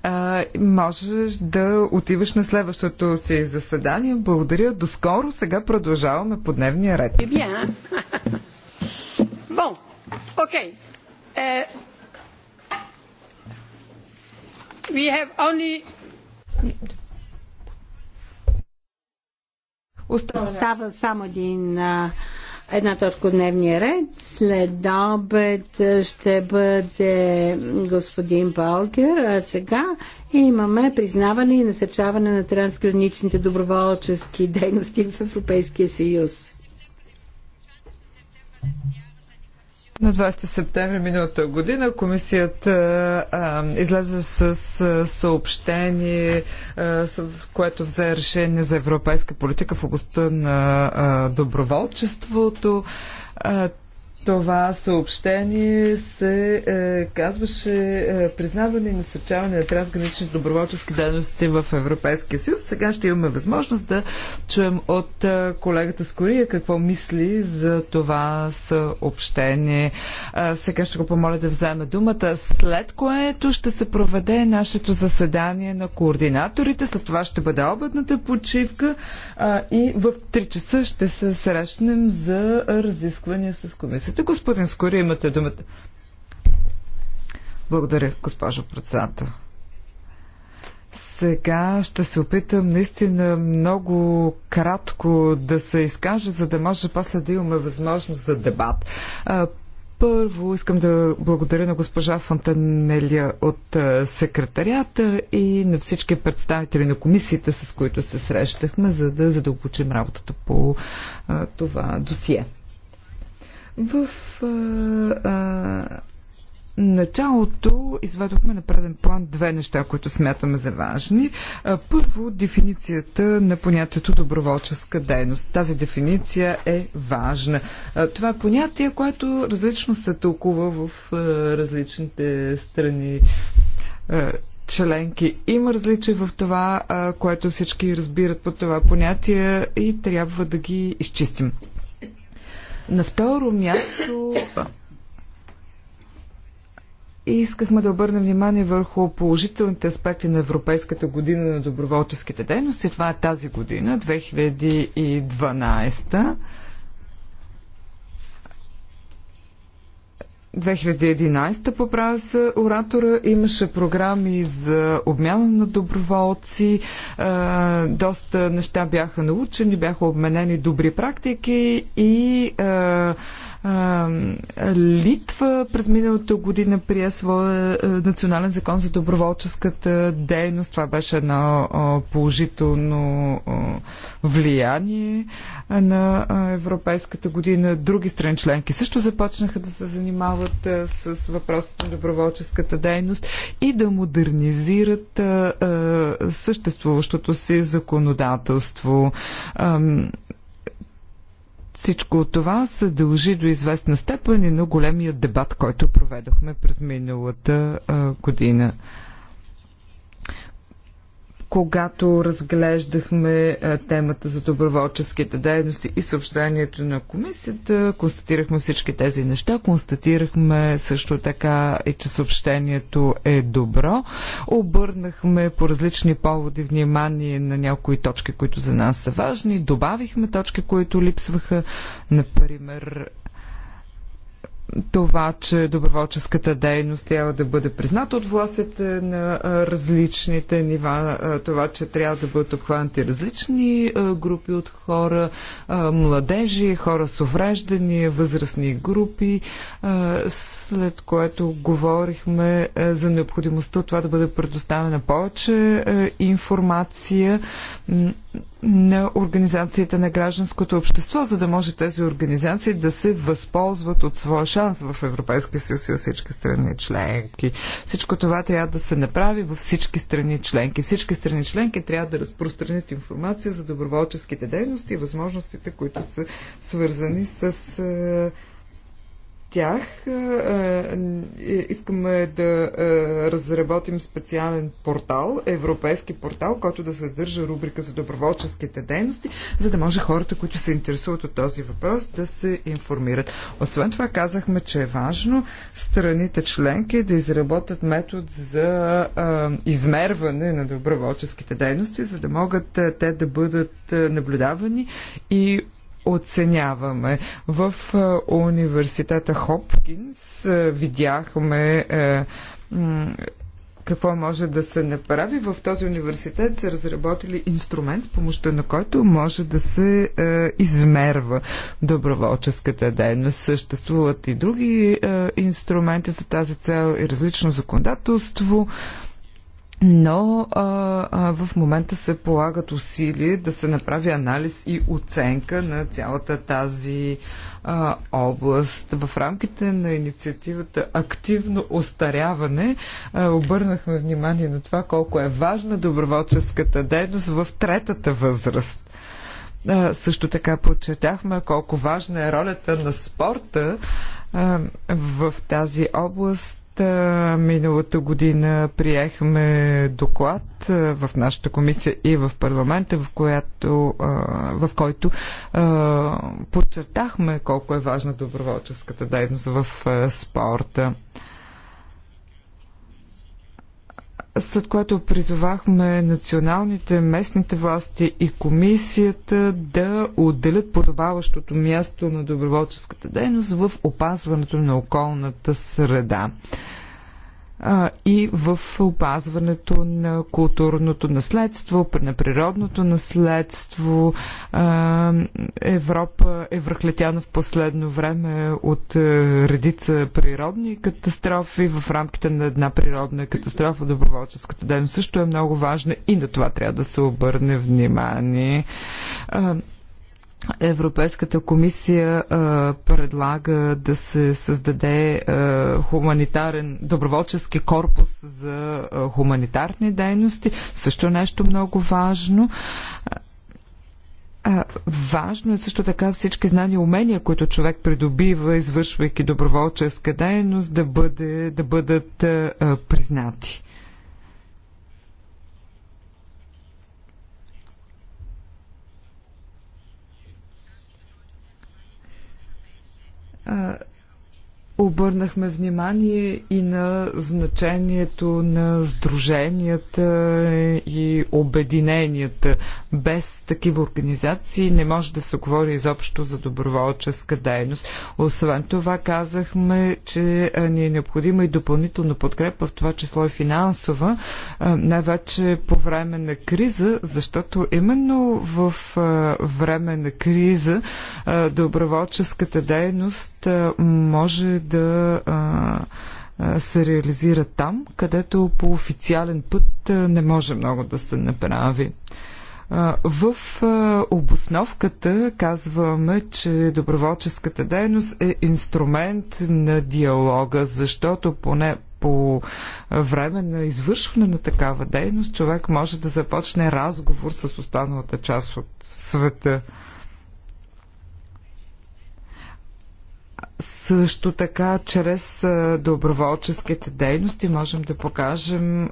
а, можеш да отиваш на следващото си заседание. Благодаря. До скоро. Сега продължаваме по дневния ред. Bon. Okay. Uh, we have only Остава само един uh, една точка от дневния ред. След обед е, ще бъде господин Балгер, а сега имаме признаване и насърчаване на трансграничните доброволчески дейности в Европейския съюз. На 20 септември миналата година комисията а, излезе с, а, съобщение, а, в което взе решение за европейска политика в областта на а, доброволчеството. А, това съобщение се е, казваше е, признаване и насърчаване на трансгранични доброволчески дейности в Европейския съюз. Сега ще имаме възможност да чуем от е, колегата Скория какво мисли за това съобщение. Е, сега ще го помоля да вземе думата, след което ще се проведе нашето заседание на координаторите. След това ще бъде обедната почивка е, и в 3 часа ще се срещнем за разисквания с комисията. Заповядайте, Господин Скори, имате думата. Благодаря, госпожо председател. Сега ще се опитам наистина много кратко да се изкажа, за да може после да имаме възможност за дебат. Първо искам да благодаря на госпожа Фонтанелия от секретарията и на всички представители на комисията, с които се срещахме, за да задълбочим работата по това досие. В а, а, началото изведохме на преден план две неща, които смятаме за важни. Първо, дефиницията на понятието доброволческа дейност. Тази дефиниция е важна. Това е понятие, което различно се тълкува в различните страни членки. Има различия в това, което всички разбират под това понятие и трябва да ги изчистим. На второ място искахме да обърнем внимание върху положителните аспекти на Европейската година на доброволческите дейности. Това е тази година, 2012. 2011 поправя се оратора, имаше програми за обмяна на доброволци, е, доста неща бяха научени, бяха обменени добри практики и е, Литва през миналата година прие своя е, национален закон за доброволческата дейност. Това беше едно положително влияние на Европейската година. Други страни членки също започнаха да се занимават с въпросите на доброволческата дейност и да модернизират съществуващото си законодателство. Всичко това се дължи до известна степен и на големия дебат, който проведохме през миналата година когато разглеждахме темата за доброволческите дейности и съобщението на комисията. Констатирахме всички тези неща. Констатирахме също така и, че съобщението е добро. Обърнахме по различни поводи внимание на някои точки, които за нас са важни. Добавихме точки, които липсваха. Например, това, че доброволческата дейност трябва да бъде призната от властите на различните нива, това, че трябва да бъдат обхванати различни групи от хора, младежи, хора с увреждания, възрастни групи, след което говорихме за необходимостта от това да бъде предоставена повече информация на организациите на гражданското общество, за да може тези организации да се възползват от своя шанс в Европейския съюз и всички страни членки. Всичко това трябва да се направи във всички страни членки. Всички страни членки трябва да разпространят информация за доброволческите дейности и възможностите, които са свързани с е, тях е, е, искаме да е, разработим специален портал, европейски портал, който да съдържа рубрика за доброволческите дейности, за да може хората, които се интересуват от този въпрос, да се информират. Освен това казахме, че е важно страните членки да изработят метод за измерване на доброволческите дейности, за да могат те да бъдат наблюдавани и оценяваме. В университета Хопкинс видяхме какво може да се направи. В този университет са разработили инструмент, с помощта на който може да се е, измерва доброволческата дейност. Съществуват и други е, инструменти за тази цел и различно законодателство. Е, но а, а, в момента се полагат усилия да се направи анализ и оценка на цялата тази а, област. В рамките на инициативата Активно остаряване а, обърнахме внимание на това колко е важна доброволческата дейност в третата възраст. А, също така подчертахме колко важна е ролята на спорта а, в тази област миналата година приехме доклад в нашата комисия и в парламента, в, която, в който подчертахме колко е важна доброволческата дейност в спорта след което призовахме националните, местните власти и комисията да отделят подобаващото място на доброволческата дейност в опазването на околната среда а, и в опазването на културното наследство, на природното наследство. А, Европа е връхлетяна в последно време от а, редица природни катастрофи. В рамките на една природна катастрофа доброволческата дейност също е много важна и на това трябва да се обърне внимание. А, Европейската комисия а, предлага да се създаде а, хуманитарен доброволчески корпус за а, хуманитарни дейности. Също е нещо много важно. А, важно е също така всички знания и умения, които човек придобива, извършвайки доброволческа дейност, да, бъде, да бъдат а, признати. а, Обърнахме внимание и на значението на сдруженията и обединенията. Без такива организации не може да се говори изобщо за доброволческа дейност. Освен това казахме, че ни е необходима и допълнителна подкрепа, в това число и финансова, най-вече по време на криза, защото именно в време на криза доброволческата дейност може да а, се реализира там, където по официален път не може много да се направи. В обосновката казваме, че доброволческата дейност е инструмент на диалога, защото поне по време на извършване на такава дейност човек може да започне разговор с останалата част от света. Също така, чрез доброволческите дейности можем да покажем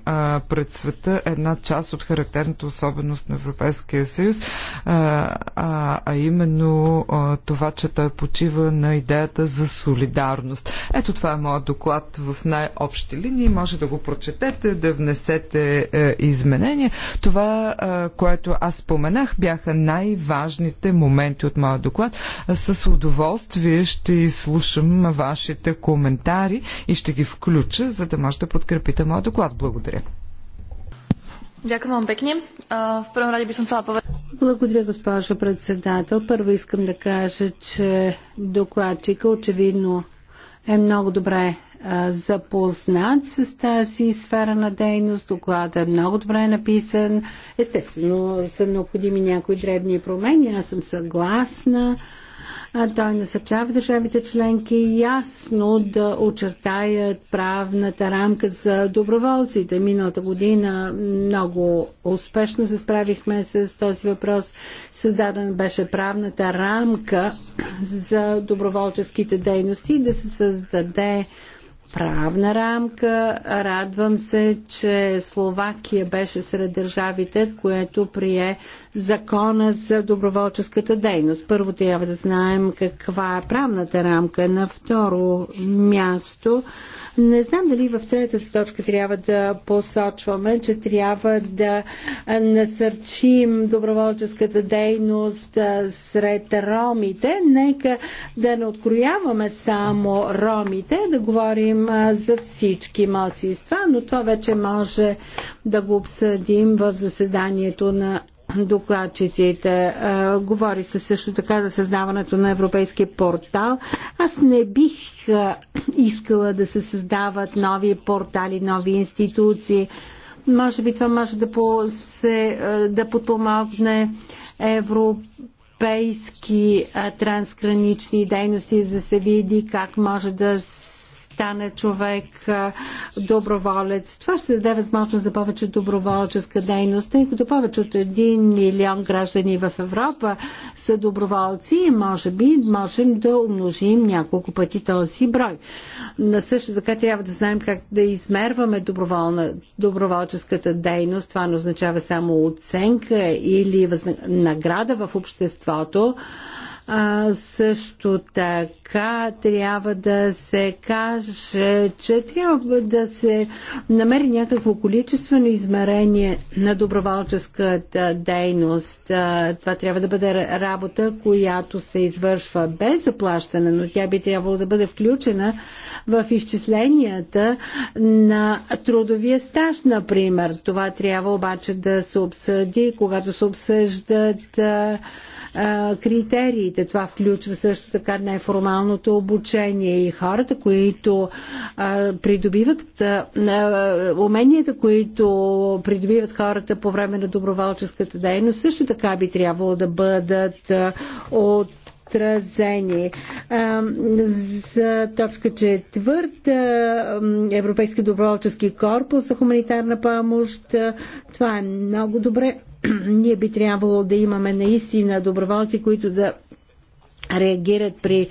пред света една част от характерната особеност на Европейския съюз, а, именно това, че той почива на идеята за солидарност. Ето това е моят доклад в най-общи линии. Може да го прочетете, да внесете е, изменения. Това, което аз споменах, бяха най-важните моменти от моя доклад. С удоволствие ще изслушам слушам вашите коментари и ще ги включа, за да може да подкрепите моят доклад. Благодаря. Благодаря, госпожо председател. Първо искам да кажа, че докладчика очевидно е много добре запознат с тази сфера на дейност. Докладът е много добре написан. Естествено, са необходими някои дребни промени. Аз съм съгласна а той насърчава държавите членки ясно да очертаят правната рамка за доброволците. Миналата година много успешно се справихме с този въпрос. Създадена беше правната рамка за доброволческите дейности да се създаде правна рамка. Радвам се, че Словакия беше сред държавите, което прие закона за доброволческата дейност. Първо трябва да знаем каква е правната рамка. На второ място, не знам дали в третата точка трябва да посочваме, че трябва да насърчим доброволческата дейност сред ромите. Нека да не открояваме само ромите, да говорим за всички малцинства, но това вече може да го обсъдим в заседанието на докладчиците. Говори се също така за създаването на Европейския портал. Аз не бих искала да се създават нови портали, нови институции. Може би това може да, по, се, да подпомогне европейски трансгранични дейности, за да се види как може да стане човек доброволец. Това ще даде възможност за повече доброволческа дейност, тъй като повече от един милион граждани в Европа са доброволци и може би можем да умножим няколко пъти този брой. На също така трябва да знаем как да измерваме доброволческата дейност. Това не означава само оценка или награда в обществото. А, също така трябва да се каже, че трябва да се намери някакво количествено измерение на доброволческата дейност. А, това трябва да бъде работа, която се извършва без заплащане, но тя би трябвало да бъде включена в изчисленията на трудовия стаж, например. Това трябва обаче да се обсъди, когато се обсъждат а, критериите. Това включва също така неформалното обучение и хората, които а, придобиват а, уменията, които придобиват хората по време на доброволческата дейност, също така би трябвало да бъдат а, от отразени. За точка четвърта Европейски доброволчески корпус за хуманитарна помощ. Това е много добре ние би трябвало да имаме наистина доброволци, които да реагират при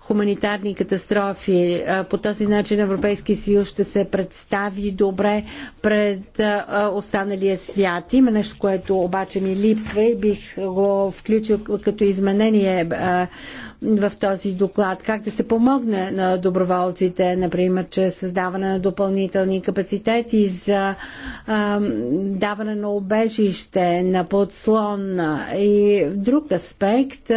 хуманитарни катастрофи. По този начин Европейския съюз ще се представи добре пред останалия свят. Има нещо, което обаче ми липсва и бих го включил като изменение в този доклад? Как да се помогне на доброволците, например, чрез създаване на допълнителни капацитети за а, даване на обежище, на подслон и друг аспект?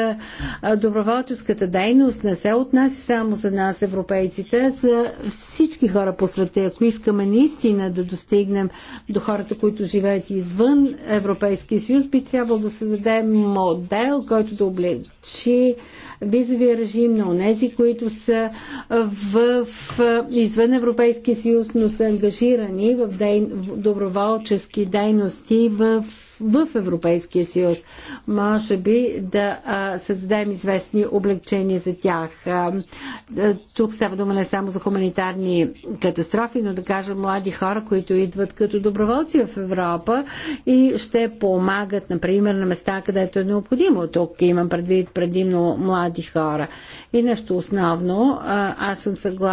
Доброволческата дейност не се отнася само за нас, европейците, за всички хора по света. Ако искаме наистина да достигнем до хората, които живеят извън Европейския съюз, би трябвало да създадем модел, който да облегчи визовия режим на онези, които са в, в извън Европейския съюз, но са ангажирани в дей, в доброволчески дейности в в Европейския съюз. Може би да създадем известни облегчения за тях. тук става дума не само за хуманитарни катастрофи, но да кажа млади хора, които идват като доброволци в Европа и ще помагат, например, на места, където е необходимо. Тук имам предвид предимно млади хора. И нещо основно, аз съм съгласен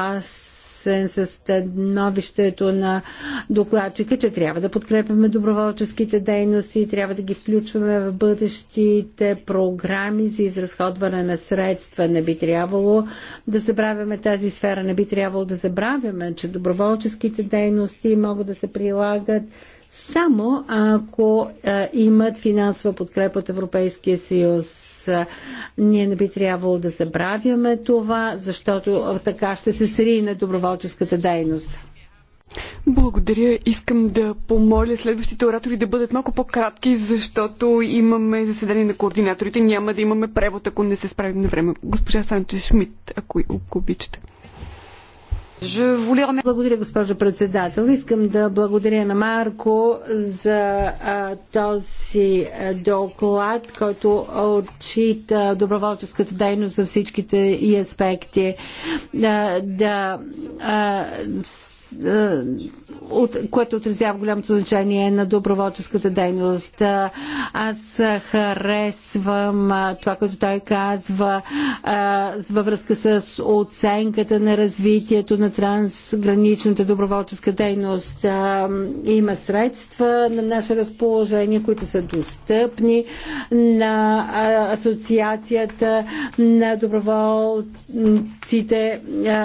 съгласен с становището на докладчика, че трябва да подкрепяме доброволческите дейности, трябва да ги включваме в бъдещите програми за изразходване на средства. Не би трябвало да забравяме тази сфера, не би трябвало да забравяме, че доброволческите дейности могат да се прилагат само ако а, е, имат финансова подкрепа от Европейския съюз ние не би трябвало да забравяме това, защото така ще се на доброволческата дейност. Благодаря. Искам да помоля следващите оратори да бъдат малко по-кратки, защото имаме заседание на координаторите. Няма да имаме превод, ако не се справим на време. Госпожа Санчес Шмидт, ако обичате. Благодаря, госпожо председател. Искам да благодаря на Марко за а, този доклад, който отчита доброволческата дейност за всичките и аспекти. А, да, а, е, от, което отразява голямото значение на доброволческата дейност. Е, аз харесвам е, това, което той казва във връзка с оценката на развитието на трансграничната доброволческа дейност. Има средства на наше разположение, които са достъпни на асоциацията на доброволците,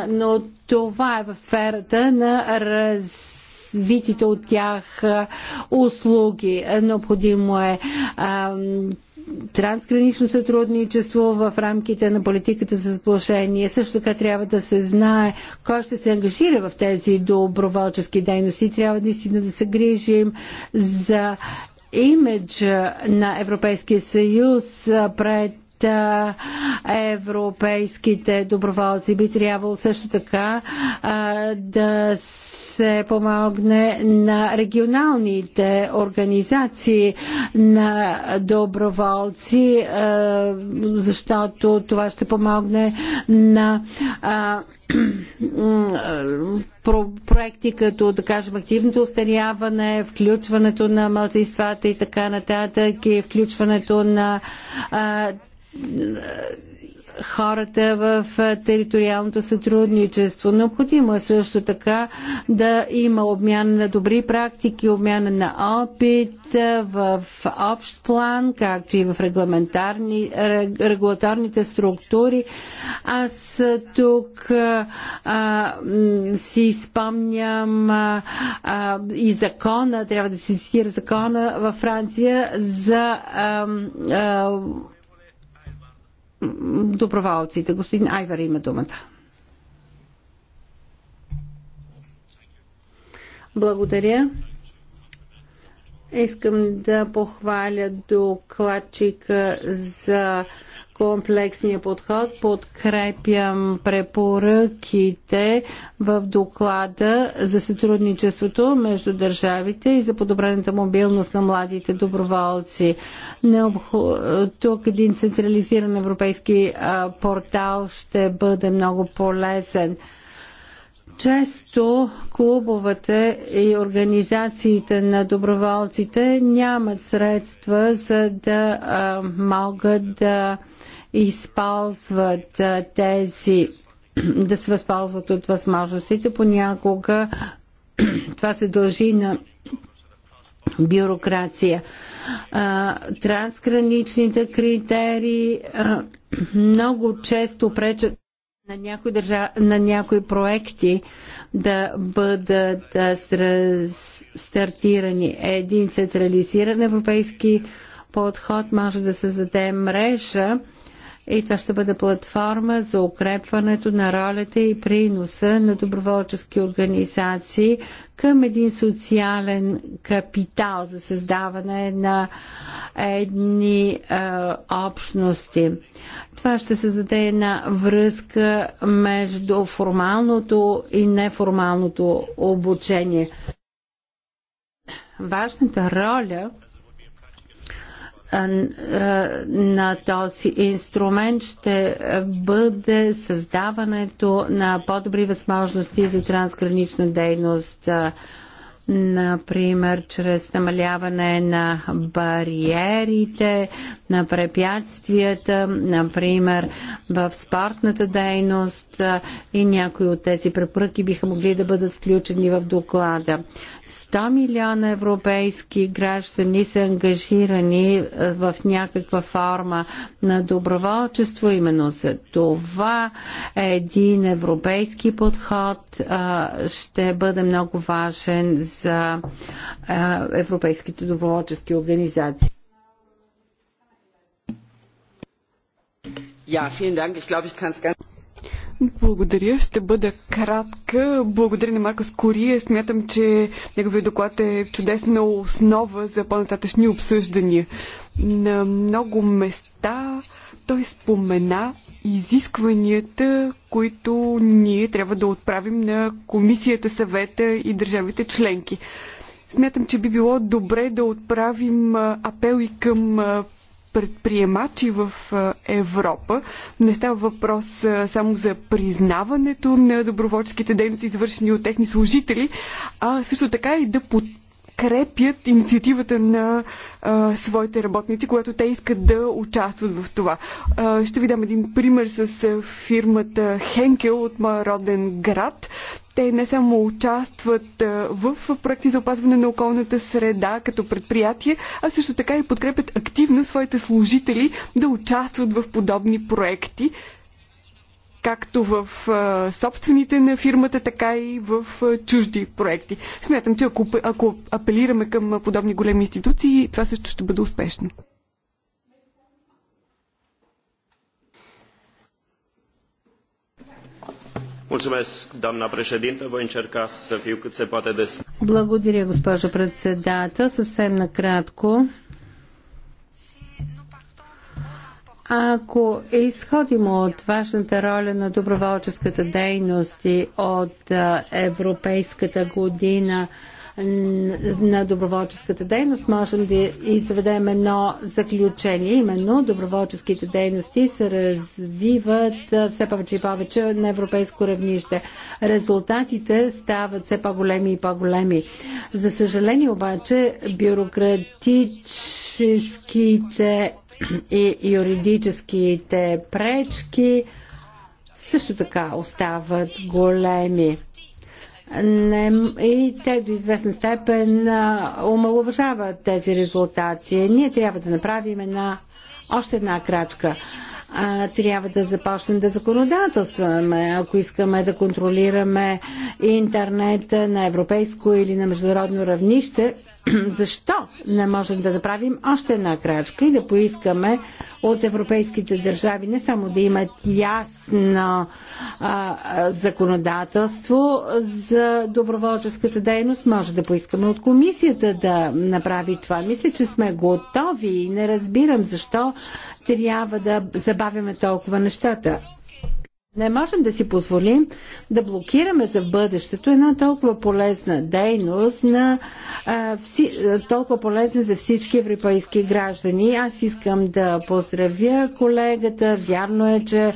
но това е в сферата на раз от тях услуги. Необходимо е а, трансгранично сътрудничество в рамките на политиката за сплошение. Също така трябва да се знае кой ще се ангажира в тези доброволчески дейности. Трябва наистина да се грижим за имидж на Европейския съюз пред европейските доброволци. Би трябвало също така а, да се помогне на регионалните организации на доброволци, а, защото това ще помогне на а, проекти като, да кажем, активното остаряване, включването на малцинствата и така нататък и включването на а, хората в териториалното сътрудничество. Необходимо е също така да има обмяна на добри практики, обмяна на опит в общ план, както и в регламентарни, регулаторните структури. Аз тук а, си спомням а, и закона, трябва да се цитира закона във Франция за а, а, доброволците. Господин Айвер има думата. Благодаря. Искам да похваля докладчика за комплексния подход. Подкрепям препоръките в доклада за сътрудничеството между държавите и за подобрената мобилност на младите доброволци. Необхо... Тук един централизиран европейски портал ще бъде много полезен. Често клубовете и организациите на доброволците нямат средства за да а, могат да използват а, тези, да се възползват от възможностите. Понякога това се дължи на бюрокрация. А, трансграничните критерии а, много често пречат на някои, държа... на някои проекти да бъдат да стартирани. Един централизиран европейски подход може да създаде мрежа и това ще бъде платформа за укрепването на ролята и приноса на доброволчески организации към един социален капитал за създаване на едни е, общности. Това ще създаде една връзка между формалното и неформалното обучение. Важната роля – на този инструмент ще бъде създаването на по-добри възможности за трансгранична дейност например, чрез намаляване на бариерите, на препятствията, например, в спортната дейност и някои от тези препоръки биха могли да бъдат включени в доклада. 100 милиона европейски граждани са ангажирани в някаква форма на доброволчество. Именно за това един европейски подход ще бъде много важен а, европейските доброволчески организации. благодаря. Ще бъда кратка. Благодаря на Маркос Кория. Смятам, че неговият доклад е чудесна основа за по-нататъчни обсъждания. На много места той спомена изискванията, които ние трябва да отправим на комисията, съвета и държавите членки. Смятам, че би било добре да отправим апел и към предприемачи в Европа. Не става въпрос само за признаването на доброволческите дейности, извършени от техни служители, а също така и да подпомагат подкрепят инициативата на а, своите работници, когато те искат да участват в това. А, ще ви дам един пример с фирмата Хенкел от моя роден град. Те не само участват в проекти за опазване на околната среда като предприятие, а също така и подкрепят активно своите служители да участват в подобни проекти както в собствените на фирмата, така и в чужди проекти. Смятам, че ако, ако апелираме към подобни големи институции, това също ще бъде успешно. Благодаря, госпожо председател. Съвсем накратко. Ако е изходим от важната роля на доброволческата дейност и от Европейската година, на доброволческата дейност можем да изведем едно заключение. Именно доброволческите дейности се развиват все повече и повече на европейско равнище. Резултатите стават все по-големи и по-големи. За съжаление обаче бюрократическите и юридическите пречки също така остават големи. Не, и те до известна степен омалуважават тези резултати. Ние трябва да направим една, още една крачка. А, трябва да започнем да законодателстваме, ако искаме да контролираме интернет на европейско или на международно равнище Защо не можем да направим още една крачка и да поискаме от европейските държави не само да имат ясно а, законодателство за доброволческата дейност, може да поискаме от комисията да направи това. Мисля, че сме готови и не разбирам защо трябва да забавяме толкова нещата. Не можем да си позволим да блокираме за бъдещето една толкова полезна дейност, на, а, вси, толкова полезна за всички европейски граждани. Аз искам да поздравя колегата. Вярно е, че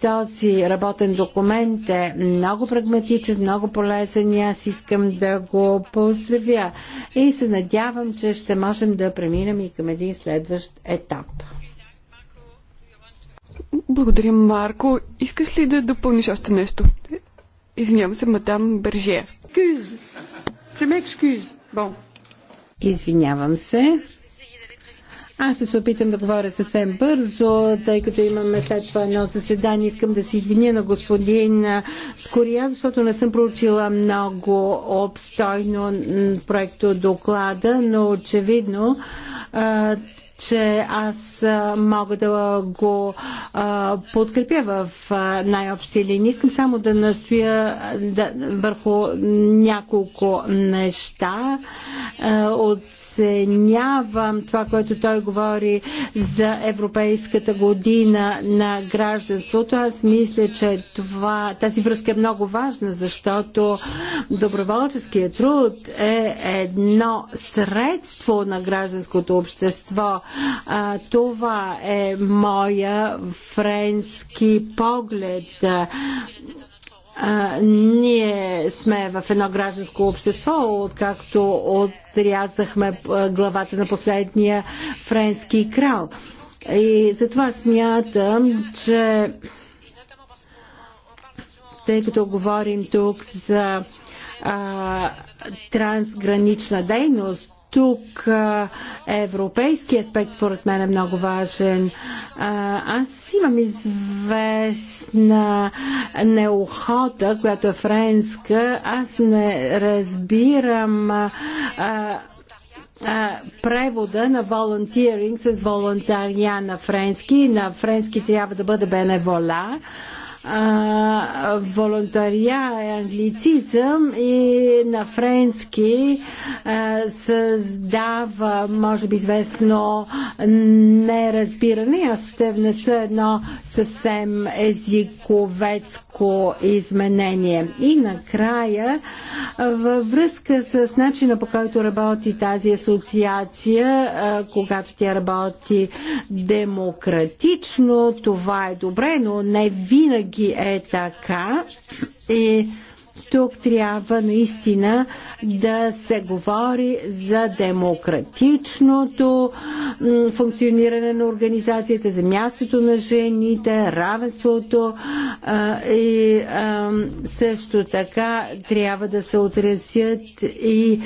този работен документ е много прагматичен, много полезен и аз искам да го поздравя. И се надявам, че ще можем да преминем и към един следващ етап. Благодаря, Марко. Искаш ли да допълниш още нещо? Извинявам се, мадам Бержия. Извинявам се. Аз ще се опитам да говоря съвсем бързо, тъй като имаме след това едно заседание. Искам да се извиня на господин Скория, защото не съм проучила много обстойно проекто доклада, но очевидно че аз мога да го подкрепя в най-общи линии. Искам само да настоя върху няколко неща от оценявам това, което той говори за Европейската година на гражданството. Аз мисля, че това, тази връзка е много важна, защото доброволческият труд е едно средство на гражданското общество. А, това е моя френски поглед. А, ние сме в едно гражданско общество, откакто отрязахме главата на последния френски крал. И затова смятам, че тъй като говорим тук за а, трансгранична дейност, тук европейски аспект, според мен, е много важен. Аз имам известна неохота, която е френска. Аз не разбирам превода на волонтиринг с волонтария на френски. На френски трябва да бъде беневола а, волонтария е англицизъм и на френски създава, може би, известно неразбиране. Аз ще внеса едно съвсем езиковецко изменение. И накрая, във връзка с начина по който работи тази асоциация, когато тя работи демократично, това е добре, но не винаги винаги е така и тук трябва наистина да се говори за демократичното функциониране на организацията, за мястото на жените, равенството и също така трябва да се отразят и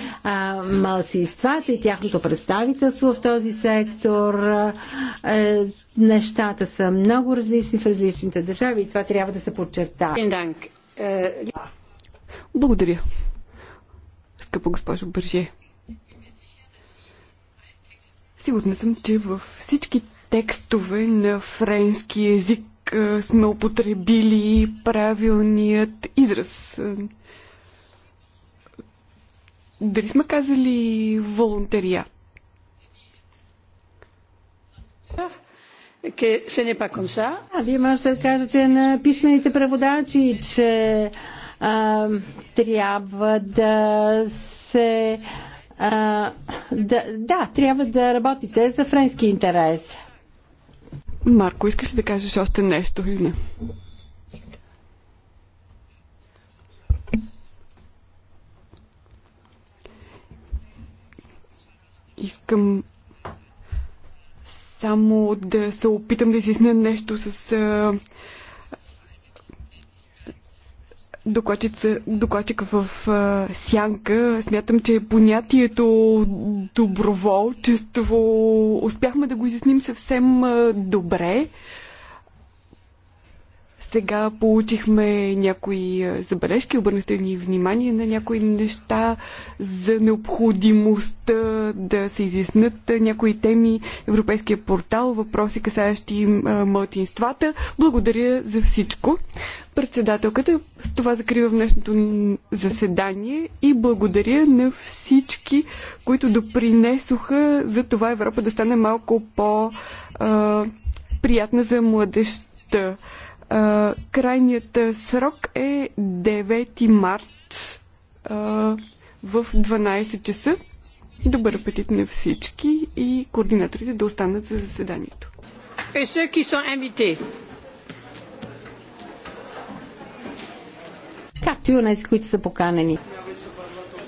малцинствата и тяхното представителство в този сектор. Е, нещата са много различни в различните държави и това трябва да се подчертава. Благодаря, скъпа госпожо Бърже. Сигурна съм, че във всички текстове на френски език сме употребили правилният израз. Дали сме казали волонтерия? А, вие можете да кажете на писмените преводачи, че а, трябва да се. А, да, да, трябва да работите за френски интерес. Марко, искаш ли да кажеш още нещо или не? Искам само да се опитам да изясня нещо с докладчик в а, сянка. Смятам, че понятието доброволчество успяхме да го изясним съвсем а, добре. Сега получихме някои забележки, обърнахте ни внимание на някои неща за необходимостта да се изяснат някои теми, Европейския портал, въпроси касаещи мълтинствата. Благодаря за всичко. Председателката, с това закривам днешното заседание и благодаря на всички, които допринесоха за това Европа да стане малко по-приятна за младежта крайният срок е 9 март а, в 12 часа. Добър апетит на всички и координаторите да останат за заседанието. Както и у които са поканени.